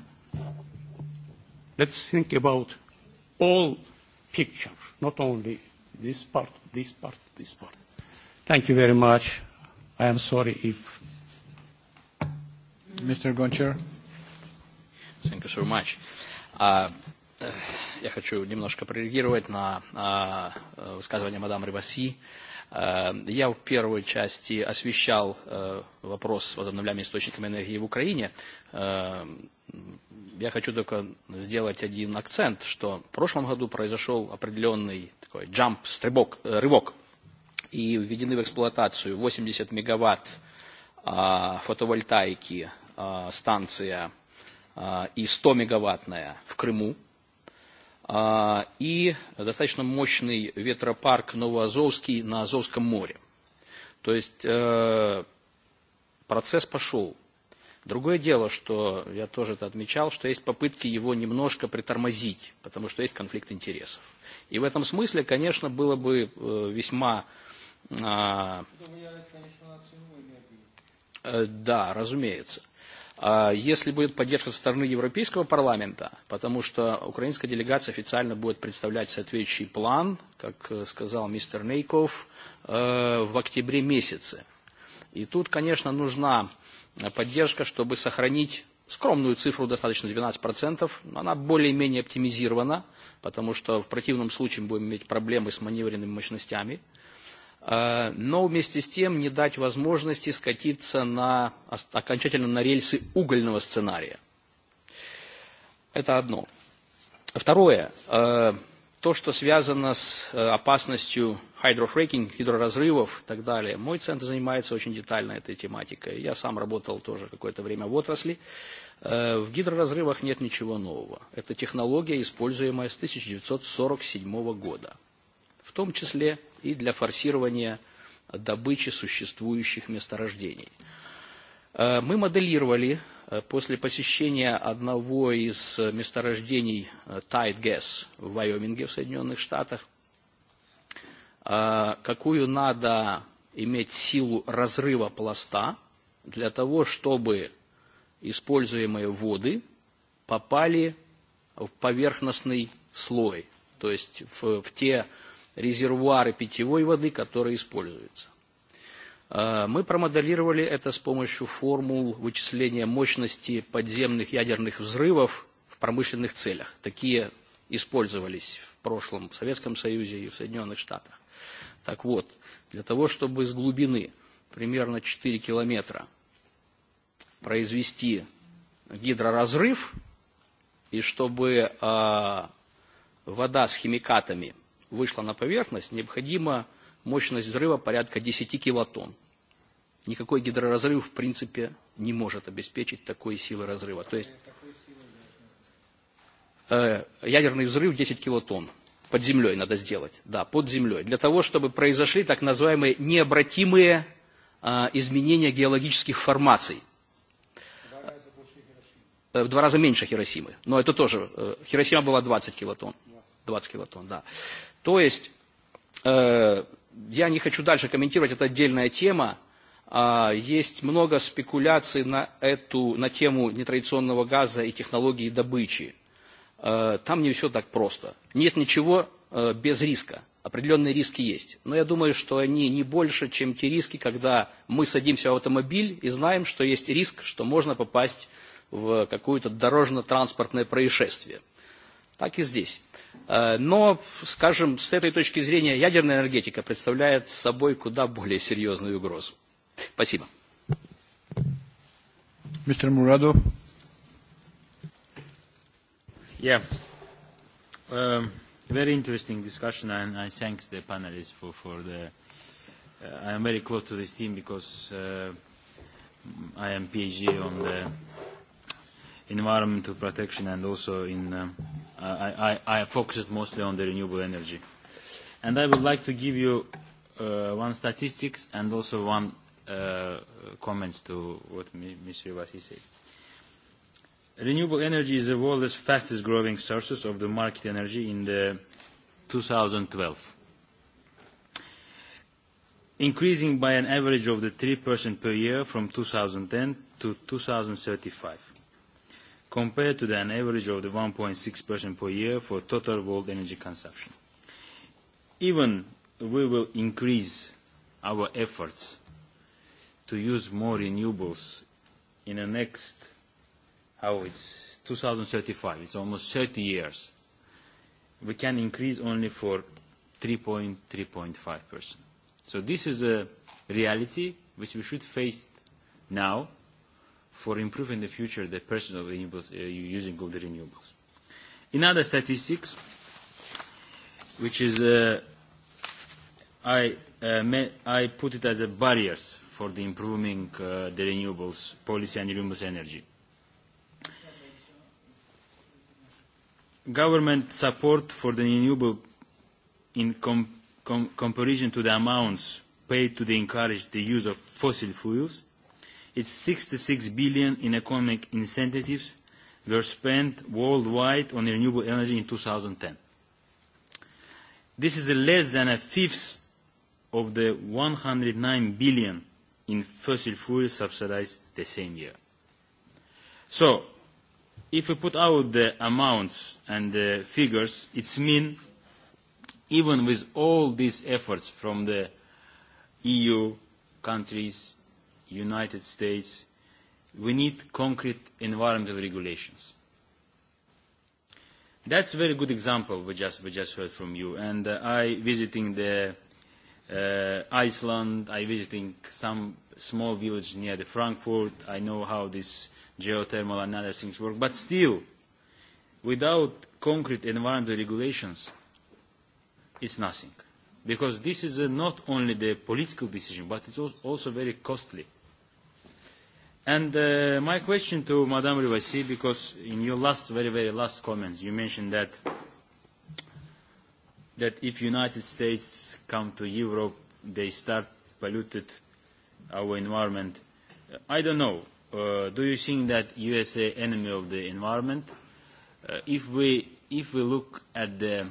S13: Let's think about all picture, not only this part, this part, this part. Thank you very much. I am sorry if... Mr.
S11: Гончар.
S3: Thank you so much. Uh, я хочу немножко прореагировать на uh, высказывание мадам Рыбаси. Uh, я в первой части освещал uh, вопрос с возобновляемыми источниками энергии в Украине. Uh, я хочу только сделать один акцент, что в прошлом году произошел определенный такой jump, стрибок, рывок, и введены в эксплуатацию 80 мегаватт а, фотовольтайки а, станция а, и 100 мегаваттная в Крыму, а, и достаточно мощный ветропарк Новоазовский на Азовском море. То есть процесс пошел, Другое дело, что я тоже это отмечал, что есть попытки его немножко притормозить, потому что есть конфликт интересов. И в этом смысле, конечно, было бы весьма... Да, разумеется. Если будет поддержка со стороны Европейского парламента, потому что украинская делегация официально будет представлять соответствующий план, как сказал мистер Нейков, в октябре месяце. И тут, конечно, нужна поддержка, чтобы сохранить скромную цифру, достаточно 12%. Она более-менее оптимизирована, потому что в противном случае мы будем иметь проблемы с маневренными мощностями. Но вместе с тем не дать возможности скатиться на, окончательно на рельсы угольного сценария. Это одно. Второе то, что связано с опасностью хайдрофрекинг, гидроразрывов и так далее. Мой центр занимается очень детально этой тематикой. Я сам работал тоже какое-то время в отрасли. В гидроразрывах нет ничего нового. Это технология, используемая с 1947 года. В том числе и для форсирования добычи существующих месторождений. Мы моделировали после посещения одного из месторождений Tide Gas в Вайоминге в Соединенных Штатах, какую надо иметь силу разрыва пласта для того, чтобы используемые воды попали в поверхностный слой, то есть в, в те резервуары питьевой воды, которые используются. Мы промоделировали это с помощью формул вычисления мощности подземных ядерных взрывов в промышленных целях. Такие использовались в прошлом в Советском Союзе и в Соединенных Штатах. Так вот, для того, чтобы с глубины примерно 4 километра произвести гидроразрыв, и чтобы э, вода с химикатами вышла на поверхность, необходима мощность взрыва порядка 10 килотонн. Никакой гидроразрыв, в принципе, не может обеспечить такой силы разрыва. То есть э, ядерный взрыв 10 килотонн под землей надо сделать. Да, под землей. Для того, чтобы произошли так называемые необратимые э, изменения геологических формаций. В два раза меньше Хиросимы. Но это тоже... Э, Хиросима была 20 килотонн. 20 килотонн, да. То есть, э, я не хочу дальше комментировать, это отдельная тема. Есть много спекуляций на, эту, на тему нетрадиционного газа и технологии добычи. Там не все так просто. Нет ничего без риска. Определенные риски есть. Но я думаю, что они не больше, чем те риски, когда мы садимся в автомобиль и знаем, что есть риск, что можно попасть в какое-то дорожно-транспортное происшествие. Так и здесь. Но, скажем, с этой точки зрения ядерная энергетика представляет собой куда более серьезную угрозу. Спасибо.
S11: Mr. Muradov.
S3: Yeah. Um,
S10: very interesting discussion, and I thank the panelists for, for the... Uh, I am very close to this team because uh, I am PhD on the environmental protection and also in... Um, I, I, I focused mostly on the renewable energy. And I would like to give you uh, one statistics and also one Uh, comments to what Mr. Iwasi said. Renewable energy is the world's fastest growing sources of the market energy in the 2012, increasing by an average of the 3% per year from 2010 to 2035, compared to the, an average of the 1.6% per year for total world energy consumption. Even we will increase our efforts to use more renewables in the next, how oh, it's 2035, it's almost 30 years, we can increase only for 3.5%. So this is a reality which we should face now for improving the future the person of renewables, uh, using of the renewables. In other statistics, which is uh, I, uh, I put it as a barriers for the improving uh, the renewables policy and renewables energy. Government support for the renewable in com com comparison to the amounts paid to the encourage the use of fossil fuels, it's 66 billion in economic incentives were spent worldwide on renewable energy in 2010. This is less than a fifth of the 109 billion in fossil fuel subsidized the same year. So if we put out the amounts and the figures, it's mean even with all these efforts from the EU countries, United States, we need concrete environmental regulations. That's a very good example we just, we just heard from you. And uh, I, visiting the uh, Iceland. I visiting some small village near the Frankfurt. I know how this geothermal and other things work. But still, without concrete environmental regulations, it's nothing. Because this is uh, not only the political decision, but it's also very costly. And uh, my question to Madame Rivasi, because in your last, very, very last comments, you mentioned that uh, that if United States come to Europe, they start polluted our environment. I don't know. Uh, do you think that USA enemy of the environment? Uh, if we if we look at the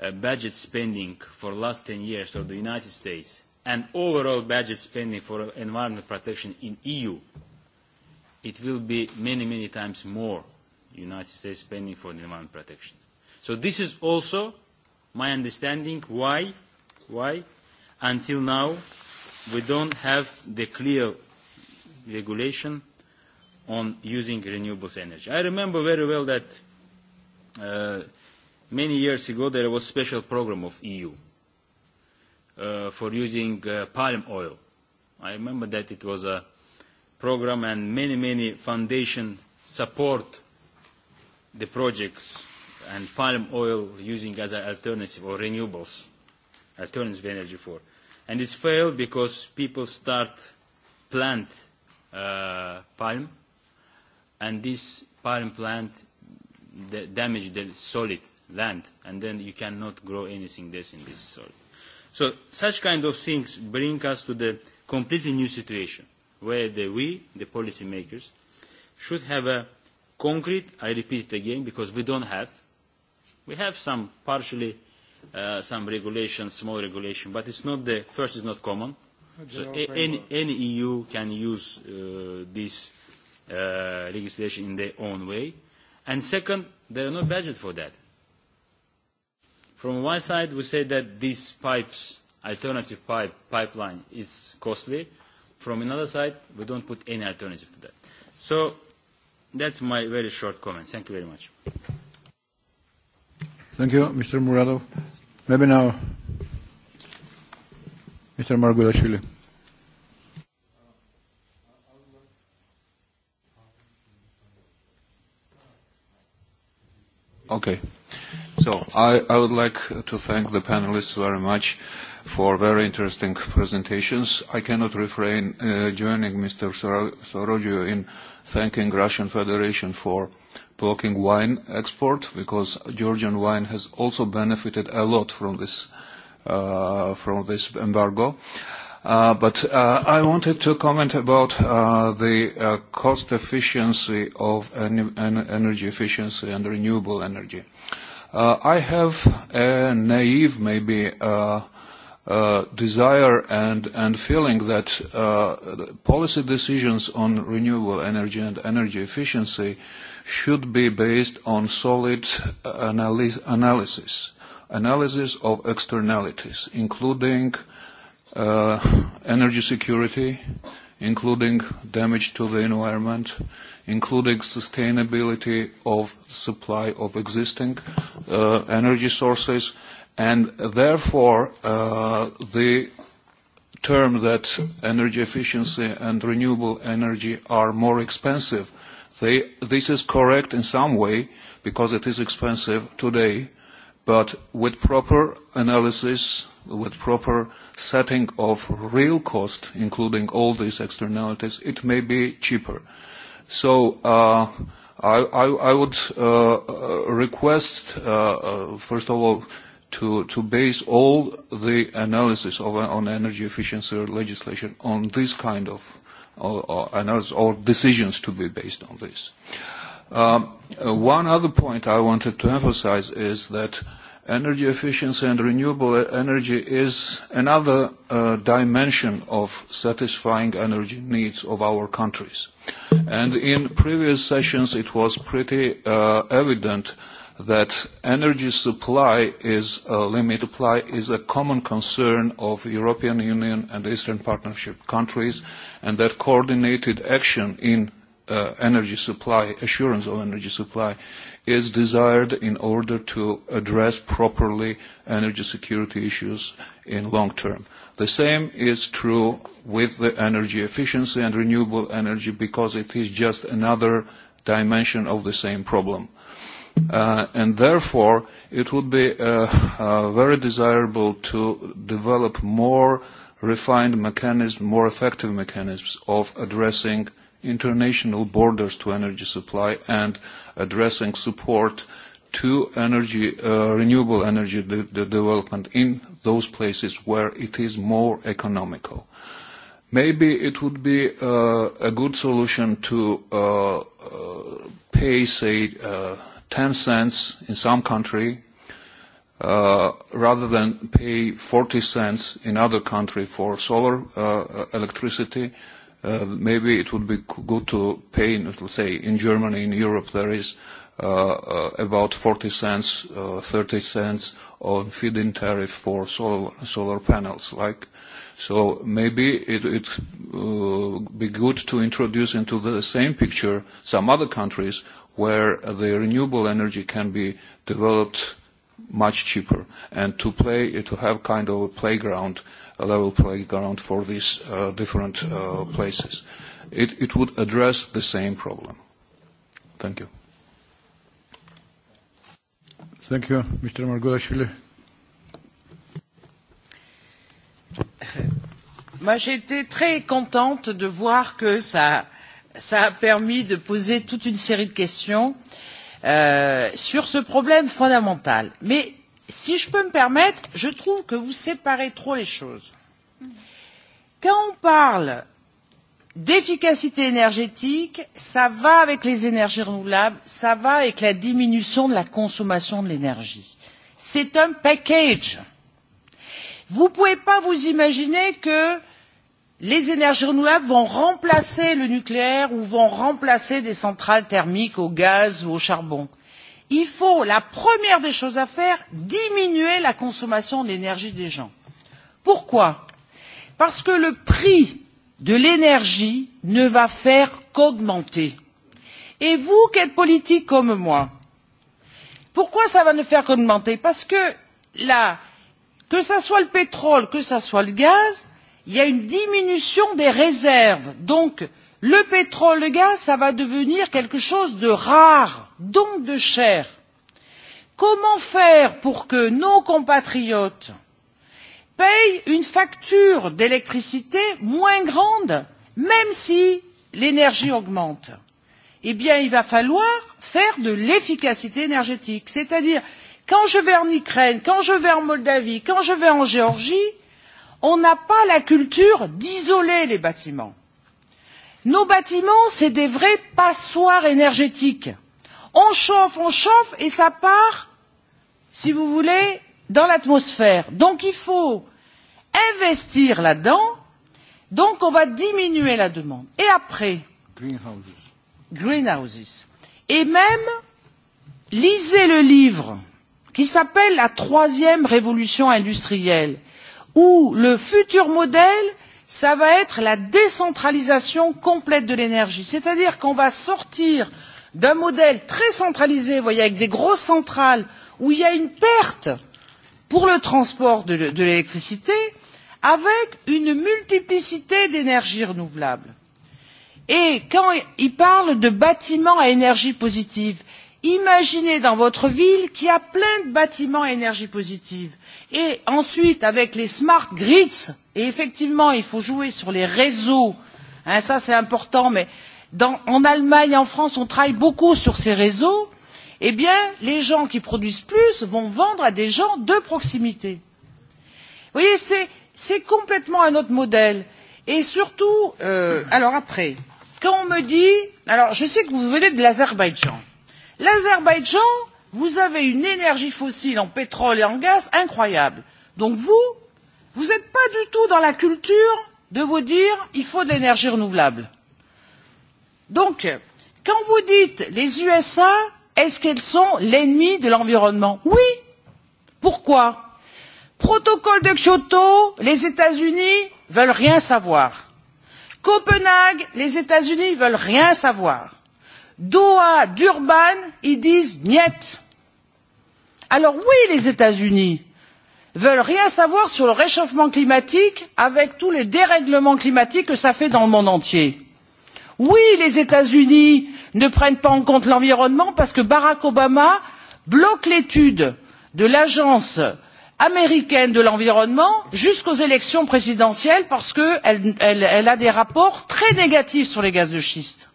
S10: uh, budget spending for last 10 years of the United States and overall budget spending for environment protection in EU, it will be many many times more United States spending for environment protection. So this is also my understanding why, why until now we don't have the clear regulation on using renewables energy. I remember very well that uh, many years ago there was a special program of EU uh, for using uh, palm oil. I remember that it was a program and many, many foundation support the projects and palm oil using as an alternative or renewables, alternative energy for. And it's failed because people start plant uh, palm, and this palm plant the damage the solid land, and then you cannot grow anything this in this soil. So such kind of things bring us to the completely new situation where the, we, the policymakers, should have a concrete, I repeat it again because we don't have, We have some partially uh, some regulation, small regulation, but it's not the first is not common.
S6: So any,
S10: any EU can use uh, this uh, legislation in their own way. And second, there are no budget for that. From one side, we say that these pipes, alternative pipe, pipeline is costly. From another side, we don't put any alternative to that. So that's my very short comment. Thank you very much.
S11: Thank you, Mr. Muradov. Maybe now, Mr. Margulashvili.
S17: Okay. So I, I would like to thank the panelists very much for very interesting presentations. I cannot refrain uh, joining Mr. Sorogio in thanking Russian Federation for blocking wine export because Georgian wine has also benefited a lot from this uh, from this embargo. Uh, but uh, I wanted to comment about uh, the uh, cost efficiency of en- en- energy efficiency and renewable energy. Uh, I have a naive, maybe, uh, uh, desire and, and feeling that uh, policy decisions on renewable energy and energy efficiency uh, should be based on solid analysis, analysis of externalities, including uh, energy security, including damage to the environment, including sustainability of supply of existing uh, energy sources, and therefore uh, the term that energy efficiency and renewable energy are more expensive They, this is correct in some way because it is expensive today, but with proper analysis, with proper setting of real cost, including all these externalities, it may be cheaper. So uh, I, I, I would uh, uh request, uh, uh, first of all, to, to base all the analysis of, on energy efficiency legislation on this kind of or, or, all decisions to be based on this. Um, uh, one other point I wanted to emphasize is that energy efficiency and renewable e-, energy is another uh, dimension of satisfying energy needs of our countries. And in previous sessions, it was pretty uh, evident uh, that energy supply is a limit supply is a common concern of European Union and Eastern Partnership countries, and that coordinated action in uh, energy supply, assurance of energy supply, is desired in order to address properly energy security issues in long term. The same is true with the energy efficiency and renewable energy because it is just another dimension of the same problem. Uh, and therefore, it would be uh, uh, very desirable to develop more refined mechanisms, more effective mechanisms of addressing international borders to energy supply and addressing support to energy, uh, renewable energy de de development in those places where it is more economical. Maybe it would be uh, a good solution to uh, uh, pay, say, uh, 10 cents in some country uh, rather than pay 40 cents in other country for solar uh, electricity. Uh, maybe it would be good to pay, let's say, in Germany, in Europe, there is uh, uh, about 40 cents, uh, 30 cents on feed-in tariff for solar, solar panels. Like, so maybe it would uh, be good to introduce into the same picture some other countries where the renewable energy can be developed much cheaper and to play to have kind of a playground a level playground for these uh, different uh, places it it would address the same problem thank you
S11: thank you mr margolashvili
S14: moi j'étais très contente de voir que ça cela a permis de poser toute une série de questions euh, sur ce problème fondamental. Mais si je peux me permettre, je trouve que vous séparez trop les choses. Quand on parle d'efficacité énergétique, cela va avec les énergies renouvelables, cela va avec la diminution de la consommation de l'énergie. C'est un package. Vous ne pouvez pas vous imaginer que euh, les énergies renouvelables vont remplacer le nucléaire ou vont remplacer des centrales thermiques au gaz ou au charbon. Il faut, la première des choses à faire, diminuer la consommation d'énergie des gens. Pourquoi Parce que le prix de l'énergie ne va faire qu'augmenter. Et vous qui êtes politique comme moi, pourquoi ça va ne faire qu'augmenter Parce que là, que ce soit le pétrole, que ce soit le gaz, il y a une diminution des réserves donc le pétrole le gaz ça va devenir quelque chose de rare donc de cher. comment faire pour que nos compatriotes payent une facture d'électricité moins grande même si l'énergie augmente? eh bien il va falloir faire de l'efficacité énergétique c'est à dire quand je vais en ukraine quand je vais en moldavie quand je vais en géorgie on n'a pas la culture d'isoler les bâtiments. Nos bâtiments, c'est des vraies passoires énergétiques. On chauffe, on chauffe et ça part, si vous voulez, dans l'atmosphère. Donc il faut investir là-dedans. Donc on va diminuer la demande. Et après Greenhouses. Greenhouses. Et même, lisez le livre qui s'appelle La troisième révolution industrielle où le futur modèle ça va être la décentralisation complète de l'énergie c'est à dire qu'on va sortir d'un modèle très centralisé vous voyez avec des grosses centrales où il y a une perte pour le transport de, de l'électricité avec une multiplicité d'énergies renouvelables. Et quand il parle de bâtiments à énergie positive, imaginez dans votre ville qu'il y a plein de bâtiments à énergie positive et ensuite avec les smart grids et effectivement il faut jouer sur les réseaux hein, ça c'est important mais dans, en Allemagne et en France on travaille beaucoup sur ces réseaux eh bien les gens qui produisent plus vont vendre à des gens de proximité. Vous voyez, c'est, c'est complètement un autre modèle. Et surtout, euh, alors après, quand on me dit, alors je sais que vous venez de l'Azerbaïdjan. L'Azerbaïdjan, vous avez une énergie fossile en pétrole et en gaz incroyable. Donc vous, vous n'êtes pas du tout dans la culture de vous dire il faut de l'énergie renouvelable. Donc, quand vous dites les USA, est-ce qu'elles sont l'ennemi de l'environnement Oui. Pourquoi Protocole de Kyoto, les États-Unis veulent rien savoir. Copenhague, les États-Unis veulent rien savoir. Doha, Durban, ils disent niette alors oui les états unis veulent rien savoir sur le réchauffement climatique avec tous les dérèglements climatiques que cela fait dans le monde entier. oui les états unis ne prennent pas en compte l'environnement parce que barack obama bloque l'étude de l'agence américaine de l'environnement jusqu'aux élections présidentielles parce qu'elle a des rapports très négatifs sur les gaz de schiste.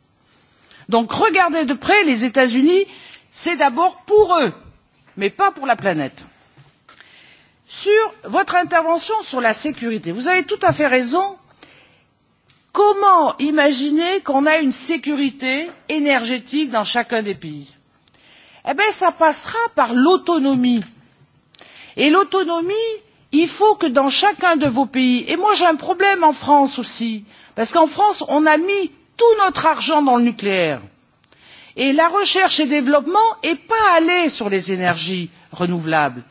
S14: donc regardez de près les états unis c'est d'abord pour eux mais pas pour la planète. Sur votre intervention sur la sécurité, vous avez tout à fait raison. Comment imaginer qu'on a une sécurité énergétique dans chacun des pays Eh bien, ça passera par l'autonomie. Et l'autonomie, il faut que dans chacun de vos pays, et moi j'ai un problème en France aussi, parce qu'en France, on a mis tout notre argent dans le nucléaire et la recherche et développement et pas aller sur les énergies renouvelables.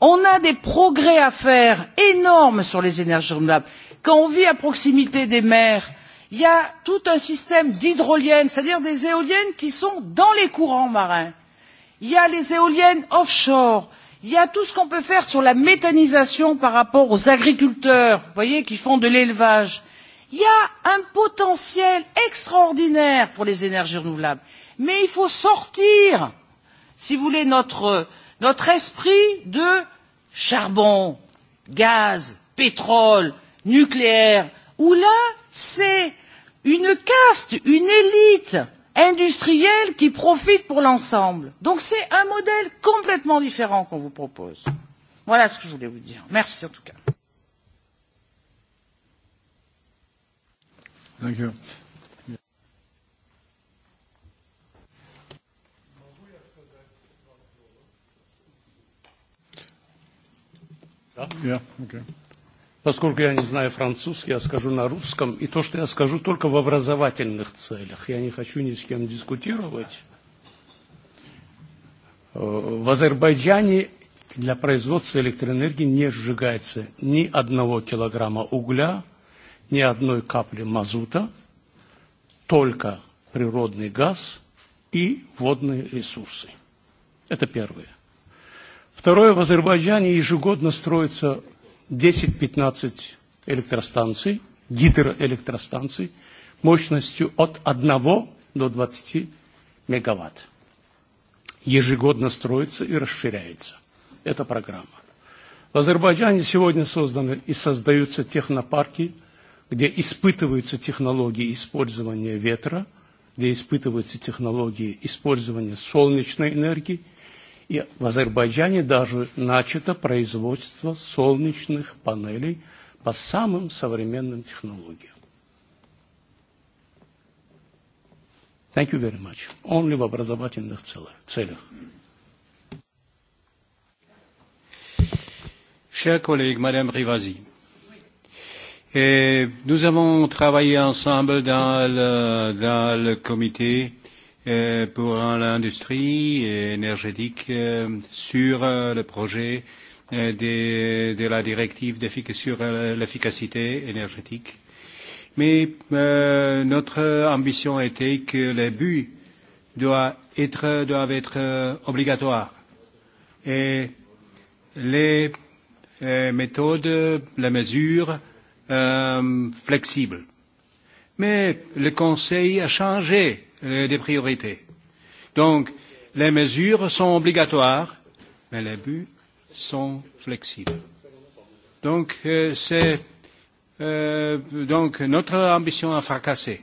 S14: On a des progrès à faire énormes sur les énergies renouvelables. Quand on vit à proximité des mers, il y a tout un système d'hydroliennes, c'est-à-dire des éoliennes qui sont dans les courants marins. Il y a les éoliennes offshore. Il y a tout ce qu'on peut faire sur la méthanisation par rapport aux agriculteurs, vous voyez, qui font de l'élevage. Il y a un potentiel extraordinaire pour les énergies renouvelables mais il faut sortir, si vous voulez, notre, notre esprit de charbon, gaz, pétrole, nucléaire, où là, c'est une caste, une élite industrielle qui profite pour l'ensemble. Donc c'est un modèle complètement différent qu'on vous propose. Voilà ce que je voulais vous dire. Merci en tout cas.
S11: Thank you. Да? Yeah, okay.
S13: Поскольку я не знаю французский, я скажу на русском. И то, что я скажу, только в образовательных целях. Я не хочу ни с кем дискутировать. В Азербайджане для производства электроэнергии не сжигается ни одного килограмма угля, ни одной капли мазута, только природный газ и водные ресурсы. Это первое. Второе, в Азербайджане ежегодно строится 10-15 электростанций, гидроэлектростанций, мощностью от 1 до 20 мегаватт. Ежегодно строится и расширяется эта программа. В Азербайджане сегодня созданы и создаются технопарки, где испытываются технологии использования ветра, где испытываются технологии использования солнечной энергии – И в Азербайджане даже начато производство солнечных панелей по самым современным технологиям. Thank you very much. Only в образовательных целях. Chers collègues, Madame Rivasi, et nous
S6: avons travaillé ensemble dans le, dans le comité Euh, pour l'industrie énergétique euh, sur euh, le projet de, de la directive sur l'efficacité énergétique. Mais euh, notre ambition était que les buts doivent être, doivent être obligatoires. Et les euh, méthodes, les mesures euh, flexibles. Mais le Conseil a changé euh, euh, des priorités. Donc, les mesures sont obligatoires, mais les buts sont flexibles. Donc, euh, c'est euh, donc notre ambition à fracasser.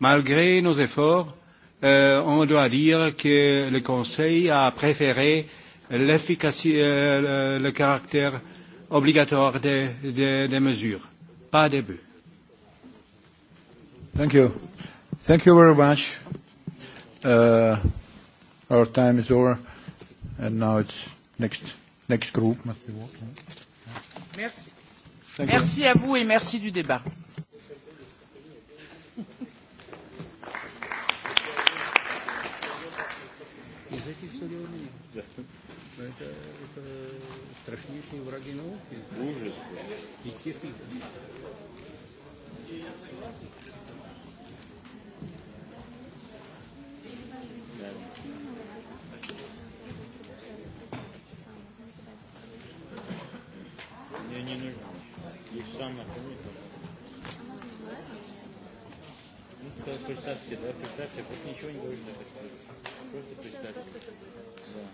S6: Malgré nos efforts, euh, on doit dire que le Conseil a préféré l'efficacité, euh, le, le caractère obligatoire des, des, des mesures, pas des buts.
S11: Thank you. Thank you very much. Uh, our time is over, and now it's next, next group
S14: Merci. Thank merci you. à vous et merci du débat.
S10: не нужно. Лишь сам напомнит. Ну, все, представьте, да, представьте, вот ничего не говорит.
S18: Просто представьте. Да.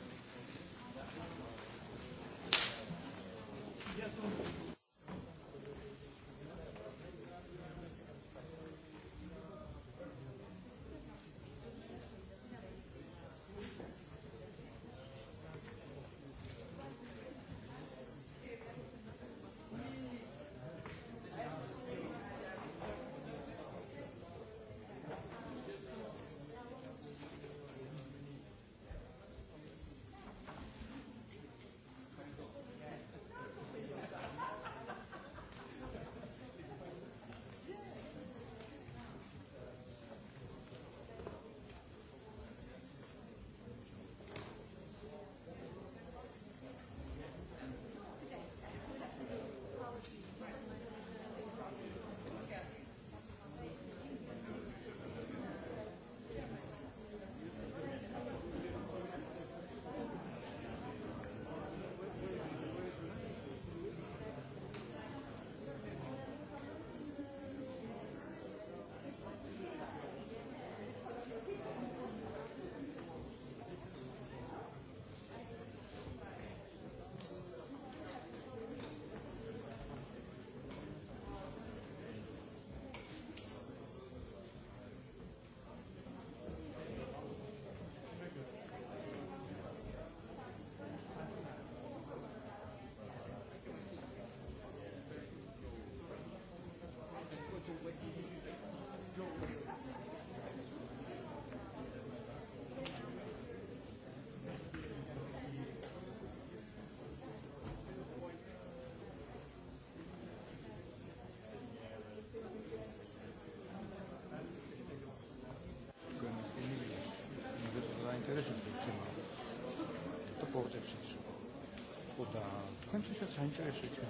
S11: vedere se c'è male. Dopo potete su. O da quanto c'è interesse c'è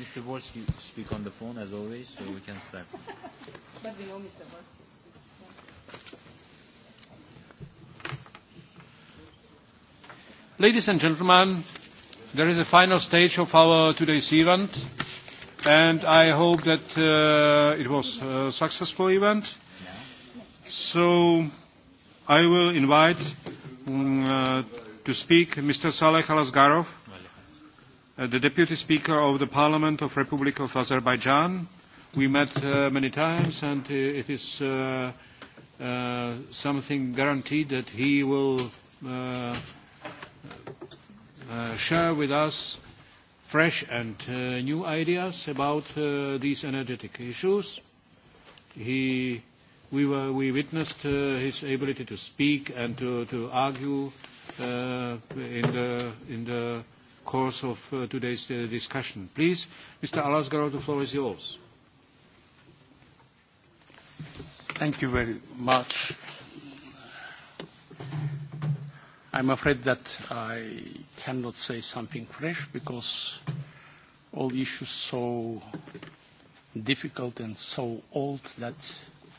S10: Mr. Wolf, you speak on the phone as always, so we can start.
S7: but we know Mr. Wolf.
S6: Ladies and gentlemen, there is a final stage of our today's event, and I hope that uh, it was a successful event. So I will invite um, uh, to speak Mr. Saleh Alasgarov, Uh, the Deputy Speaker of the Parliament of Republic of Azerbaijan. We met uh, many times, and it is uh, uh, something guaranteed that he will uh, uh, share with us fresh and uh, new ideas about uh, these energetic issues. He, we, were, we witnessed uh, his ability to speak and to, to argue uh, in the, in the course of uh, today's uh, discussion. Please,
S13: Mr. Alasgaro, the floor is yours. Thank you very much. I'm afraid that I cannot say something fresh because all issues so difficult and so old that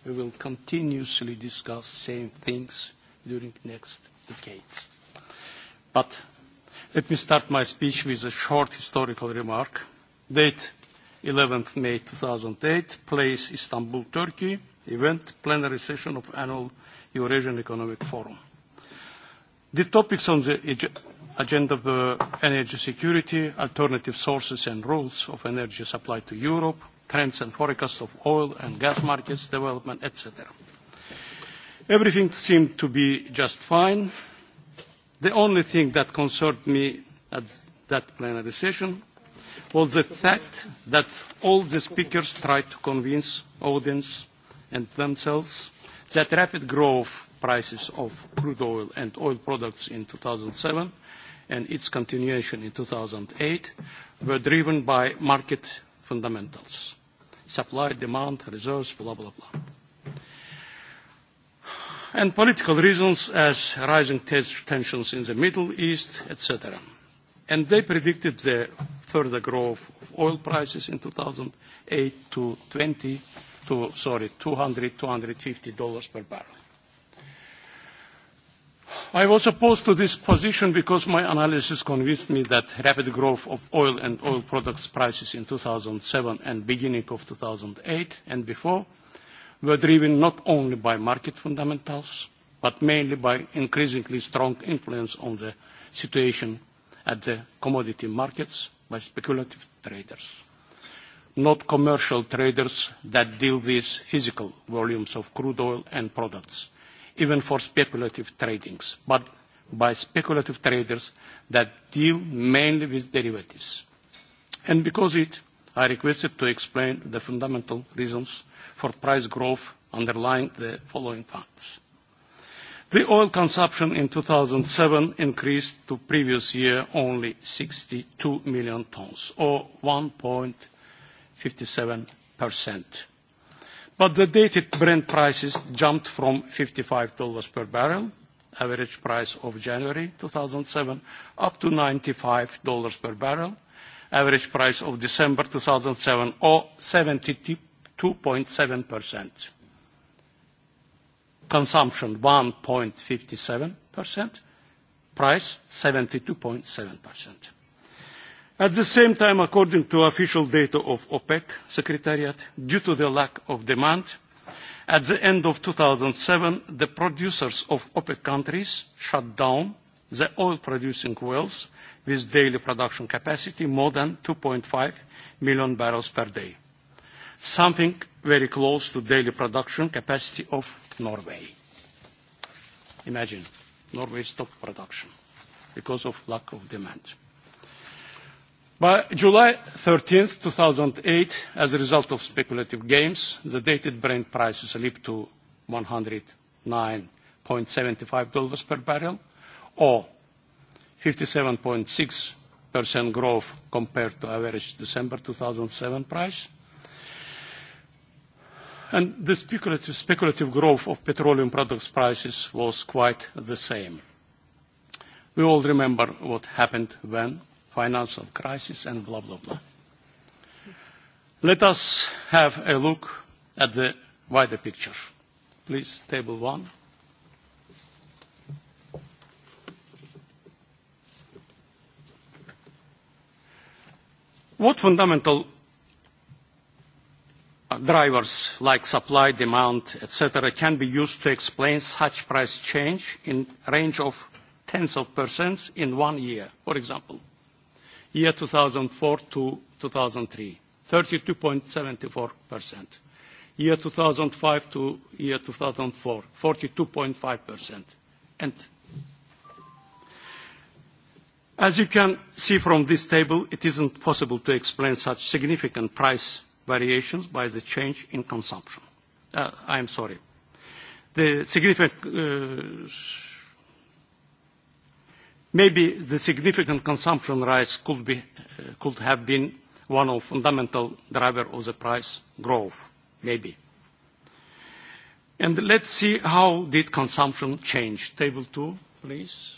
S13: we will continuously discuss same things during next decades. But Let me start my speech with a short historical remark. Date 11th May 2008, place Istanbul, Turkey, event plenary session of annual Eurasian Economic Forum. The topics on the agenda were energy security, alternative sources and rules of energy supply to Europe, trends and forecasts of oil and gas markets development, etc. Everything seemed to be just fine The only thing that concerned me at that plenary session was the fact that all the speakers tried to convince audience and themselves that rapid growth prices of crude oil and oil products in 2007 and its continuation in 2008 were driven by market fundamentals, supply, demand, reserves, blah, blah, blah and political reasons as rising tensions in the Middle East, etc. And they predicted the further growth of oil prices in 2008 to 20 to, sorry, 200, 250 dollars per barrel. I was opposed to this position because my analysis convinced me that rapid growth of oil and oil products prices in 2007 and beginning of 2008 and before – were driven not only by market fundamentals, but mainly by increasingly strong influence on the situation at the commodity markets by speculative traders, not commercial traders that deal with physical volumes of crude oil and products, even for speculative tradings, but by speculative traders that deal mainly with derivatives. And because it, I requested to explain the fundamental reasons for price growth underlined the following facts. The oil consumption in 2007 increased to previous year only 62 million tons, or 1.57%. But the dated Brent prices jumped from $55 per barrel, average price of January 2007, up to $95 per barrel, average price of December 2007, or 72 2.7%. Consumption, 1.57%. Price, 72.7%. At the same time, according to official data of OPEC Secretariat, due to the lack of demand, at the end of 2007, the producers of OPEC countries shut down the oil-producing wells with daily production capacity more than 2.5 million barrels per day something very close to daily production capacity of Norway. Imagine, Norway stopped production because of lack of demand. By July 13, 2008, as a result of speculative games, the dated Brent prices leaped to $109.75 per barrel, or 57.6% growth compared to average December 2007 price. And the speculative, speculative growth of petroleum products prices was quite the same. We all remember what happened when financial crisis and blah, blah, blah. Let us have a look at the wider picture. Please, table one. What fundamental Uh, drivers like supply, demand, etc., can be used to explain such price change in range of tens of percents in one year. For example, year 2004 to 2003, 32.74%. Year 2005 to year 2004, 42.5%. And as you can see from this table, it isn't possible to explain such significant price variations by the change in consumption. Uh, I'm sorry. The significant, uh, maybe the significant consumption rise could, be, uh, could have been one of fundamental driver of the price growth, maybe. And let's see how did consumption change. Table two, please.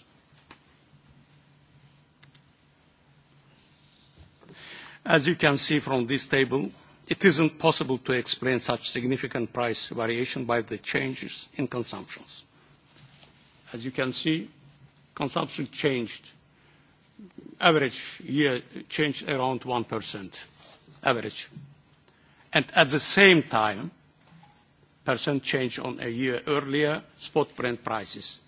S13: As you can see from this table, it isn't possible to explain such significant price variation by the changes in consumptions. As you can see, consumption changed. Average year changed around 1%, average. And at the same time, percent change on a year earlier spot Brent prices.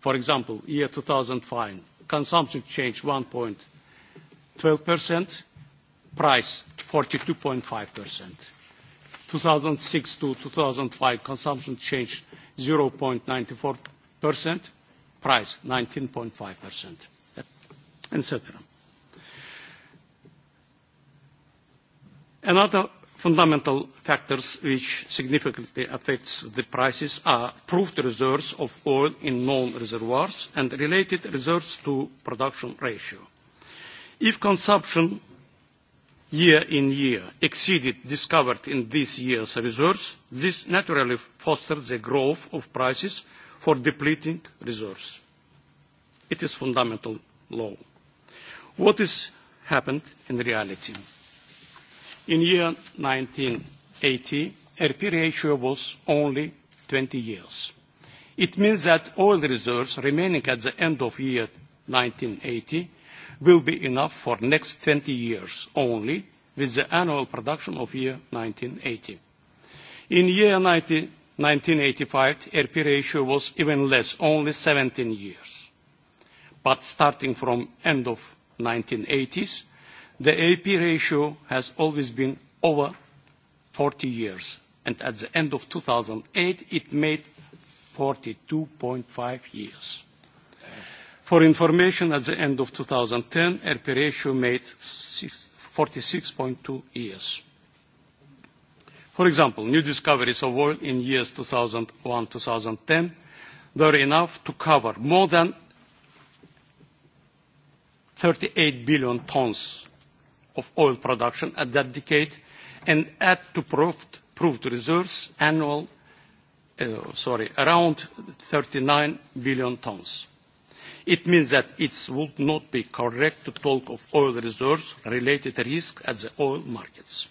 S13: For example, year 2005, consumption changed 1.12%, price 42.5%. 2006 to 2005 consumption changed 0.94%, price 19.5%, cetera. Another fundamental factors which significantly affects the prices are proved reserves of oil in known reservoirs and related reserves to production ratio. If consumption year in year exceeded discovered in this year's reserves, this naturally fosters the growth of prices for depleting reserves. It is fundamental law. What has happened in reality? In year 1980, RP ratio was only 20 years. It means that oil reserves remaining at the end of year 1980 will be enough for next 20 years only, with the annual production of year 1980. In year 1985, RP ratio was even less, only 17 years. But starting from end of 1980s, the AP ratio has always been over 40 years, and at the end of 2008, it made 42.5 years. For information, at the end of 2010, RP ratio made 46.2 years. For example, new discoveries of oil in years 2001-2010 were enough to cover more than 38 billion tons of oil production at that decade and add to proved, proved reserves annual, uh, sorry, around 39 billion tons. It means that it would not be correct to talk of oil reserves related risk at the oil markets.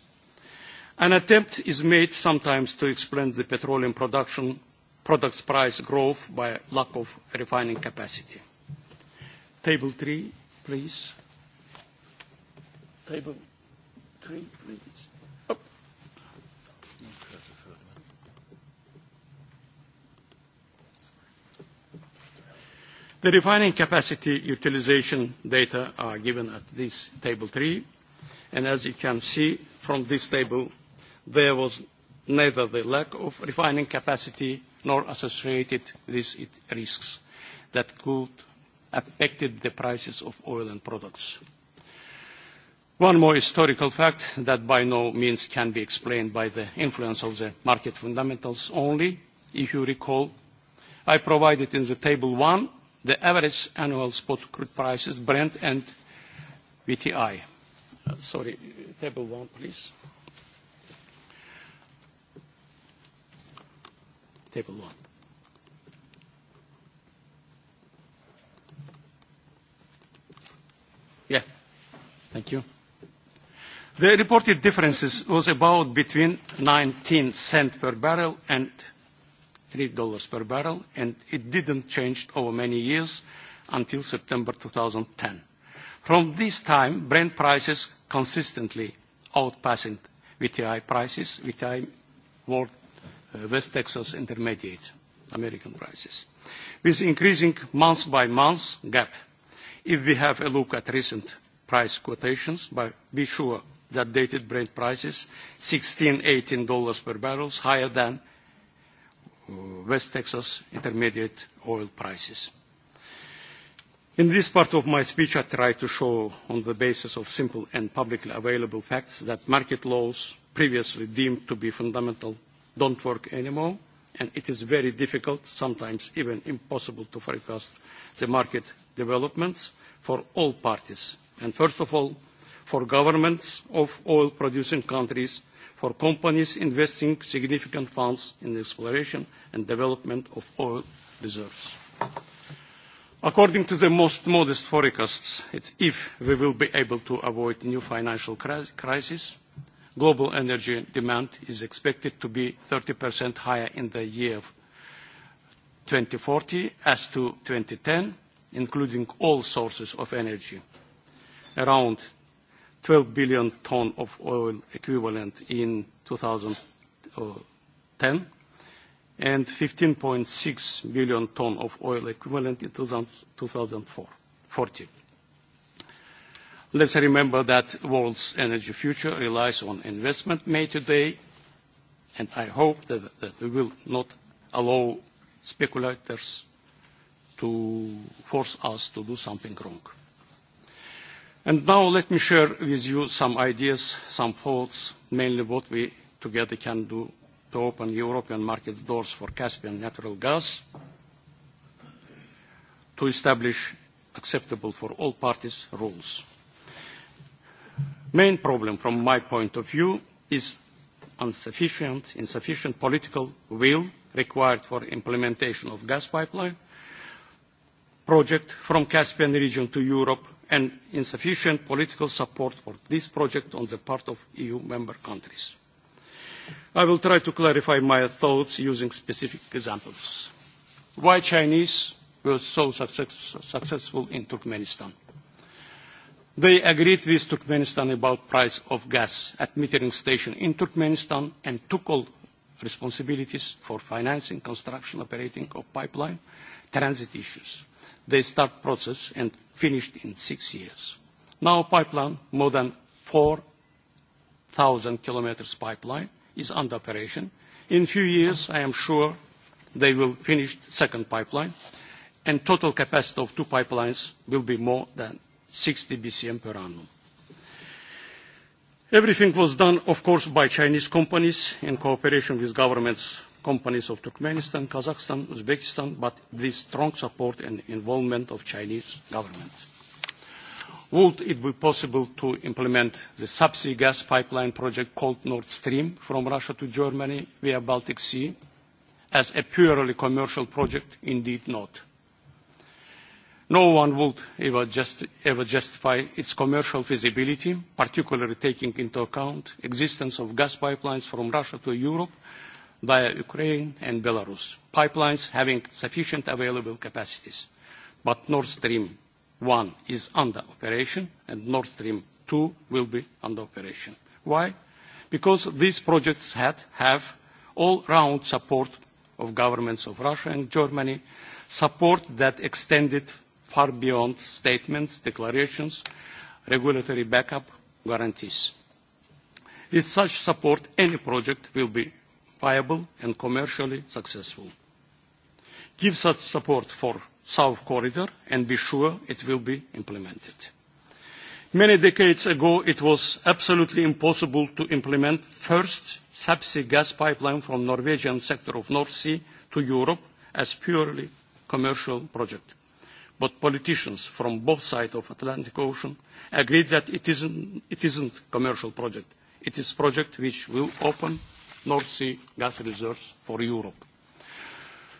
S13: An attempt is made sometimes to explain the petroleum production products price growth by lack of refining capacity. Table three, please.
S9: Table three, please.
S13: The refining capacity utilization data are given at this table three, and as you can see from this table, there was neither the lack of refining capacity nor associated with it risks that could affected the prices of oil and products. One more historical fact that by no means can be explained by the influence of the market fundamentals only. If you recall, I provided in the table one the average annual spot crude prices, Brent and WTI. Uh, sorry, table one, please. Table one. Yeah. Thank you. The reported differences was about between $0.19 cent per barrel and $3 per barrel, and it didn't change over many years until September 2010. From this time, Brent prices consistently outpacing WTI prices, WTI World uh, West Texas Intermediate American prices, with increasing month-by-month gap. If we have a look at recent price quotations, but be sure that dated Brent prices, $16, $18 per barrel, higher than West Texas intermediate oil prices. In this part of my speech, I try to show, on the basis of simple and publicly available facts, that market laws previously deemed to be fundamental don't work anymore, and it is very difficult, sometimes even impossible, to forecast the market developments for all parties, and first of all, for governments of oil-producing countries for companies investing significant funds in the exploration and development of oil reserves. According to the most modest forecasts, it's if we will be able to avoid new financial crisis, global energy demand is expected to be 30% higher in the year 2040 as to 2010, including all sources of energy. Around 12 billion ton of oil equivalent in 2010 and 15.6 billion ton of oil equivalent in 2040. Let's remember that the world's energy future relies on investment made today, and I hope that, that we will not allow speculators to force us to do something wrong. And now let me share with you some ideas, some thoughts, mainly what we together can do to open European market doors for Caspian natural gas, to establish acceptable for all parties rules. Main problem from my point of view is insufficient, insufficient political will required for implementation of gas pipeline project from Caspian region to Europe and insufficient political support for this project on the part of EU member countries. I will try to clarify my thoughts using specific examples. Why Chinese were so success successful in Turkmenistan? They agreed with Turkmenistan about price of gas at metering station in Turkmenistan and took all responsibilities for financing, construction, operating of pipeline, transit issues. They start process and finished in six years. Now pipeline, more than 4,000 kilometers pipeline is under operation. In few years, I am sure they will finish the second pipeline, and total capacity of two pipelines will be more than 60 BCM per annum. Everything was done, of course, by Chinese companies in cooperation with governments companies of Turkmenistan, Kazakhstan, Uzbekistan, but with strong support and involvement of Chinese government. Would it be possible to implement the subsea gas pipeline project called Nord Stream from Russia to Germany via Baltic Sea as a purely commercial project? Indeed not. No one would ever, just, ever justify its commercial feasibility, particularly taking into account existence of gas pipelines from Russia to Europe via Ukraine and Belarus, pipelines having sufficient available capacities. But Nord Stream 1 is under operation, and Nord Stream 2 will be under operation. Why? Because these projects had, have all-round support of governments of Russia and Germany, support that extended far beyond statements, declarations, regulatory backup guarantees. With such support, any project will be viable and commercially successful. Give such support for South Corridor and be sure it will be implemented. Many decades ago, it was absolutely impossible to implement first subsea gas pipeline from Norwegian sector of North Sea to Europe as purely commercial project. But politicians from both sides of Atlantic Ocean agreed that it isn't, it isn't commercial project. It is project which will open North Sea gas reserves for Europe.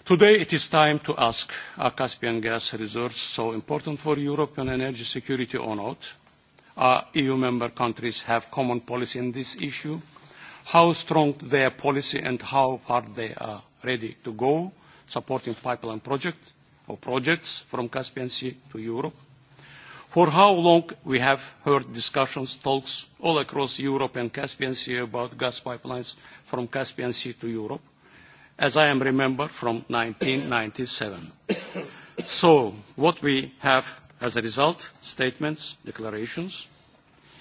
S13: Today it is time to ask, are Caspian gas reserves so important for European energy security or not? Are EU member countries have common policy in this issue? How strong their policy and how far they are ready to go, supporting pipeline project or projects from Caspian Sea to Europe? For how long we have heard discussions, talks all across Europe and Caspian Sea about gas pipelines from Caspian Sea to Europe, as I am remember from 1997. so what we have as a result, statements, declarations,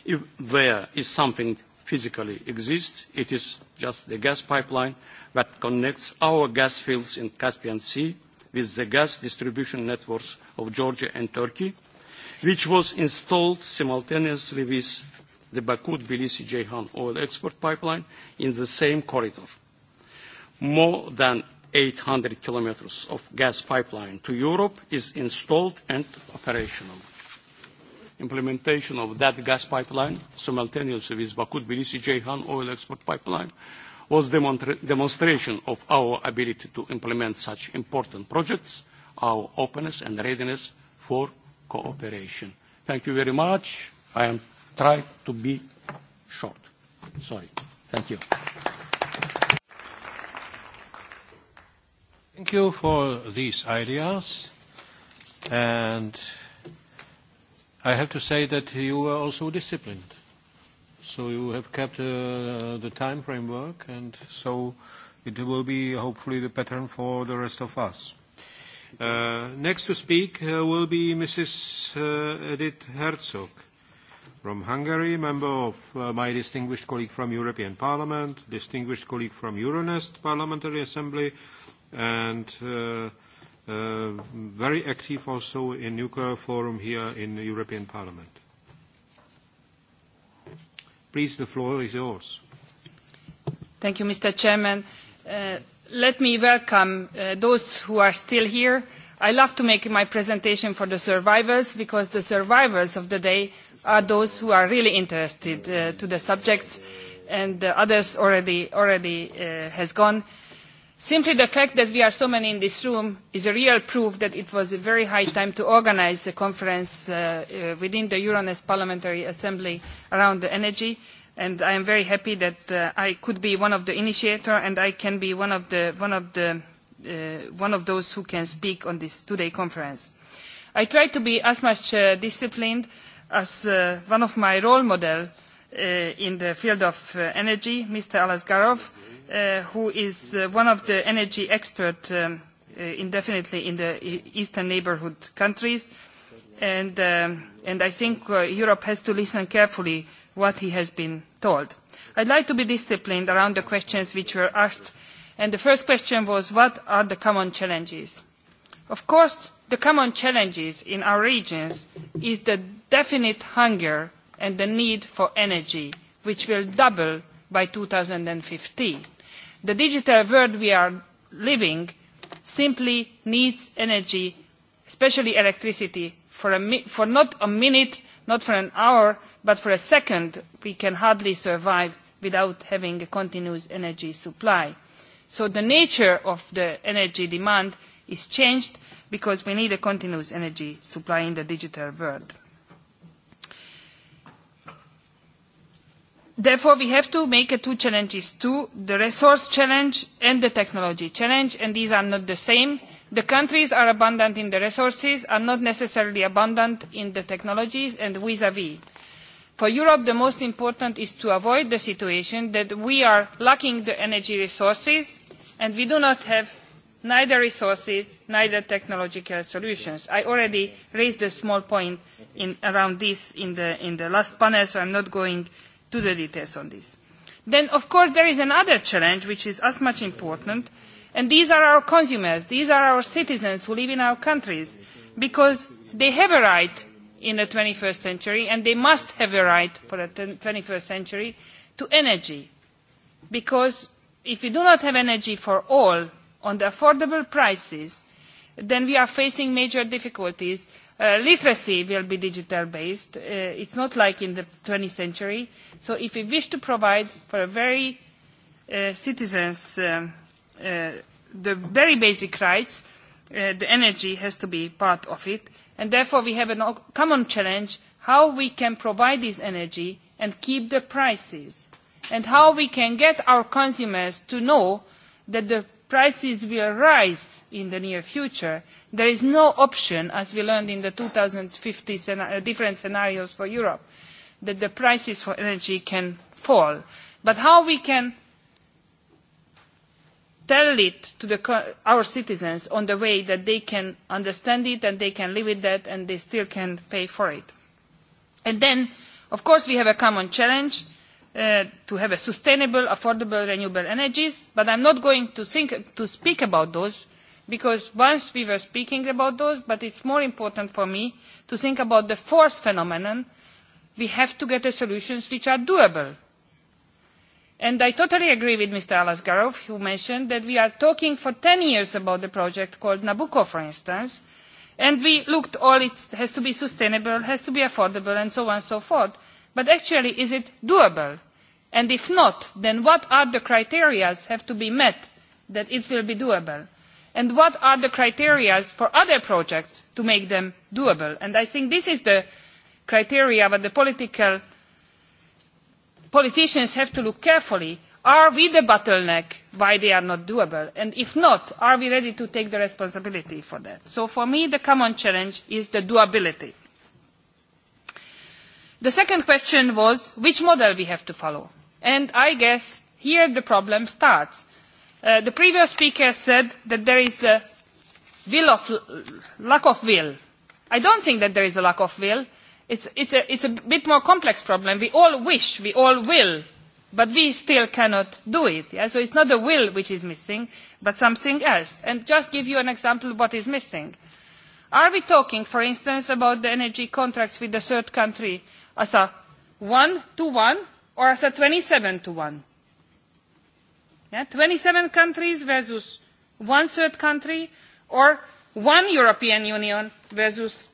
S13: if there is something physically exists, it is just the gas pipeline that connects our gas fields in Caspian Sea with the gas distribution networks of Georgia and Turkey, which was installed simultaneously with the Baku-Tbilisi-Ceyhan oil export pipeline in the same corridor. More than 800 kilometers of gas pipeline to Europe is installed and operational. Implementation of that gas pipeline, simultaneously with Baku-Tbilisi-Ceyhan oil export pipeline, was demonstra demonstration of our ability to implement such important projects, our openness and readiness for cooperation. Thank you very much. I am try to be short. Sorry. Thank you.
S6: Thank you for these ideas. And I have to say that you were also disciplined. So you have kept uh, the time framework, and so it will be hopefully the pattern for the rest of us. Uh, next to speak uh, will be Mrs. Uh, Edith Herzog from Hungary, member of uh, my distinguished colleague from European Parliament, distinguished colleague from Euronest Parliamentary Assembly, and uh, uh, very active also in nuclear forum here in the European Parliament. Please, the floor is yours.
S7: Thank you, Mr. Chairman. Uh, let me welcome uh, those who are still here. I love to make my presentation for the survivors because the survivors of the day are those who are really interested uh, to the subjects and the others already, already uh, has gone. Simply the fact that we are so many in this room is a real proof that it was a very high time to organize the conference uh, uh, within the Euronest Parliamentary Assembly around the energy. And I am very happy that uh, I could be one of the initiator and I can be one of, the, one, of the, uh, one of those who can speak on this today conference. I try to be as much uh, disciplined uh, as uh, one of my role models uh, in the field of uh, energy, Mr. Alasgarov, uh, who is uh, one of the energy experts um, uh, indefinitely in the e-, eastern neighborhood countries. And, um, and I think uh, Europe has to listen carefully what he has been told. I'd like to be disciplined around the questions which were asked. And the first question was, what are the common challenges? Of course, the common challenges in our regions is the definite hunger and the need for energy, which will double by 2015. The digital world we are living simply needs energy, especially electricity, for, a for not a minute, not for an hour, but for a second we can hardly survive without having a continuous energy supply. So the nature of the energy demand is changed because we need a continuous energy supply in the digital world. therefore we have to make two challenges too the resource challenge and the technology challenge and these are not the same. the countries are abundant in the resources are not necessarily abundant in the technologies and vis vis. for europe the most important is to avoid the situation that we are lacking the energy resources and we do not have neither resources neither technological solutions. i already raised a small point around this in the last panel so i am not going to the details on this. Then, of course, there is another challenge which is as much important, and these are our consumers, these are our citizens who live in our countries, because they have a right in the 21st century, and they must have a right for the 21st century to energy. Because if we do not have energy for all on the affordable prices, then we are facing major difficulties Uh, literacy will be digital based. Uh, it's not like in the 20th century. So if we wish to provide for a very uh, citizens um, uh, the very basic rights, uh, the energy has to be part of it. And therefore we have a no, common challenge how we can provide this energy and keep the prices and how we can get our consumers to know that the prices will rise in the near future. There is no option, as we learned in the 2050 scena uh, different scenarios for Europe, that the prices for energy can fall. But how we can tell it to the, our citizens on the way that they can understand it and they can live with that and they still can pay for it. And then, of course, we have a common challenge Uh, to have sustainable, affordable, renewable energies, but i am not going to, speak about those because once we were speaking about those, but it is more important for me to think about the fourth phenomenon. We have to get solutions which are doable. And I totally agree with Mr. Alasgarov, who mentioned that we have been talking for ten years about the project called Nabucco, for instance, and we looked at all it has to be sustainable, has to be affordable, and so on and so forth But actually, is it doable? And if not, then what are the criteria that have to be met that it will be doable? And what are the criteria for other projects to make them doable? And I think this is the criteria that the political politicians have to look carefully are we the bottleneck why they are not doable and if not are we ready to take the responsibility for that so for me the common challenge is the doability the second question was which model we have to follow and i guess here the problem starts. Uh, the previous speaker said that there is the will of, lack of will. i don't think that there is a lack of will. It's, it's, a, it's a bit more complex problem. we all wish, we all will, but we still cannot do it. Yeah? so it's not the will which is missing, but something else. and just give you an example of what is missing. are we talking, for instance, about the energy contracts with the third country as a 1 to 1 or as a 27 to 1. Yeah, 27 countries versus one third country or one European Union versus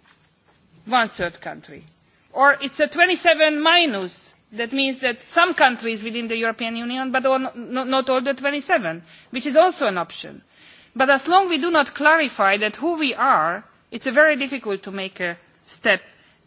S7: one third country. Or it's a 27 minus. That means that some countries within the European Union, but all, no, not all the 27, which is also an option. But as long as we do not clarify that who we are, it's very difficult to make a step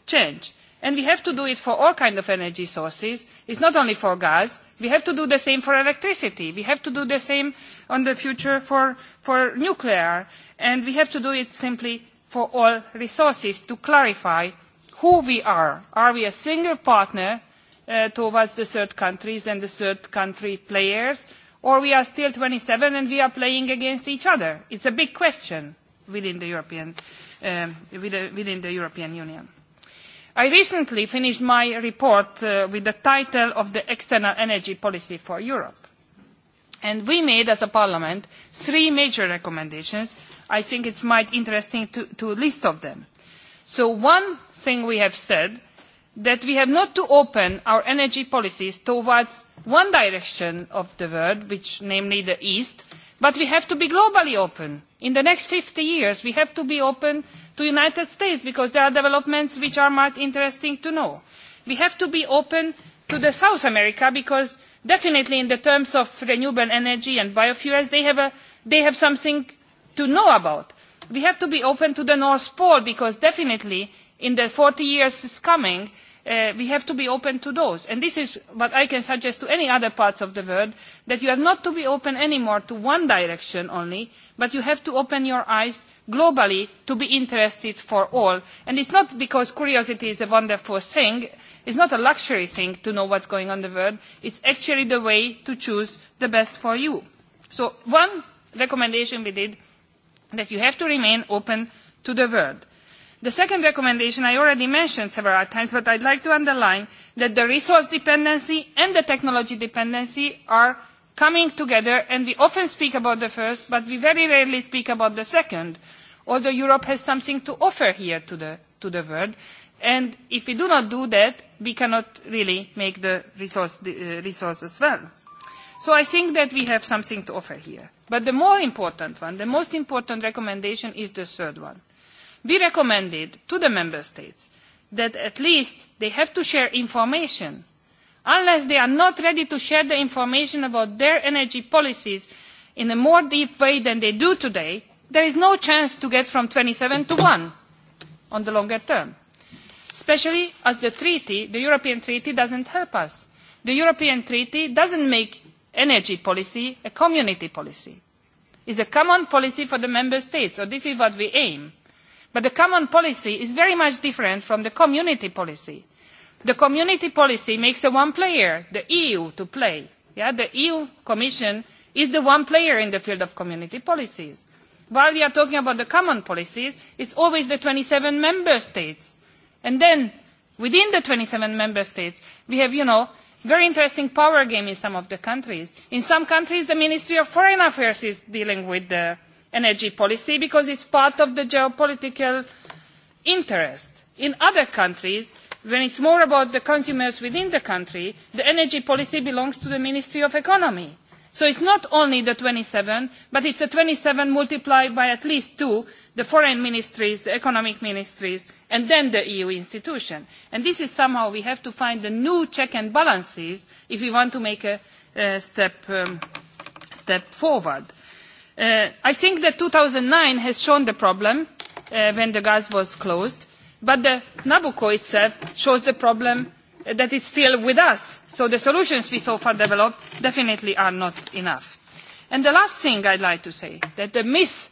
S7: change and we have to do it for all kinds of energy sources. It's not only for gas. We have to do the same for electricity. We have to do the same on the future for, for nuclear. And we have to do it simply for all resources to clarify who we are. Are we a single partner uh, towards the third countries and the third country players? Or we are still 27 and we are playing against each other? It's a big question within the European, um, within the European Union i recently finished my report uh, with the title of the external energy policy for europe and we made as a parliament three major recommendations i think it might be interesting to, to list of them. so one thing we have said that we have not to open our energy policies towards one direction of the world which namely the east but we have to be globally open. in the next fifty years we have to be open to the United States because there are developments which are much interesting to know. We have to be open to the South America because definitely in the terms of renewable energy and biofuels they have, a, they have something to know about. We have to be open to the North Pole because definitely in the 40 years is coming uh, we have to be open to those. And this is what I can suggest to any other parts of the world, that you have not to be open anymore to one direction only, but you have to open your eyes globally to be interested for all. And it is not because curiosity is a wonderful thing, it is not a luxury thing to know what is going on in the world, it is actually the way to choose the best for you. So one recommendation we did, that you have to remain open to the world. The second recommendation I already mentioned several times, but i would like to underline that the resource dependency and the technology dependency are coming together, and we often speak about the first, but we very rarely speak about the second although Europe has something to offer here to the, to the world. And if we do not do that, we cannot really make the resource, the, uh, resources well. So I think that we have something to offer here. But the more important one, the most important recommendation is the third one. We recommended to the member states that at least they have to share information. Unless they are not ready to share the information about their energy policies in a more deep way than they do today, there is no chance to get from 27 to one on the longer term, especially as the treaty, the European treaty, doesn't help us. The European treaty doesn't make energy policy a community policy. It is a common policy for the member states, so this is what we aim. But the common policy is very much different from the community policy. The community policy makes a one player, the EU, to play. The EU Commission is the one player in the field of community policies while we are talking about the common policies it's always the 27 member states and then within the 27 member states we have you know very interesting power game in some of the countries in some countries the ministry of foreign affairs is dealing with the energy policy because it's part of the geopolitical interest in other countries when it's more about the consumers within the country the energy policy belongs to the ministry of economy so it is not only the twenty seven but it is twenty seven multiplied by at least two the foreign ministries the economic ministries and then the eu institution. And this is somehow we have to find the new check and balances if we want to make a, a step, um, step forward. Uh, i think that two thousand and nine has shown the problem uh, when the gas was closed but the nabucco itself shows the problem that is still with us So the solutions we so far developed definitely are not enough. And the last thing I'd like to say, is that the myth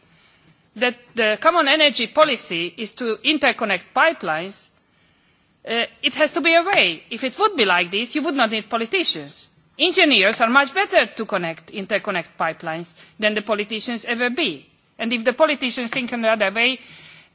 S7: that the common energy policy is to interconnect pipelines, uh, it has to be a way. If it would be like this, you would not need politicians. Engineers are much better to connect, interconnect pipelines than the politicians ever be. And if the politicians think another way,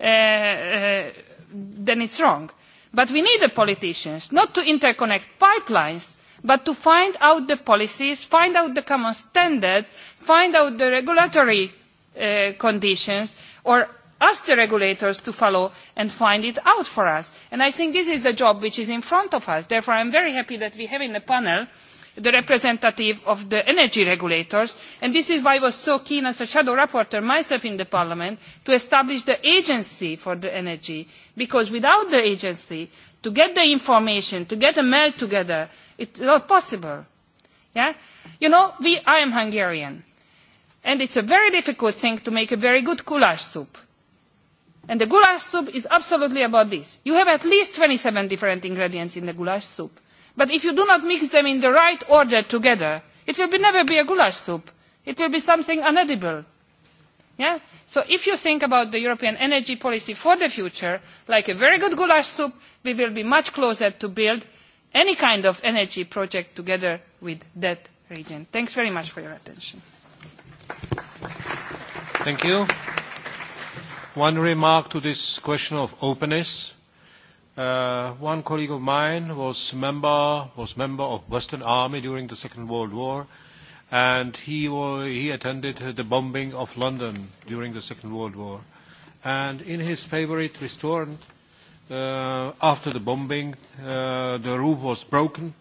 S7: uh, uh, then it's wrong. But we need the politicians, not to interconnect pipelines, but to find out the policies find out the common standards find out the regulatory uh, conditions or ask the regulators to follow and find it out for us. And i think this is the job which is in front of us. therefore i am very happy that we have in the panel the representative of the energy regulators and this is why i was so keen as a shadow rapporteur myself in parliament to establish the agency for the energy because without the agency to get the information to get a meld together It's not possible. Yeah? You know, we, I am Hungarian. And it's a very difficult thing to make a very good goulash soup. And the goulash soup is absolutely about this. You have at least 27 different ingredients in the goulash soup. But if you do not mix them in the right order together, it will be, never be a goulash soup. It will be something unedible. Yeah? So if you think about the European energy policy for the future, like a very good goulash soup, we will be much closer to build any kind of energy project together with that region. Thanks very much for your attention.
S6: Thank you. One remark to this question of openness. Uh, one colleague of mine was member was member of Western Army during the Second World War, and he he attended the bombing of London during the Second World War, and in his favorite restaurant uh, after the bombing, uh, the roof was broken,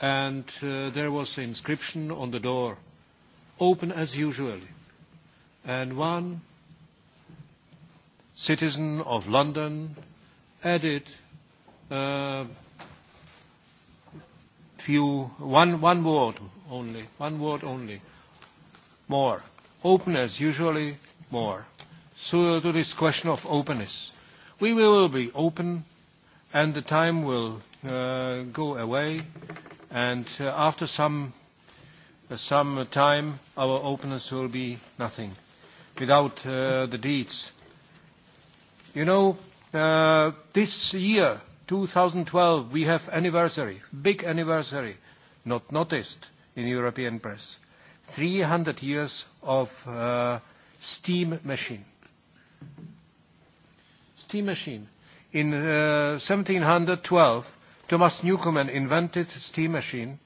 S6: and uh, there was an inscription on the door, open as usual. And one citizen of London added uh, few, one, one word only, one word only, more. Open as usually, more. So to this question of openness. We will be open, and the time will uh, go away, and uh, after some, uh, some time, our openness will be nothing without uh, the deeds. You know, uh, this year, 2012, we have anniversary, big anniversary, not noticed in European press. 300 years of uh, steam machine steam machine. In uh, 1712, Thomas Newcomen invented steam machine,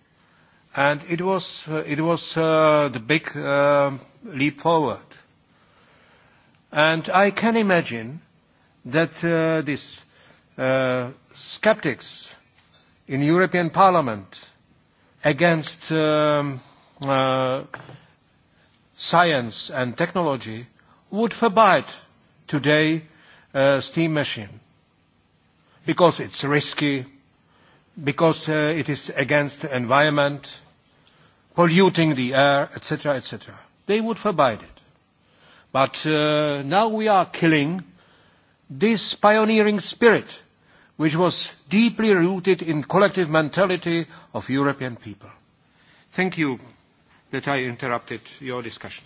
S6: and it was, uh, it was uh, the big uh, leap forward. And I can imagine that uh, these uh, skeptics in European Parliament against um, uh, science and technology would forbid today Uh, steam machine because it's risky, because uh, it is against the environment, polluting the air, etc., etc. They would forbid it. But uh, now we are killing this pioneering spirit, which was deeply rooted in collective mentality of European people. Thank you that I interrupted your discussion.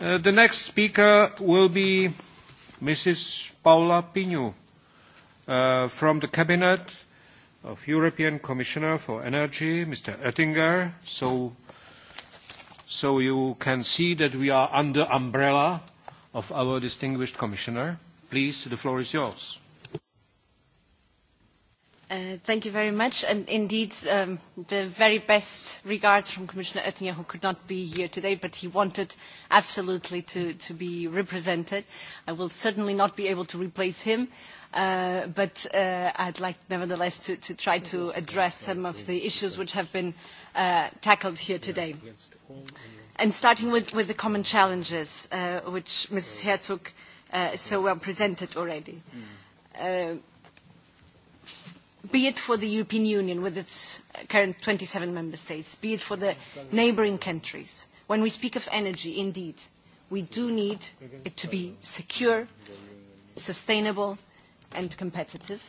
S6: Uh, the next speaker will be Mrs. Paula Pinu uh, from the Cabinet of European Commissioner for Energy, Mr. Oettinger. So, so you can see that we are under umbrella of our distinguished commissioner. Please, the floor is yours.
S19: Uh, thank you very much. And indeed, um, the very best regards from Commissioner Oettinger, who could not be here today, but he wanted absolutely to, to be represented. I will certainly not be able to replace him, uh, but uh, I'd like nevertheless to, to try to address some of the issues which have been uh, tackled here today. And starting with, with the common challenges, uh, which Ms. Herzog uh, so well presented already. Uh, be it for the European Union with its current 27 member states, be it for the neighboring countries, when we speak of energy, indeed, we do need it to be secure, sustainable and competitive.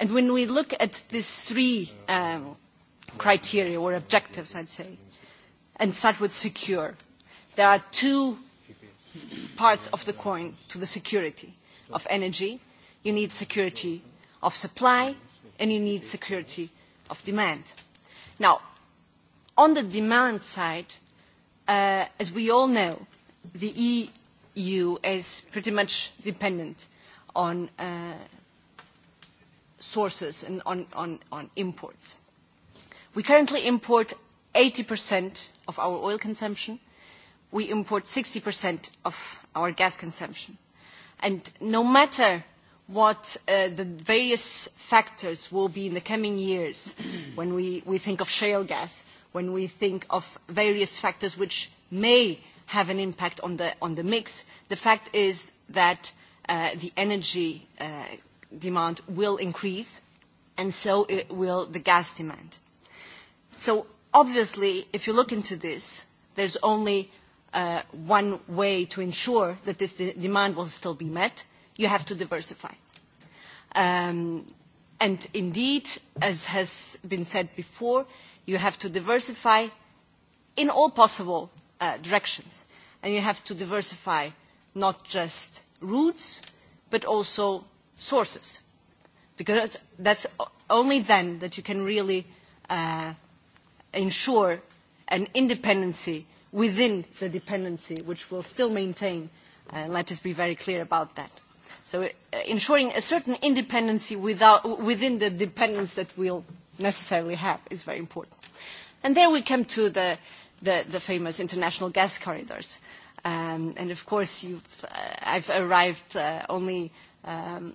S19: And when we look at these three um, criteria or objectives, I'd say, and start with secure, there are two parts of the coin to the security of energy. You need security of supply and you need security of demand. Now, on the demand side, uh, as we all know, the EU is pretty much dependent on uh, sources and on, on, on imports. We currently import 80% of our oil consumption. We import 60% of our gas consumption. And no matter what uh, the various factors will be in the coming years when we, we think of shale gas, when we think of various factors which may have an impact on the, on the mix, the fact is that uh, the energy uh, demand will increase, and so it will the gas demand. So obviously, if you look into this, there's only uh, one way to ensure that this de demand will still be met, you have to diversify. Um, and indeed, as has been said before, you have to diversify in all possible uh, directions. And you have to diversify not just routes, but also sources. Because that's only then that you can really uh, ensure an independency within the dependency, which will still maintain. Uh, let us be very clear about that. So uh, ensuring a certain independency without, within the dependence that we'll necessarily have is very important. And there we come to the, the, the famous international gas corridors. Um, and of course, you've, uh, I've arrived uh, only um,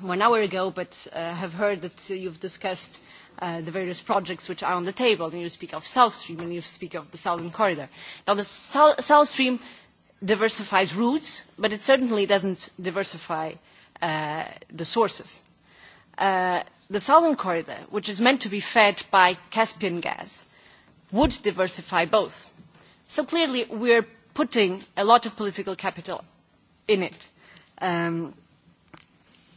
S19: one hour ago, but uh, have heard that you've discussed uh, the various projects which are on the table. And you speak of South Stream and you speak of the Southern Corridor. Now, the South, South Stream diversifies routes, but it certainly doesn't diversify uh, the sources. Uh, the southern corridor, which is meant to be fed by Caspian gas, would diversify both. So clearly, we're putting a lot of political capital in it. Um,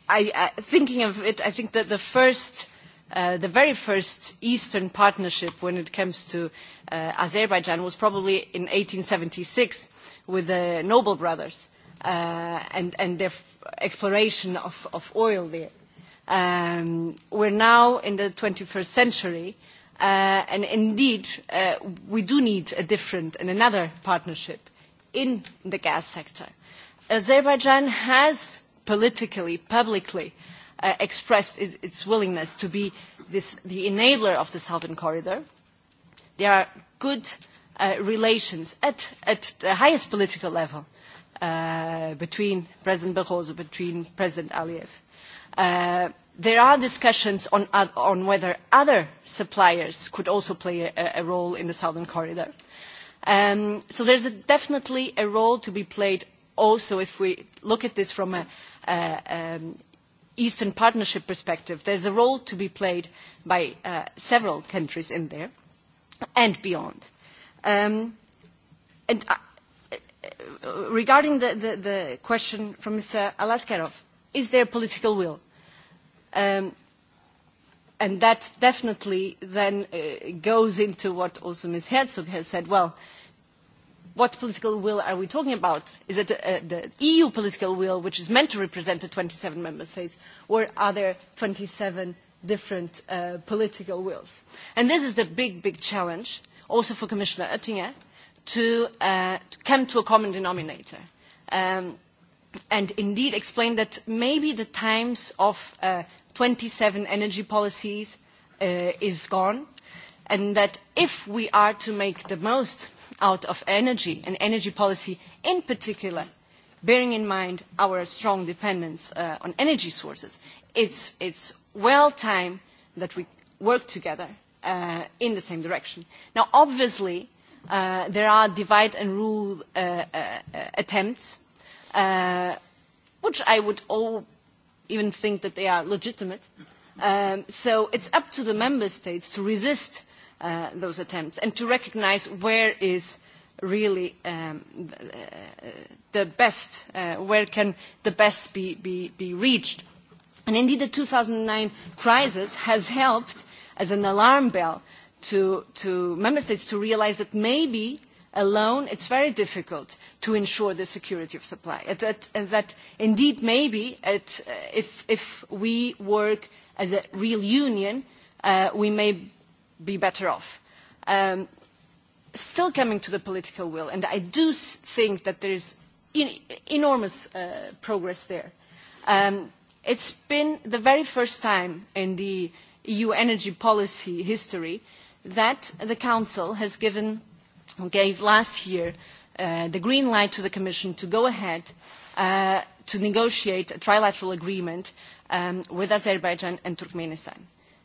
S19: I, uh, thinking of it, I think that the first, uh, the very first Eastern partnership when it comes to uh, Azerbaijan was probably in 1876 with the Noble brothers uh, and, and their exploration of, of oil there. Um, we're now in the 21st century, uh, and indeed uh, we do need a different and another partnership in the gas sector. Azerbaijan has politically, publicly uh, expressed it, its willingness to be this, the enabler of the Southern Corridor. There are good Uh, relations at, at the highest political level uh, between President Barroso, between President Aliyev. Uh, there are discussions on, uh, on whether other suppliers could also play a, a role in the Southern Corridor. Um, so there's a, definitely a role to be played also if we look at this from a, um, Eastern Partnership perspective, there's a role to be played by uh, several countries in there and beyond. Um, and I, uh, regarding the, the, the question from Mr. Alaskarov, is there political will? Um, and that definitely then uh, goes into what also Ms. Herzog has said. Well, what political will are we talking about? Is it uh, the EU political will, which is meant to represent the 27 member states, or are there 27 different uh, political wills? And this is the big, big challenge. Uh, also for Commissioner Oettinger, to, uh, to come to a common denominator. Um, and indeed explain that maybe the times of uh, 27 energy policies uh, is gone, and that if we are to make the most out of energy and energy policy in particular, bearing in mind our strong dependence uh, on energy sources, it's, it's well time that we work together uh, in the same direction. Now, obviously, uh, there are divide and rule uh, uh, attempts, uh, which I would all even think that they are legitimate. Um, so it's up to the member states to resist uh, those attempts and to recognize where is really um, the uh, best, uh, where can the best be, be, be reached. And indeed, the 2009 crisis has helped as an alarm bell to, to member states to realize that maybe alone it's very difficult to ensure the security of supply. And that, and that indeed maybe it, uh, if, if we work as a real union, uh, we may be better off. Um, still coming to the political will, and I do think that there is in, enormous uh, progress there. Um, it's been the very first time in the EU energy policy history that the Council has given, gave last year uh, the green light to the Commission to go ahead uh, to negotiate a trilateral agreement um, with Azerbaijan and Turkmenistan.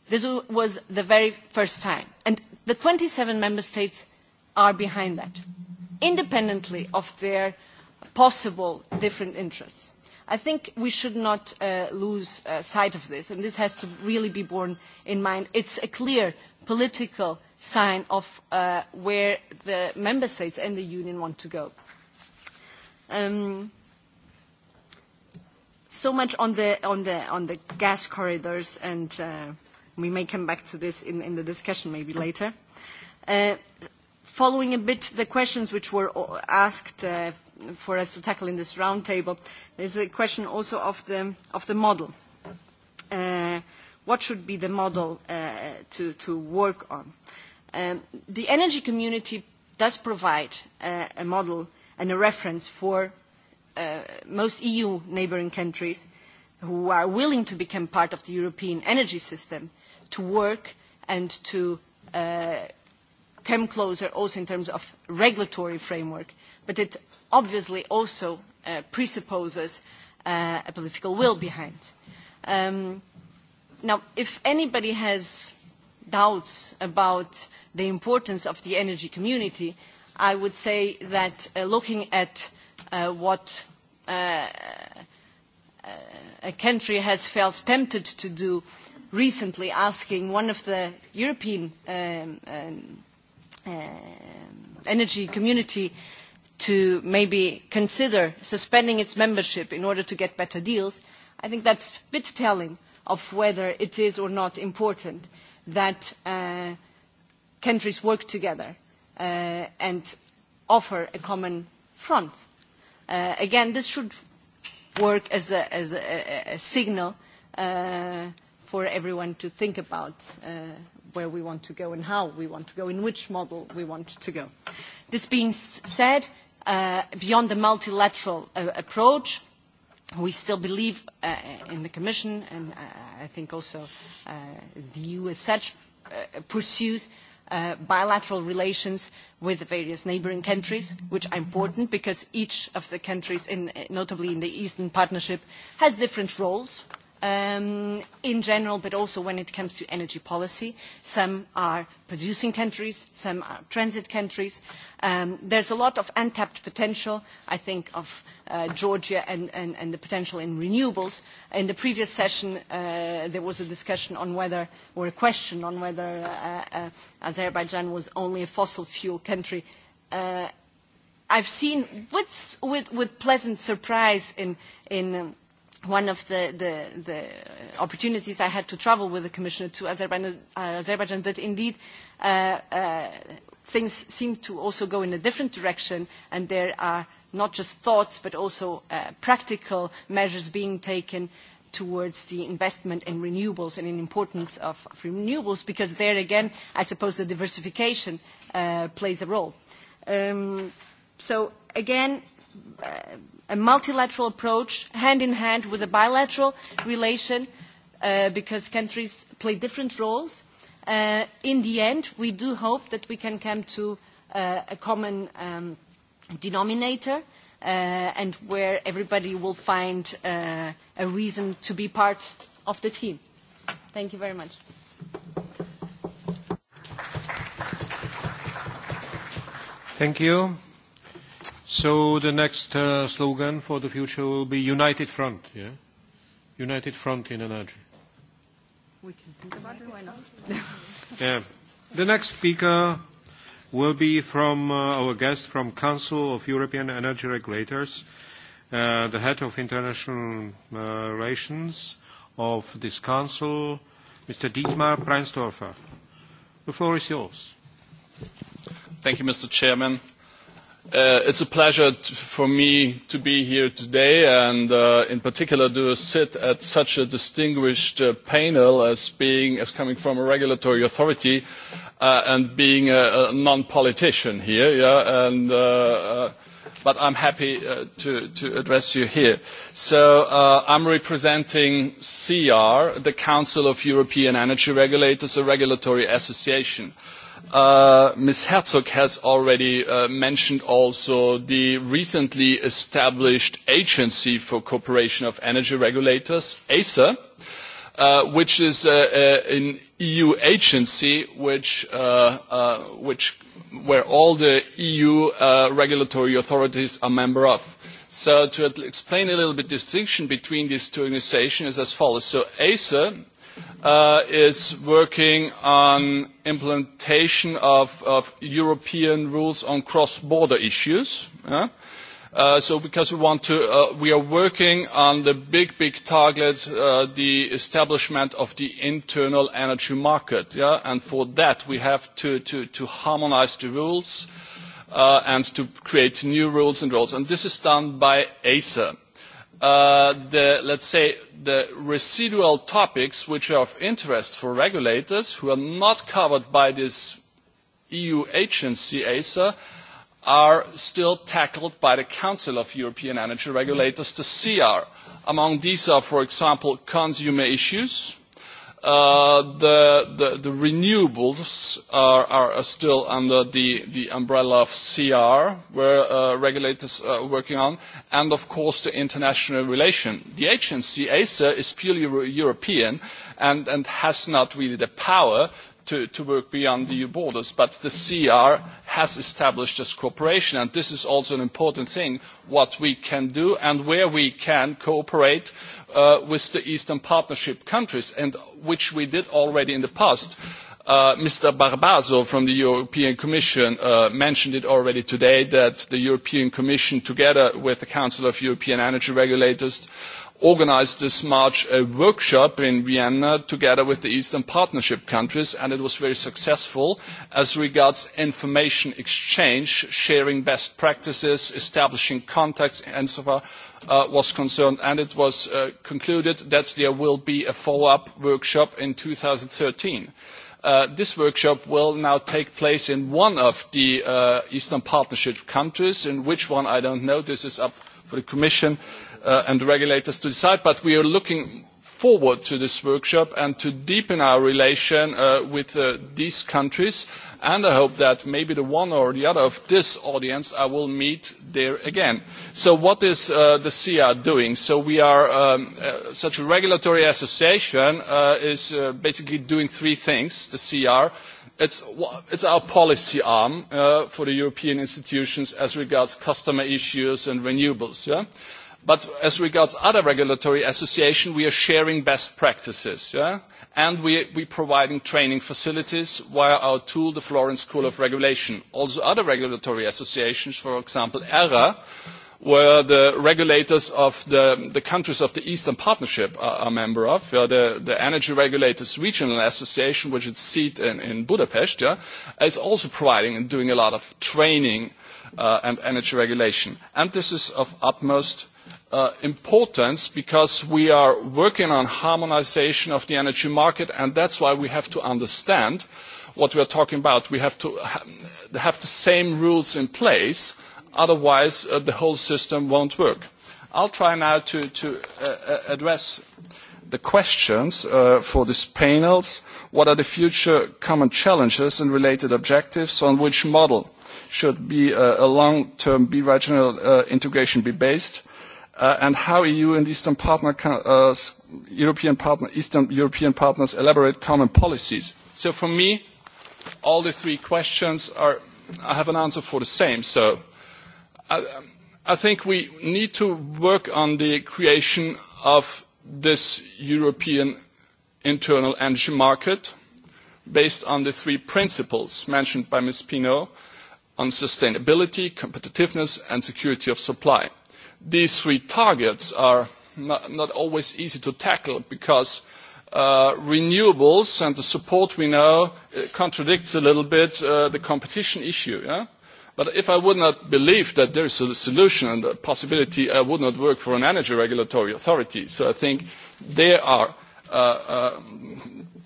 S19: This was the very first time. And the 27 member states are behind that, independently of their possible different interests. I think we should not uh, lose uh, sight of this, and this has to really be borne in mind. It's a clear political sign of uh, where the member states and the union want to go. Um, so much on the, on the, on the gas corridors, and uh, we may come back to this in, in the discussion maybe later. Uh, following a bit the questions which were asked uh, for us to tackle in this roundtable is a question also of the, of the model. Uh, what should be the model uh, to, to work on? Um, the energy community does provide uh, a model and a reference for uh, most EU neighboring countries who are willing to become part of the European energy system to work and to uh, come closer also in terms of regulatory framework. But it obviously also uh, presupposes uh, a political will behind. Um, now, if anybody has doubts about the importance of the energy community, I would say that uh, looking at uh, what uh, uh a country has felt tempted to do recently, asking one of the European um, um, uh, energy community uh, to maybe consider suspending its membership in order to get better deals, I think that's a bit telling of whether it is or not important that uh, countries work together uh, and offer a common front. Uh, again, this should work as a, as a, a, signal uh, for everyone to think about uh, where we want to go and how we want to go, in which model we want to go. This being said, Uh, beyond the multilateral uh, approach. We still believe uh, in the Commission, and uh, I think also uh, the EU as such uh, pursues uh, bilateral relations with the various neighboring countries, which are important because each of the countries, in, notably in the Eastern Partnership, has different roles um, in general, but also when it comes to energy policy. Some are producing countries, some are transit countries. Um, there's a lot of untapped potential, I think, of uh, Georgia and, and, and the potential in renewables. In the previous session, uh, there was a discussion on whether, or a question on whether uh, uh, Azerbaijan was only a fossil fuel country. Uh, I've seen, what's with, with pleasant surprise in, in um, one of the, the, the opportunities I had to travel with the Commissioner to Azerbaijan, uh, Azerbaijan that indeed uh, uh, things seem to also go in a different direction and there are not just thoughts but also uh, practical measures being taken towards the investment in renewables and in importance of, of renewables because there again I suppose the diversification uh, plays a role. Um, so again a multilateral approach hand in hand with a bilateral relation uh, because countries play different roles. Uh, in the end, we do hope that we can come to uh, a common um, denominator uh, and where everybody will find uh, a reason to be part of the team. Thank you very much.
S6: Thank you. So the next uh, slogan for the future will be United Front, yeah? United Front in energy.
S7: We can think about it, why not?
S6: yeah. The next speaker will be from uh, our guest from Council of European Energy Regulators, uh, the head of international uh, relations of this council, Mr. Dietmar Preinstorfer. The floor is yours.
S4: Thank you, Mr. Chairman. Uh, it's a pleasure t- for me to be here today and uh, in particular to sit at such a distinguished uh, panel as being as coming from a regulatory authority uh, and being a, a non-politician here yeah and uh, uh, but I'm happy uh, to, to address you here. So uh, I'm representing CR, the Council of European Energy Regulators, a regulatory association. Uh, Uh, Ms. Herzog has already uh, mentioned also the recently established Agency for Cooperation of Energy Regulators, ACER, uh, which is uh, uh, an EU agency which, uh, which, where all the EU regulatory authorities are member of. So to explain a little bit distinction between these two organizations is as follows. So ACER uh, is working on implementation of, of European rules on cross-border issues. Yeah? Uh, so because we want to, uh, we are working on the big, big target, uh, the establishment of the internal energy market. Yeah? And for that, we have to, to, to harmonize the rules uh, and to create new rules and rules. And this is done by ACER. Uh, the, let's say, the residual topics which are of interest for regulators who are not covered by this EU agency, ACER, are still tackled by the Council of European Energy Regulators, the CR. Among these are, for example, consumer issues, Uh, the, the, the renewables are, are still under the, the umbrella of CR, where uh, regulators are working on, and of course, the international relation. The agency, ACER, is purely European and, and has not really the power to, work beyond EU borders, but the CR has established this cooperation, and this is also an important thing, what we can do and where we can cooperate uh, with the Eastern Partnership countries, and which we did already in the past. Uh, Mr. Barroso from the European Commission uh, mentioned it already today that the European Commission, together with the Council of European Energy Regulators, organized this March a uh, workshop in Vienna together with the Eastern Partnership countries, and it was very successful as regards information exchange, sharing best practices, establishing contacts, and so far uh, was concerned. And it was uh, concluded that there will be a follow-up workshop in 2013. Uh, this workshop will now take place in one of the uh, Eastern Partnership countries, in which one I don't know. This is up for the Commission. Uh, Uh, and the regulators to decide, but we are looking forward to this workshop and to deepen our relation uh, with uh, these countries. And I hope that maybe the one or the other of this audience I will meet there again. So what is uh, the CIA doing? So we are um, uh, such a regulatory association uh, is uh, basically doing three things, the CR. It's, it's our policy arm uh, for the European institutions as regards customer issues and renewables. Yeah? But as regards other regulatory association, we are sharing best practices, yeah? And we, we providing training facilities via our tool, the Florence School of Regulation. Also other regulatory associations, for example, ERA, where the regulators of the, the countries of the Eastern Partnership are, a member of, yeah, the, the Energy Regulators Regional Association, which is seat in, in Budapest, yeah, is also providing and doing a lot of training uh, and energy regulation. And this is of utmost Uh, importance because we are working on harmonization of the energy market, and that's why we have to understand what we are talking about. We have to have the same rules in place, otherwise uh, the whole system won't work. I'll try now to, to uh, uh, address the questions uh, for these panels. What are the future common challenges and related objectives on which model should be uh, a long-term bi-regional uh, integration be based? Uh, and how EU and Eastern partner, uh, European partner, Eastern European partners elaborate common policies. So for me, all the three questions are, I have an answer for the same. So I, I think we need to work on the creation of this European internal energy market based on the three principles mentioned by Ms. Pino on sustainability, competitiveness and security of supply these three targets are not, not always easy to tackle because uh, renewables and the support we know uh, contradicts a little bit uh, the competition issue. Yeah? But if I would not believe that there is a solution and a possibility, I would not work for an energy regulatory authority. So I think there are, uh, uh,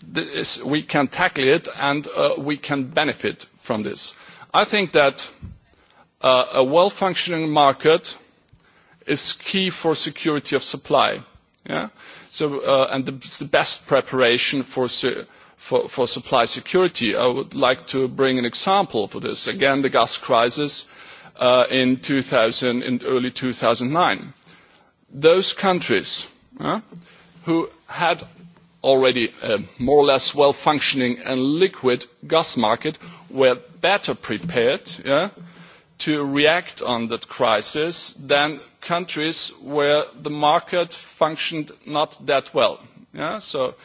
S4: this, we can tackle it and uh, we can benefit from this. I think that uh, a well-functioning market – is key for security of supply. Yeah? So, uh, and the, the best preparation for, for, for supply security. I would like to bring an example for this. Again, the gas crisis uh, in, 2000, in early 2009. Those countries uh, who had already a more or less well-functioning and liquid gas market were better prepared yeah, to react on that crisis than countries where the market functioned not that well. Yeah? So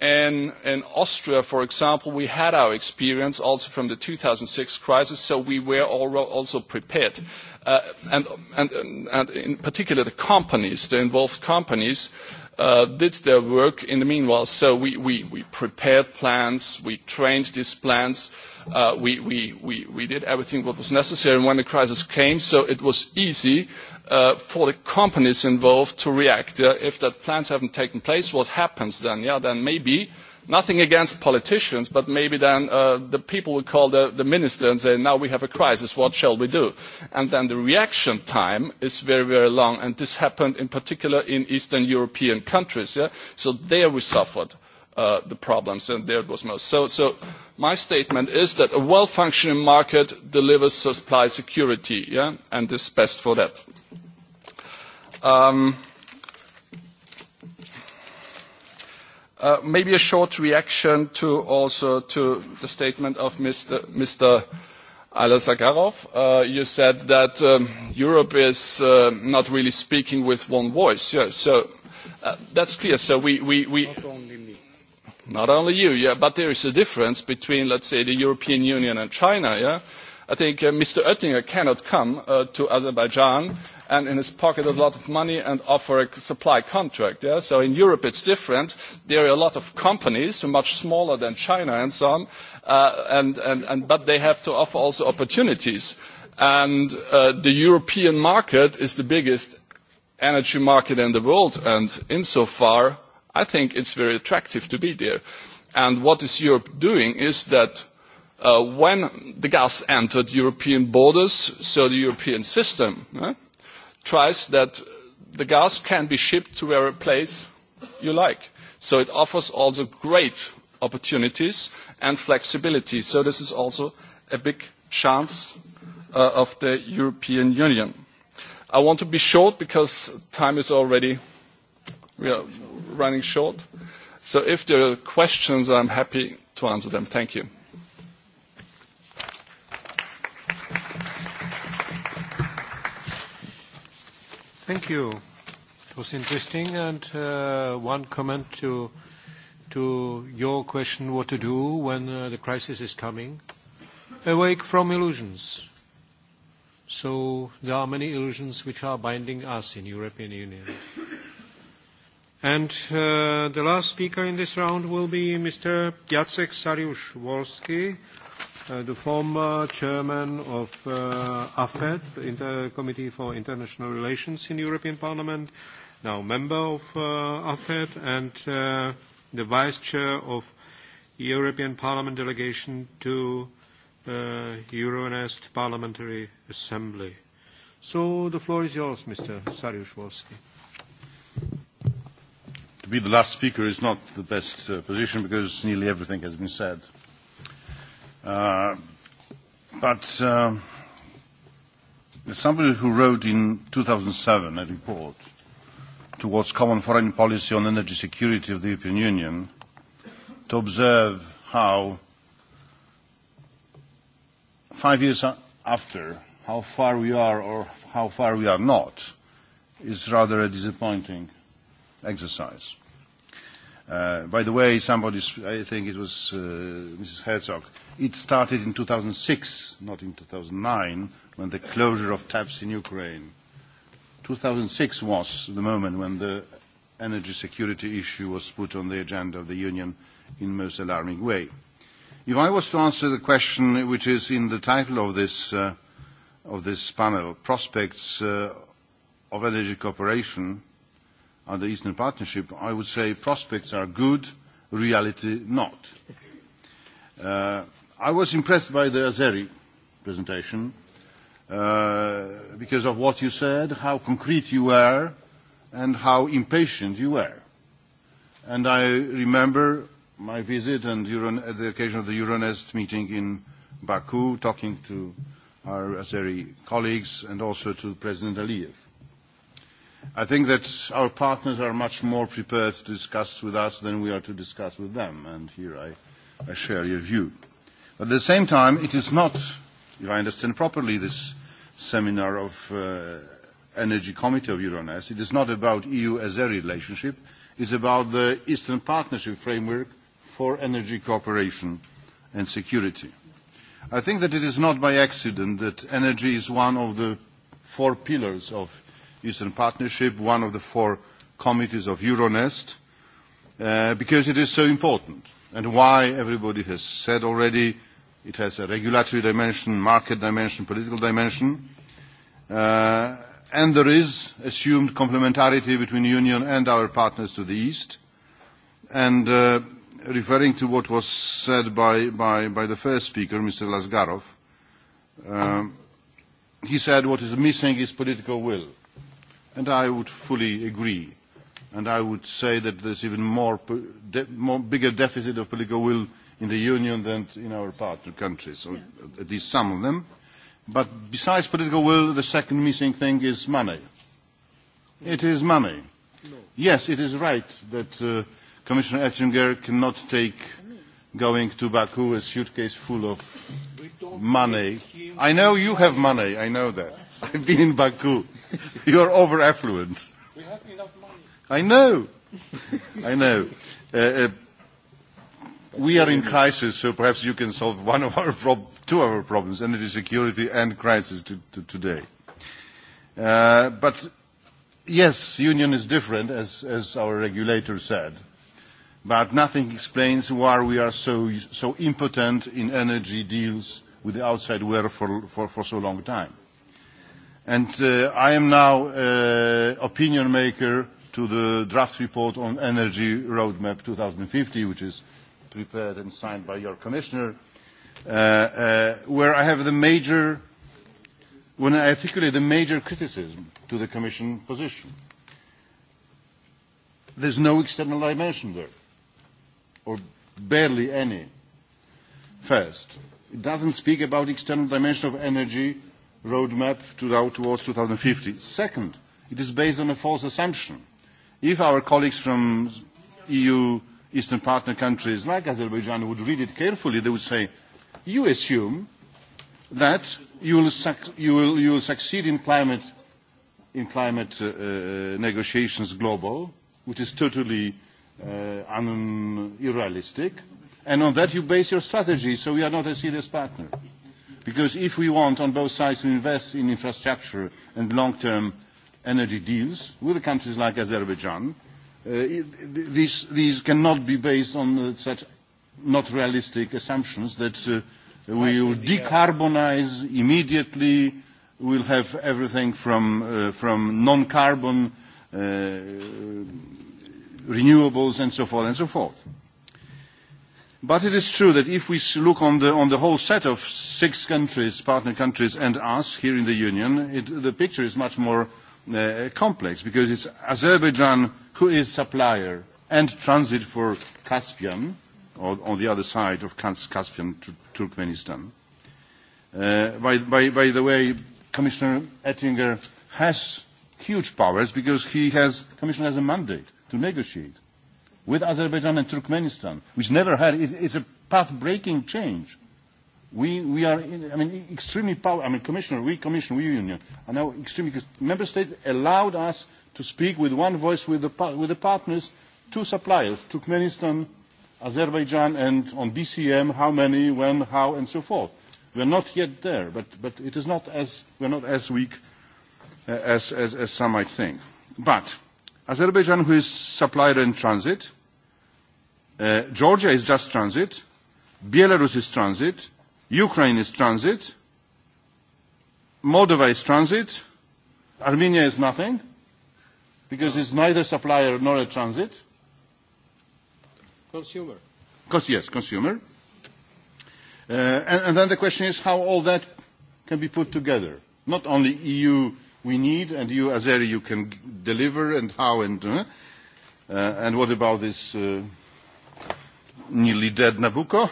S4: in, in Austria, for example, we had our experience also from the 2006 crisis, so we were also prepared. Uh, and, and, and in particular, the companies, the involved companies, uh, Uh, did their work in the meanwhile. So we, we, we prepared plans, we trained these plans, uh, we, we, we, we did everything what was necessary when the crisis came, so it was easy uh, for the companies involved to react. Uh, if that plans haven't taken place, what happens then? Yeah, then maybe uh, Nothing against politicians, but maybe then uh, the people would call the, the minister and say, now we have a crisis, what shall we do? And then the reaction time is very, very long, and this happened in particular in Eastern European countries. Yeah? So there we suffered. Uh, the problems, and there it was most. So, so my statement is that a well-functioning market delivers supply security, yeah, and is best for that. Um, Uh, maybe a short reaction to also to the statement of Mr. Mr. Uh, you said that um, Europe is uh, not really speaking with one voice. Yeah, so that's clear. So we, not only me. Not only you, yeah, but there is a difference between, let's say, the European Union and China. Yeah, I think Mr. Oettinger cannot come to Azerbaijan and in his pocket a lot of money and offer a supply contract. Yeah? So in Europe it's different. There are a lot of companies, much smaller than China and so on, uh, and, and, and, but they have to offer also opportunities. And uh, the European market is the biggest energy market in the world, and insofar, I think it's very attractive to be there. And what is Europe doing is that uh, when the gas entered European borders, so the European system, eh, tries that the gas can be shipped to where place you like. So it offers also great opportunities and flexibility. So this is also a big chance uh, of the European Union. I want to be short because time is already we are running short. So if there are questions, I'm happy to answer them. Thank you.
S6: Thank you. It was interesting. And uh, one comment to, to your question, what to do when uh, the crisis is coming. Awake from illusions. So there are many illusions which are binding us in European Union. And uh, the last speaker in this round will be Mr. Jacek Sariusz-Wolski, Uh, the former chairman of uh, AFET, the Inter Committee for International Relations in European Parliament, now member of uh, AFET, and the vice chair of European Parliament delegation to Euronest Parliamentary Assembly. So the floor is yours, Mr. saryusz Wolski.
S18: To be the last speaker is not the best position because nearly everything has been said. Uh, but uh, somebody who wrote in 2007 a report towards common foreign policy on energy security of the European Union to observe how five years after, how far we are or how far we are not is rather a disappointing exercise. Uh, by the way, somebody, I think it was uh, Mrs. Herzog, It started in 2006, not in 2009, when the closure of taps in Ukraine. 2006 was the moment when the energy security issue was put on the agenda of the Union in most alarming way. If I was to answer the question which is in the title of this, uh, of this panel, Prospects uh, of Energy Cooperation and the Eastern Partnership, I would say prospects are good, reality not. Uh, i was impressed by the Azeri presentation uh, because of what you said, how concrete you were, and how impatient you were. And I remember my visit and Euron, at the occasion of the Euronest meeting in Baku, talking to our Azeri colleagues and also to President Aliyev. I think that our partners are much more prepared to discuss with us than we are to discuss with them, and here I, I share your view at the same time, it is not, if I understand properly, this seminar of uh, Energy Committee of Euronest, it is not about EU-ASER relationship, It is about the Eastern Partnership framework for energy cooperation and security. I think that it is not by accident that energy is one of the four pillars of Eastern Partnership, one of the four committees of Euronest, uh, because it is so important and why everybody has said already it has a regulatory dimension, market dimension, political dimension. Uh, and there is assumed complementarity between Union and our partners to the East. And uh, referring to what was said by, by, by the first speaker, Mr. Lasgarov, uh, um, he said what is missing is political will. And I would fully agree and I would say that there's even more, de more bigger deficit of political will in the Union than in our partner countries, or yeah. at least some of them. But besides political will, the second missing thing is money. No. It is money. No. Yes, it is right that uh, Commissioner Ettinger cannot take going to Baku a suitcase full of money. I know you have money, I know that. I've been in Baku. You're over affluent. I know. I know. Uh, uh, we are in crisis, so perhaps you can solve one of our prob- two of our problems, energy security and crisis to, to today. Uh, but yes, union is different, as, as our regulator said, but nothing explains why we are so, so impotent in energy deals with the outside world for, for, for so long time. And uh, I am now uh, opinion maker to the draft report on Energy Roadmap 2050, which is prepared and signed by your commissioner, uh, uh, where I have the major, when I articulate the major criticism to the Commission position. There's no external dimension there, or barely any. First, it doesn't speak about external dimension of energy roadmap to, towards 2050. Second, it is based on a false assumption If our colleagues from EU Eastern partner countries like Azerbaijan would read it carefully, they would say, you assume that you will, suc- you will, you will succeed in climate, in climate uh, uh, negotiations global, which is totally uh, un- unrealistic, and on that you base your strategy, so we are not a serious partner. Because if we want on both sides to invest in infrastructure and long-term energy deals with countries like Azerbaijan. Uh, these, these cannot be based on uh, such not realistic assumptions that uh, we will uh, decarbonize immediately, we'll have everything from, from non-carbon renewables and so forth and so forth. But it is true that if we look on the, on the whole set of six countries, partner countries, and us here in the Union, it, the picture is much more Uh, complex because it's Azerbaijan who is supplier and transit for Caspian, or on the other side of Caspian to Turkmenistan. Uh, by, by, by the way, Commissioner Oettinger has huge powers because he has, Commissioner has a mandate to negotiate with Azerbaijan and Turkmenistan, which never had, it, it's a path-breaking change We, we are, in, I mean, extremely powerful. I mean, Commissioner, we Commission, we Union are now extremely. Member States allowed us to speak with one voice with the, with the partners, two suppliers, Turkmenistan, Azerbaijan, and on BCM, how many, when, how, and so forth. We're not yet there, but, but it is not as, we're not as weak uh, as, as, as some might think. But Azerbaijan, who is supplier in transit, uh, Georgia is just transit, Belarus is transit, Ukraine is transit, Moldova is transit, Armenia is nothing, because it's neither supplier nor a transit. Consumer. Cos yes, consumer. Uh, and, and then the question is how all that can be put together. Not only EU we need and you as area you can g- deliver and how and uh, uh, and what about this uh, nearly dead Nabucco?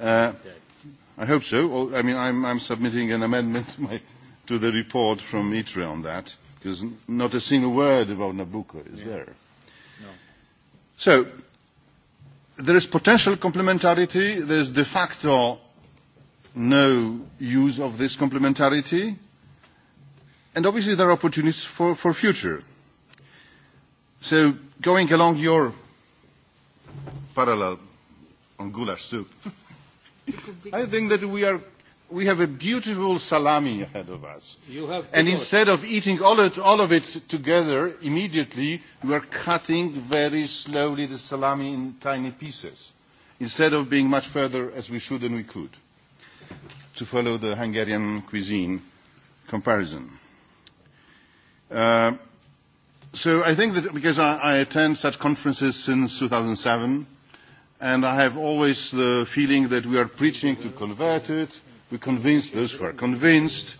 S18: Uh, I hope so. I mean, I'm, I'm submitting an amendment to, my, to the report from ITRE on that, because not a single word about Nabucco is yeah. there. No. So there is potential complementarity. There is de facto no use of this complementarity. And obviously there are opportunities for, for future. So going along your parallel on goulash soup, I think that we are we have a beautiful salami ahead of us.
S6: You have and instead
S18: of eating all, it, all of it together immediately, we are cutting very slowly the salami in tiny pieces instead of being much further as we should and we could to follow the Hungarian cuisine comparison. Uh, so I think that because I, I attend such conferences since 2007, and I have always the feeling that we are preaching to converted, we convince those who are convinced,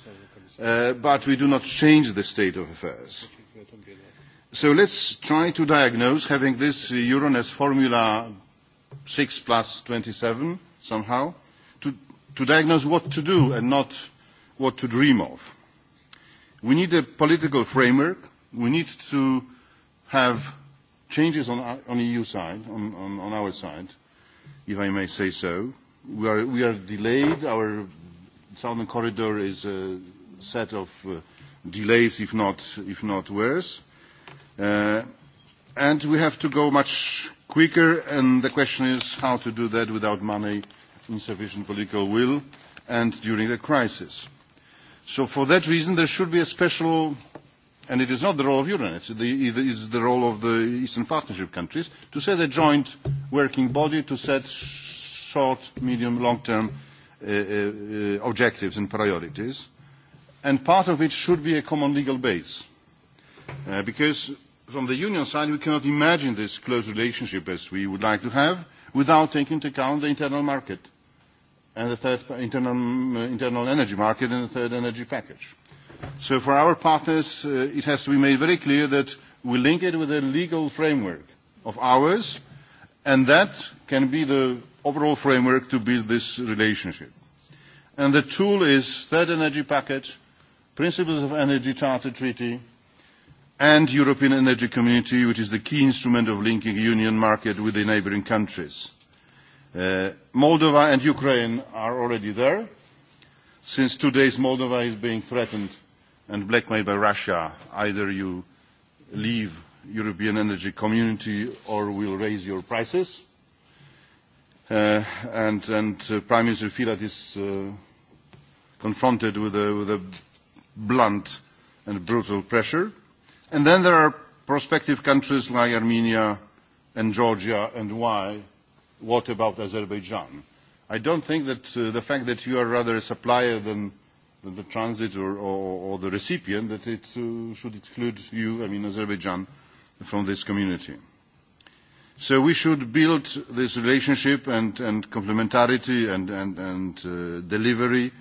S18: uh, but we do not change the state of affairs. So let's try to diagnose, having this Euronest formula 6 plus 27 somehow, to, to diagnose what to do and not what to dream of. We need a political framework. We need to have changes on, our, uh, on EU side, on, on, on our side, if I may say so. We are, we are delayed. Our southern corridor is a set of uh, delays, if not, if not worse. Uh, and we have to go much quicker, and the question is how to do that without money, insufficient political will, and during the crisis. So for that reason, there should be a special and it is not the role of Euronet, it is the role of the Eastern Partnership countries, to set a joint working body to set short, medium, long-term uh, uh, objectives and priorities, and part of it should be a common legal base. Uh, because from the union side, we cannot imagine this close relationship as we would like to have without taking into account the internal market and the third internal, internal energy market and the third energy package. So for our partners, uh, it has to be made very clear that we link it with a legal framework of ours, and that can be the overall framework to build this relationship. And the tool is Third Energy Package, Principles of Energy Charter Treaty, and European Energy Community, which is the key instrument of linking union market with the neighboring countries. Uh, Moldova and Ukraine are already there. Since two days, Moldova is being threatened and blackmailed by Russia. Either you leave European energy community or we'll raise your prices. Uh, and and uh, Prime Minister Filat is uh, confronted with a, with a blunt and brutal pressure. And then there are prospective countries like Armenia and Georgia and why. What about Azerbaijan? I don't think that uh, the fact that you are rather a supplier than the transit or, or, or the recipient, that it uh, should exclude you, I mean Azerbaijan, from this community. So we should build this relationship and, and complementarity and, and, and uh, delivery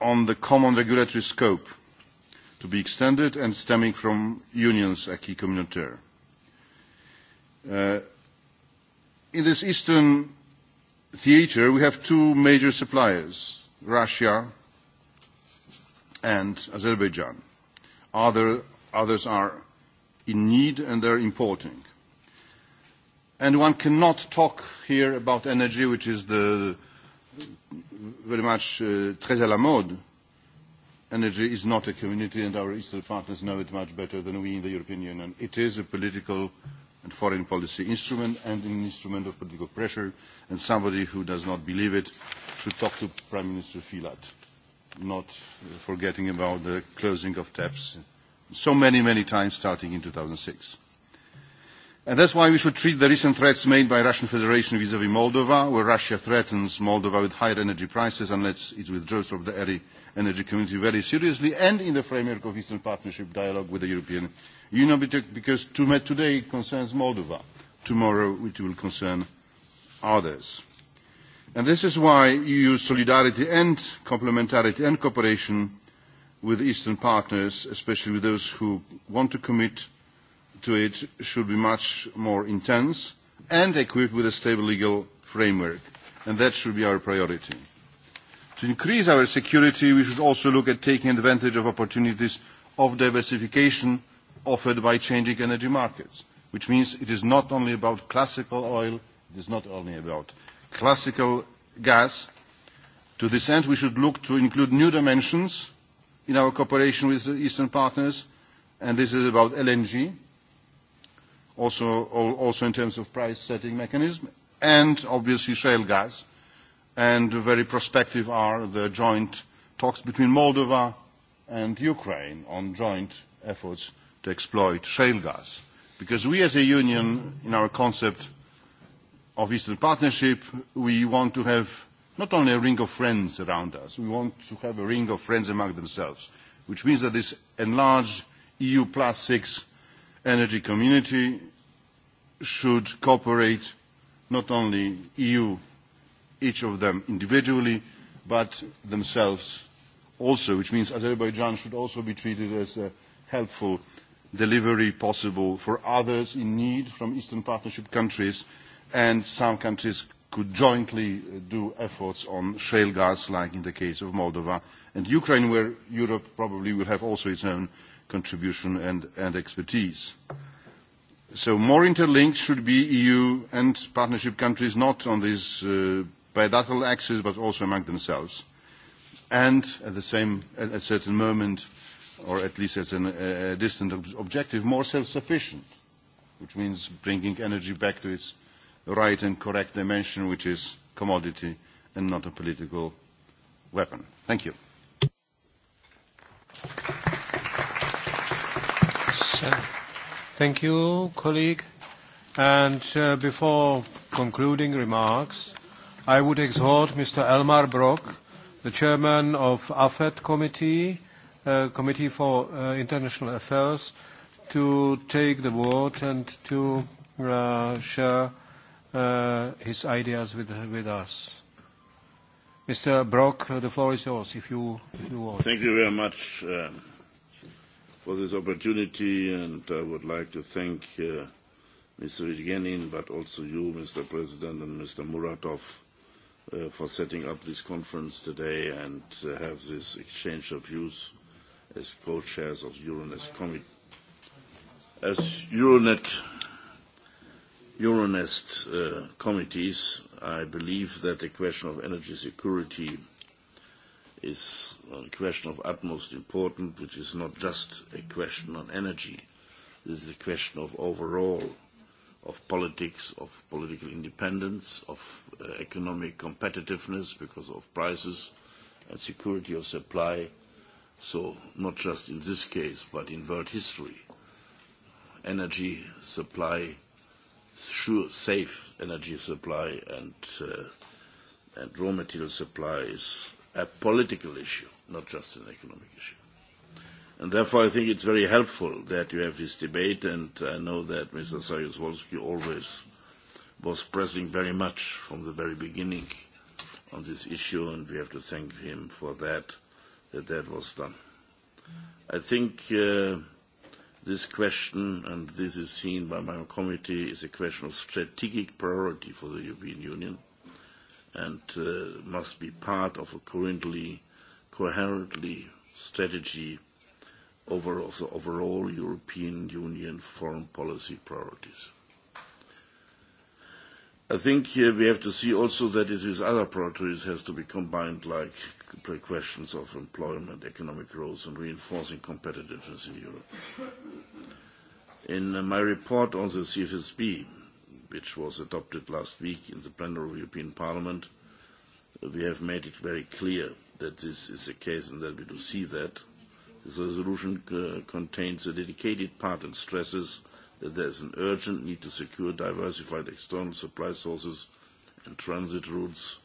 S18: on the common regulatory scope to be extended and stemming from unions key communautaire. Uh, in this eastern theater, we have two major suppliers, Russia and Azerbaijan. Other, others are in need and they're importing. And one cannot talk here about energy, which is the very much uh, très à la mode. Energy is not a community, and our Eastern partners know it much better than we in the European Union. It is a political and foreign policy instrument and an instrument of political pressure, and somebody who does not believe it should talk to Prime Minister Filat not forgetting about the closing of taps so many, many times starting in 2006. And that's why we should treat the recent threats made by Russian Federation vis-à-vis -vis Moldova, where Russia threatens Moldova with higher energy prices unless it withdraws from the energy community very seriously, and in the framework of Eastern Partnership dialogue with the European Union, because today it concerns Moldova. Tomorrow it will concern others. And this is why EU solidarity and complementarity and cooperation with Eastern partners, especially with those who want to commit to it, should be much more intense and equipped with a stable legal framework. And that should be our priority. To increase our security, we should also look at taking advantage of opportunities of diversification offered by changing energy markets, which means it is not only about classical oil, it is not only about classical gas. To this end, we should look to include new dimensions in our cooperation with the Eastern partners, and this is about LNG, also, also in terms of price setting mechanism, and obviously shale gas. And very prospective are the joint talks between Moldova and Ukraine on joint efforts to exploit shale gas. Because we as a union, in our concept, of Eastern Partnership, we want to have not only a ring of friends around us, we want to have a ring of friends among themselves, which means that this enlarged EU plus six energy community should cooperate not only EU, each of them individually, but themselves also, which means Azerbaijan should also be treated as a helpful delivery possible for others in need from Eastern Partnership countries and some countries could jointly uh, do efforts on shale gas, like in the case of Moldova and Ukraine, where Europe probably will have also its own contribution and, and expertise. So more interlinked should be EU and partnership countries, not on this uh, bilateral axis, but also among themselves. And at the same, at a certain moment, or at least as an, a distant ob objective, more self-sufficient, which means bringing energy back to its right and correct dimension, which is commodity and not a political weapon. Thank you.
S6: So, thank you, colleague. And uh, before concluding remarks, I would exhort Mr. Elmar Brock, the chairman of AFET Committee, uh, Committee for uh, International Affairs, to take the word and to uh, share Uh, his ideas with, with us. Mr. Brok, the floor is yours, if you, if you want.
S9: Thank you very much uh, for this opportunity, and I would like to thank uh, Mr. Yegenin, but also you, Mr. President, and Mr. Muratov, uh, for setting up this conference today and uh, have this exchange of views as co-chairs of Euronet Committee. As Euronet Euronest uh, committees, I believe that the question of energy security is a question of utmost importance, which is not just a question on energy. This is a question of overall, of politics, of political independence, of uh, economic competitiveness because of prices and security of supply. So not just in this case, but in world history, energy supply sure safe energy supply and, uh, and raw material supply is a political issue, not just an economic issue. And therefore, I think it's very helpful that you have this debate, and I know that Mr. Sajus-Wolski always was pressing very much from the very beginning on this issue, and we have to thank him for that, that that was done. I think uh, This question, and this is seen by my committee, is a question of strategic priority for the European Union and uh, must be part of a currently coherently strategy over, of the overall European Union foreign policy priorities. I think uh, we have to see also that it is other priorities has to be combined, like questions of employment, economic growth, and reinforcing competitiveness in Europe. In uh, my report on the CFSB, which was adopted last week in the plenary of European Parliament, uh, we have made it very clear that this is the case and that we do see that. This resolution uh, contains a dedicated part and stresses that there is an urgent need to secure diversified external supply sources and transit routes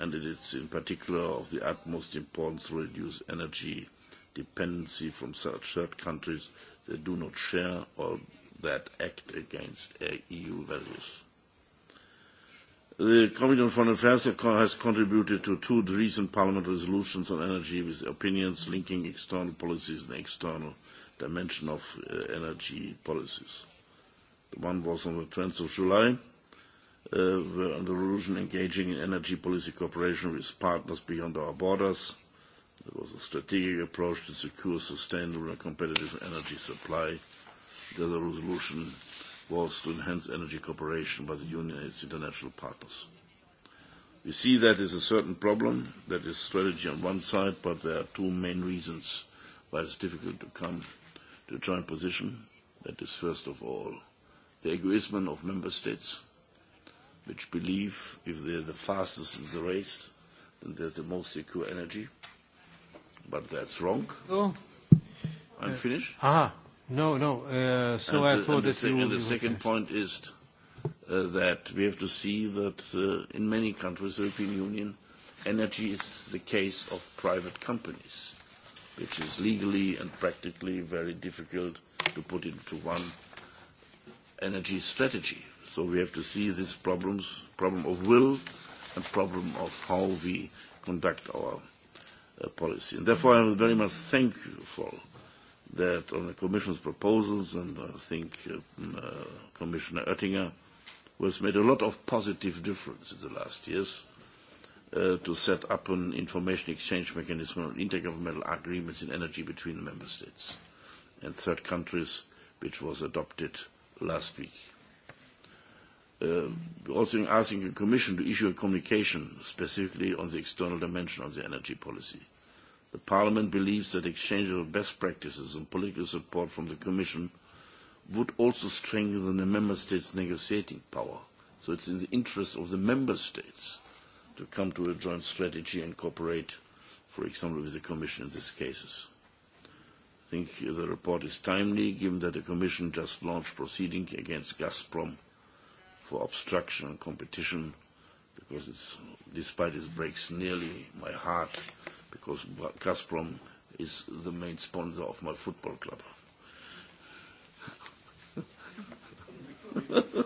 S9: and it is in particular of the utmost importance to reduce energy dependency from such third countries that do not share or that act against EU e values. The Committee on Foreign Affairs has contributed to two recent Parliament resolutions on energy with opinions linking external policies and external dimension of uh, energy policies. The one was on the 20th of July Uh, the rules on engaging in energy policy cooperation with partners beyond our borders. There was a strategic approach to secure sustainable and competitive energy supply. The other resolution was to enhance energy cooperation by the Union and its international partners. We see that is a certain problem, that is strategy on one side, but there are two main reasons why it's difficult to come to a joint position. That is, first of all, the egoism of member states – which believe if they're the fastest in the race, then they're the most secure energy. But that's wrong.
S6: Oh. I'm uh, finished. Ah, no, no. Uh, so and I the, thought that the, you And the second
S9: point is uh, that we have to see that uh, in many countries, the European Union, energy is the case of private companies, which is legally and practically very difficult to put into one energy strategy So we have to see this problems, problem of will and problem of how we conduct our uh, policy. And therefore, I very much thank you for that on the Commission's proposals, and I think uh, mm, uh, Commissioner Oettinger has made a lot of positive difference in the last years uh, to set up an information exchange mechanism on intergovernmental agreements in energy between the member states and third countries, which was adopted last week. Uh, also asking the Commission to issue a communication specifically on the external dimension of the energy policy. The Parliament believes that exchange of best practices and political support from the Commission would also strengthen the Member States' negotiating power. So it's in the interest of the Member States to come to a joint strategy and cooperate, for example, with the Commission in these cases. I think the report is timely, given that the Commission just launched proceedings against Gazprom for obstruction and competition because it's, despite its breaks nearly my heart because Gazprom is the main sponsor of my football club.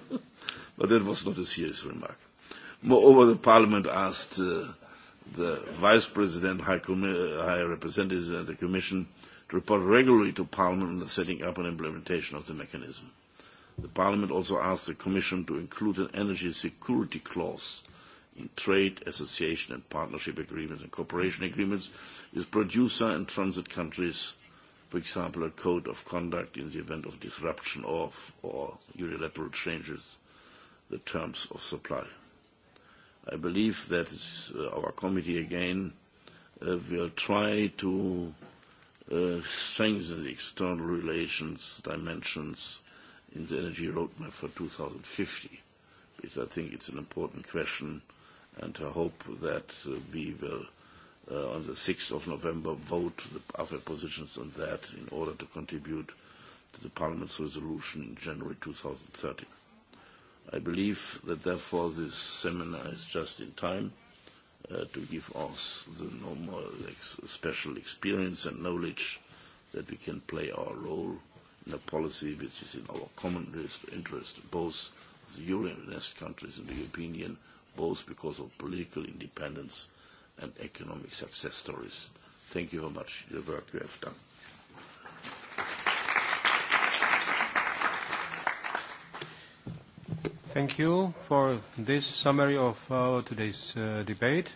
S9: but that was not a serious remark. Moreover, the Parliament asked uh, the Vice President, High, Com- uh, High Representative and the Commission to report regularly to Parliament on the setting up and implementation of the mechanism. The Parliament also asked the Commission to include an energy security clause in trade, association and partnership agreements and cooperation agreements with producer and transit countries, for example, a code of conduct in the event of disruption of or unilateral changes the terms of supply. I believe that uh, our committee again uh, will try to uh, strengthen the external relations dimensions in the energy roadmap for 2050? Because I think it's an important question, and I hope that uh, we will, uh, on the 6th of November, vote the other positions on that in order to contribute to the Parliament's resolution in January 2030. I believe that therefore this seminar is just in time uh, to give us the normal ex special experience and knowledge that we can play our role The a policy which is in our common interest, both of the Euro and countries and the European Union, both because of political independence and economic success stories. Thank you very much for the work you have done.
S6: Thank you for this summary of uh, today's uh, debate.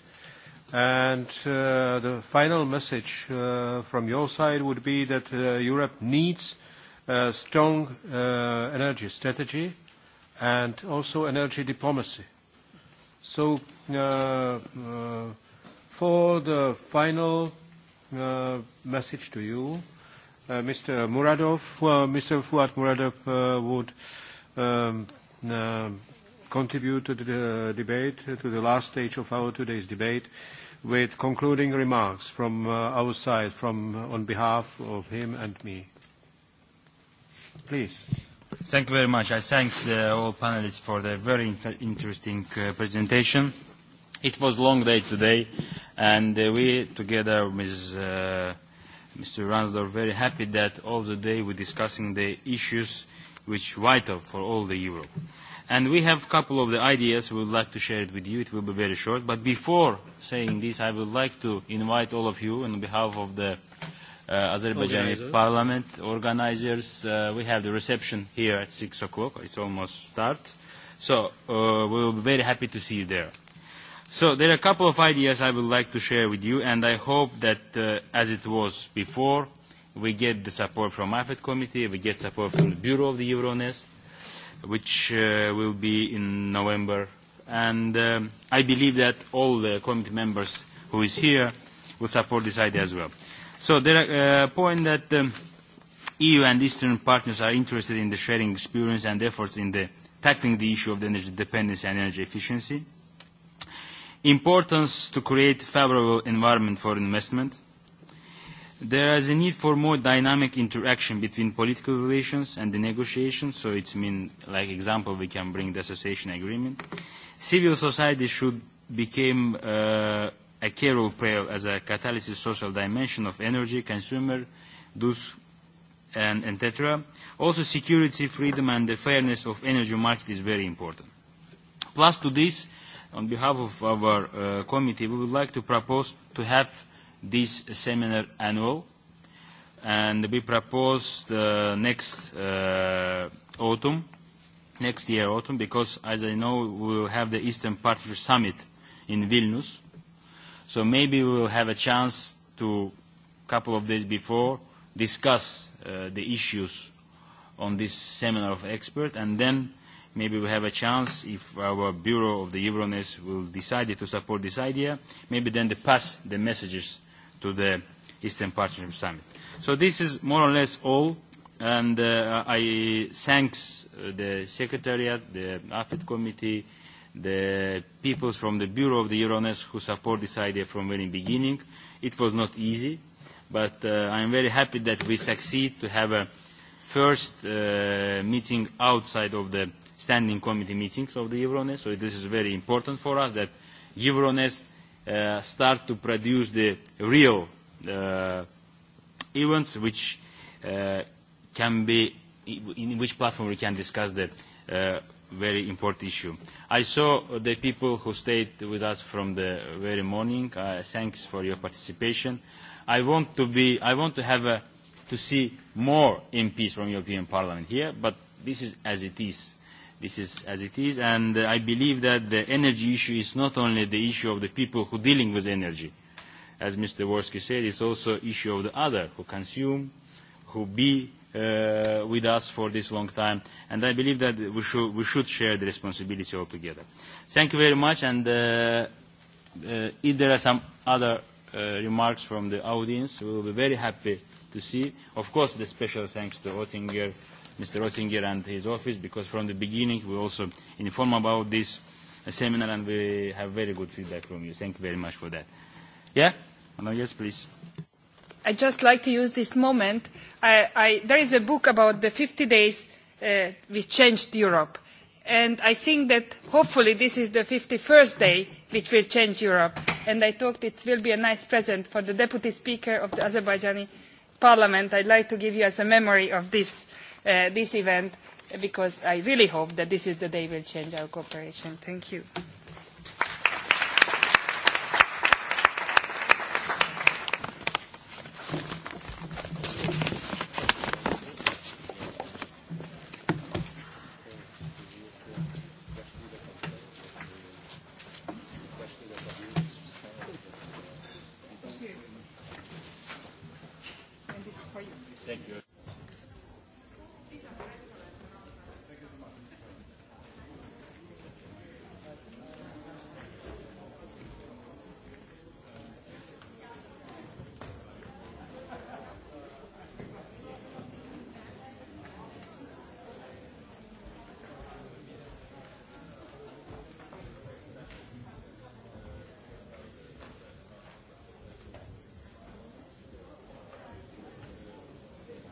S6: And uh, the final message uh, from your side would be that uh, Europe needs – Uh, strong uh, energy strategy and also energy diplomacy. So uh, uh, for the final uh, message to you, uh, Mr. Muradov, uh, Mr. Fuat Muradov uh, would um, uh, contribute to the debate, to the last stage of our today's debate, with concluding remarks from uh, our side, from uh, on behalf of him and me. Please. Thank you very much. I thank the, all panelists for their very inter
S10: interesting uh, presentation. It was a long day today, and uh, we together with uh, Mr. Ransdorf very happy that all the day we're discussing the issues which are vital for all the Europe. And we have a couple of the ideas we would like to share it with you. It will be very short. But before saying this, I would like to invite all of you on behalf of the uh, Azerbaijani organizers. parliament organizers. Uh, we have the reception here at 6 o'clock. It's almost start. So uh, we'll be very happy to see you there. So there are a couple of ideas I would like to share with you, and I hope that, uh, as it was before, we get the support from AFET committee, we get support from the Bureau of the Euronest, which uh, will be in November. And um, I believe that all the committee members who is here will support this idea as well. So the uh, point that the um, EU and Eastern partners are interested in the sharing experience and efforts in the tackling the issue of the energy dependency and energy efficiency. Importance to create favorable environment for investment. There is a need for more dynamic interaction between political relations and the negotiations, so it's mean, like example, we can bring the association agreement. Civil society should become uh, a key role play as a catalysis social dimension of energy, consumer, goods, and, etc. Also security, freedom, and the fairness of energy market is very important. Plus to this, on behalf of our uh, committee, we would like to propose to have this seminar annual, and we propose the next uh, autumn, next year autumn, because as I know, we will have the Eastern Partnership Summit in Vilnius, So maybe we will have a chance to, a couple of days before, discuss uh, the issues on this seminar of experts, and then maybe we have a chance, if our Bureau of the Euronest will decide to support this idea, maybe then to pass the messages to the Eastern Partnership Summit. So this is more or less all, and uh, I thanks uh, the Secretariat, the AFID Committee, the people from the Bureau of the Euronest who support this idea from very beginning. It was not easy, but uh, I am very happy that we succeed to have a first uh, meeting outside of the standing committee meetings of the Euronest. So this is very important for us that Euronest uh, start to produce the real uh, events which uh, can be in which platform we can discuss the uh, very important issue. I saw the people who stayed with us from the very morning. Uh, thanks for your participation. I want to be, I want to have a, to see more MPs from European Parliament here, but this is as it is. This is as it is, and uh, I believe that the energy issue is not only the issue of the people who are dealing with energy. As Mr. Worski said, it's also issue of the other who consume, who be uh, with us for this long time. And I believe that we should, we should share the responsibility altogether. Thank you very much. And uh, uh, if there are some other uh, remarks from the audience, we will be very happy to see. Of course, the special thanks to Oettinger, Mr. Oettinger and his office, because from the beginning we also inform about this uh, seminar and we have very good feedback from you. Thank you very much for that. Yeah? No, yes, please.
S7: I just like to use this moment. I, I, there is a book about the 50 days uh, which changed Europe. And I think that hopefully this is the 51st day which will change Europe. And I thought it will be a nice present for the Deputy Speaker of the Azerbaijani Parliament. I'd like to give you as a memory of this, uh, this event because I really hope that this is the day will change our cooperation. Thank you.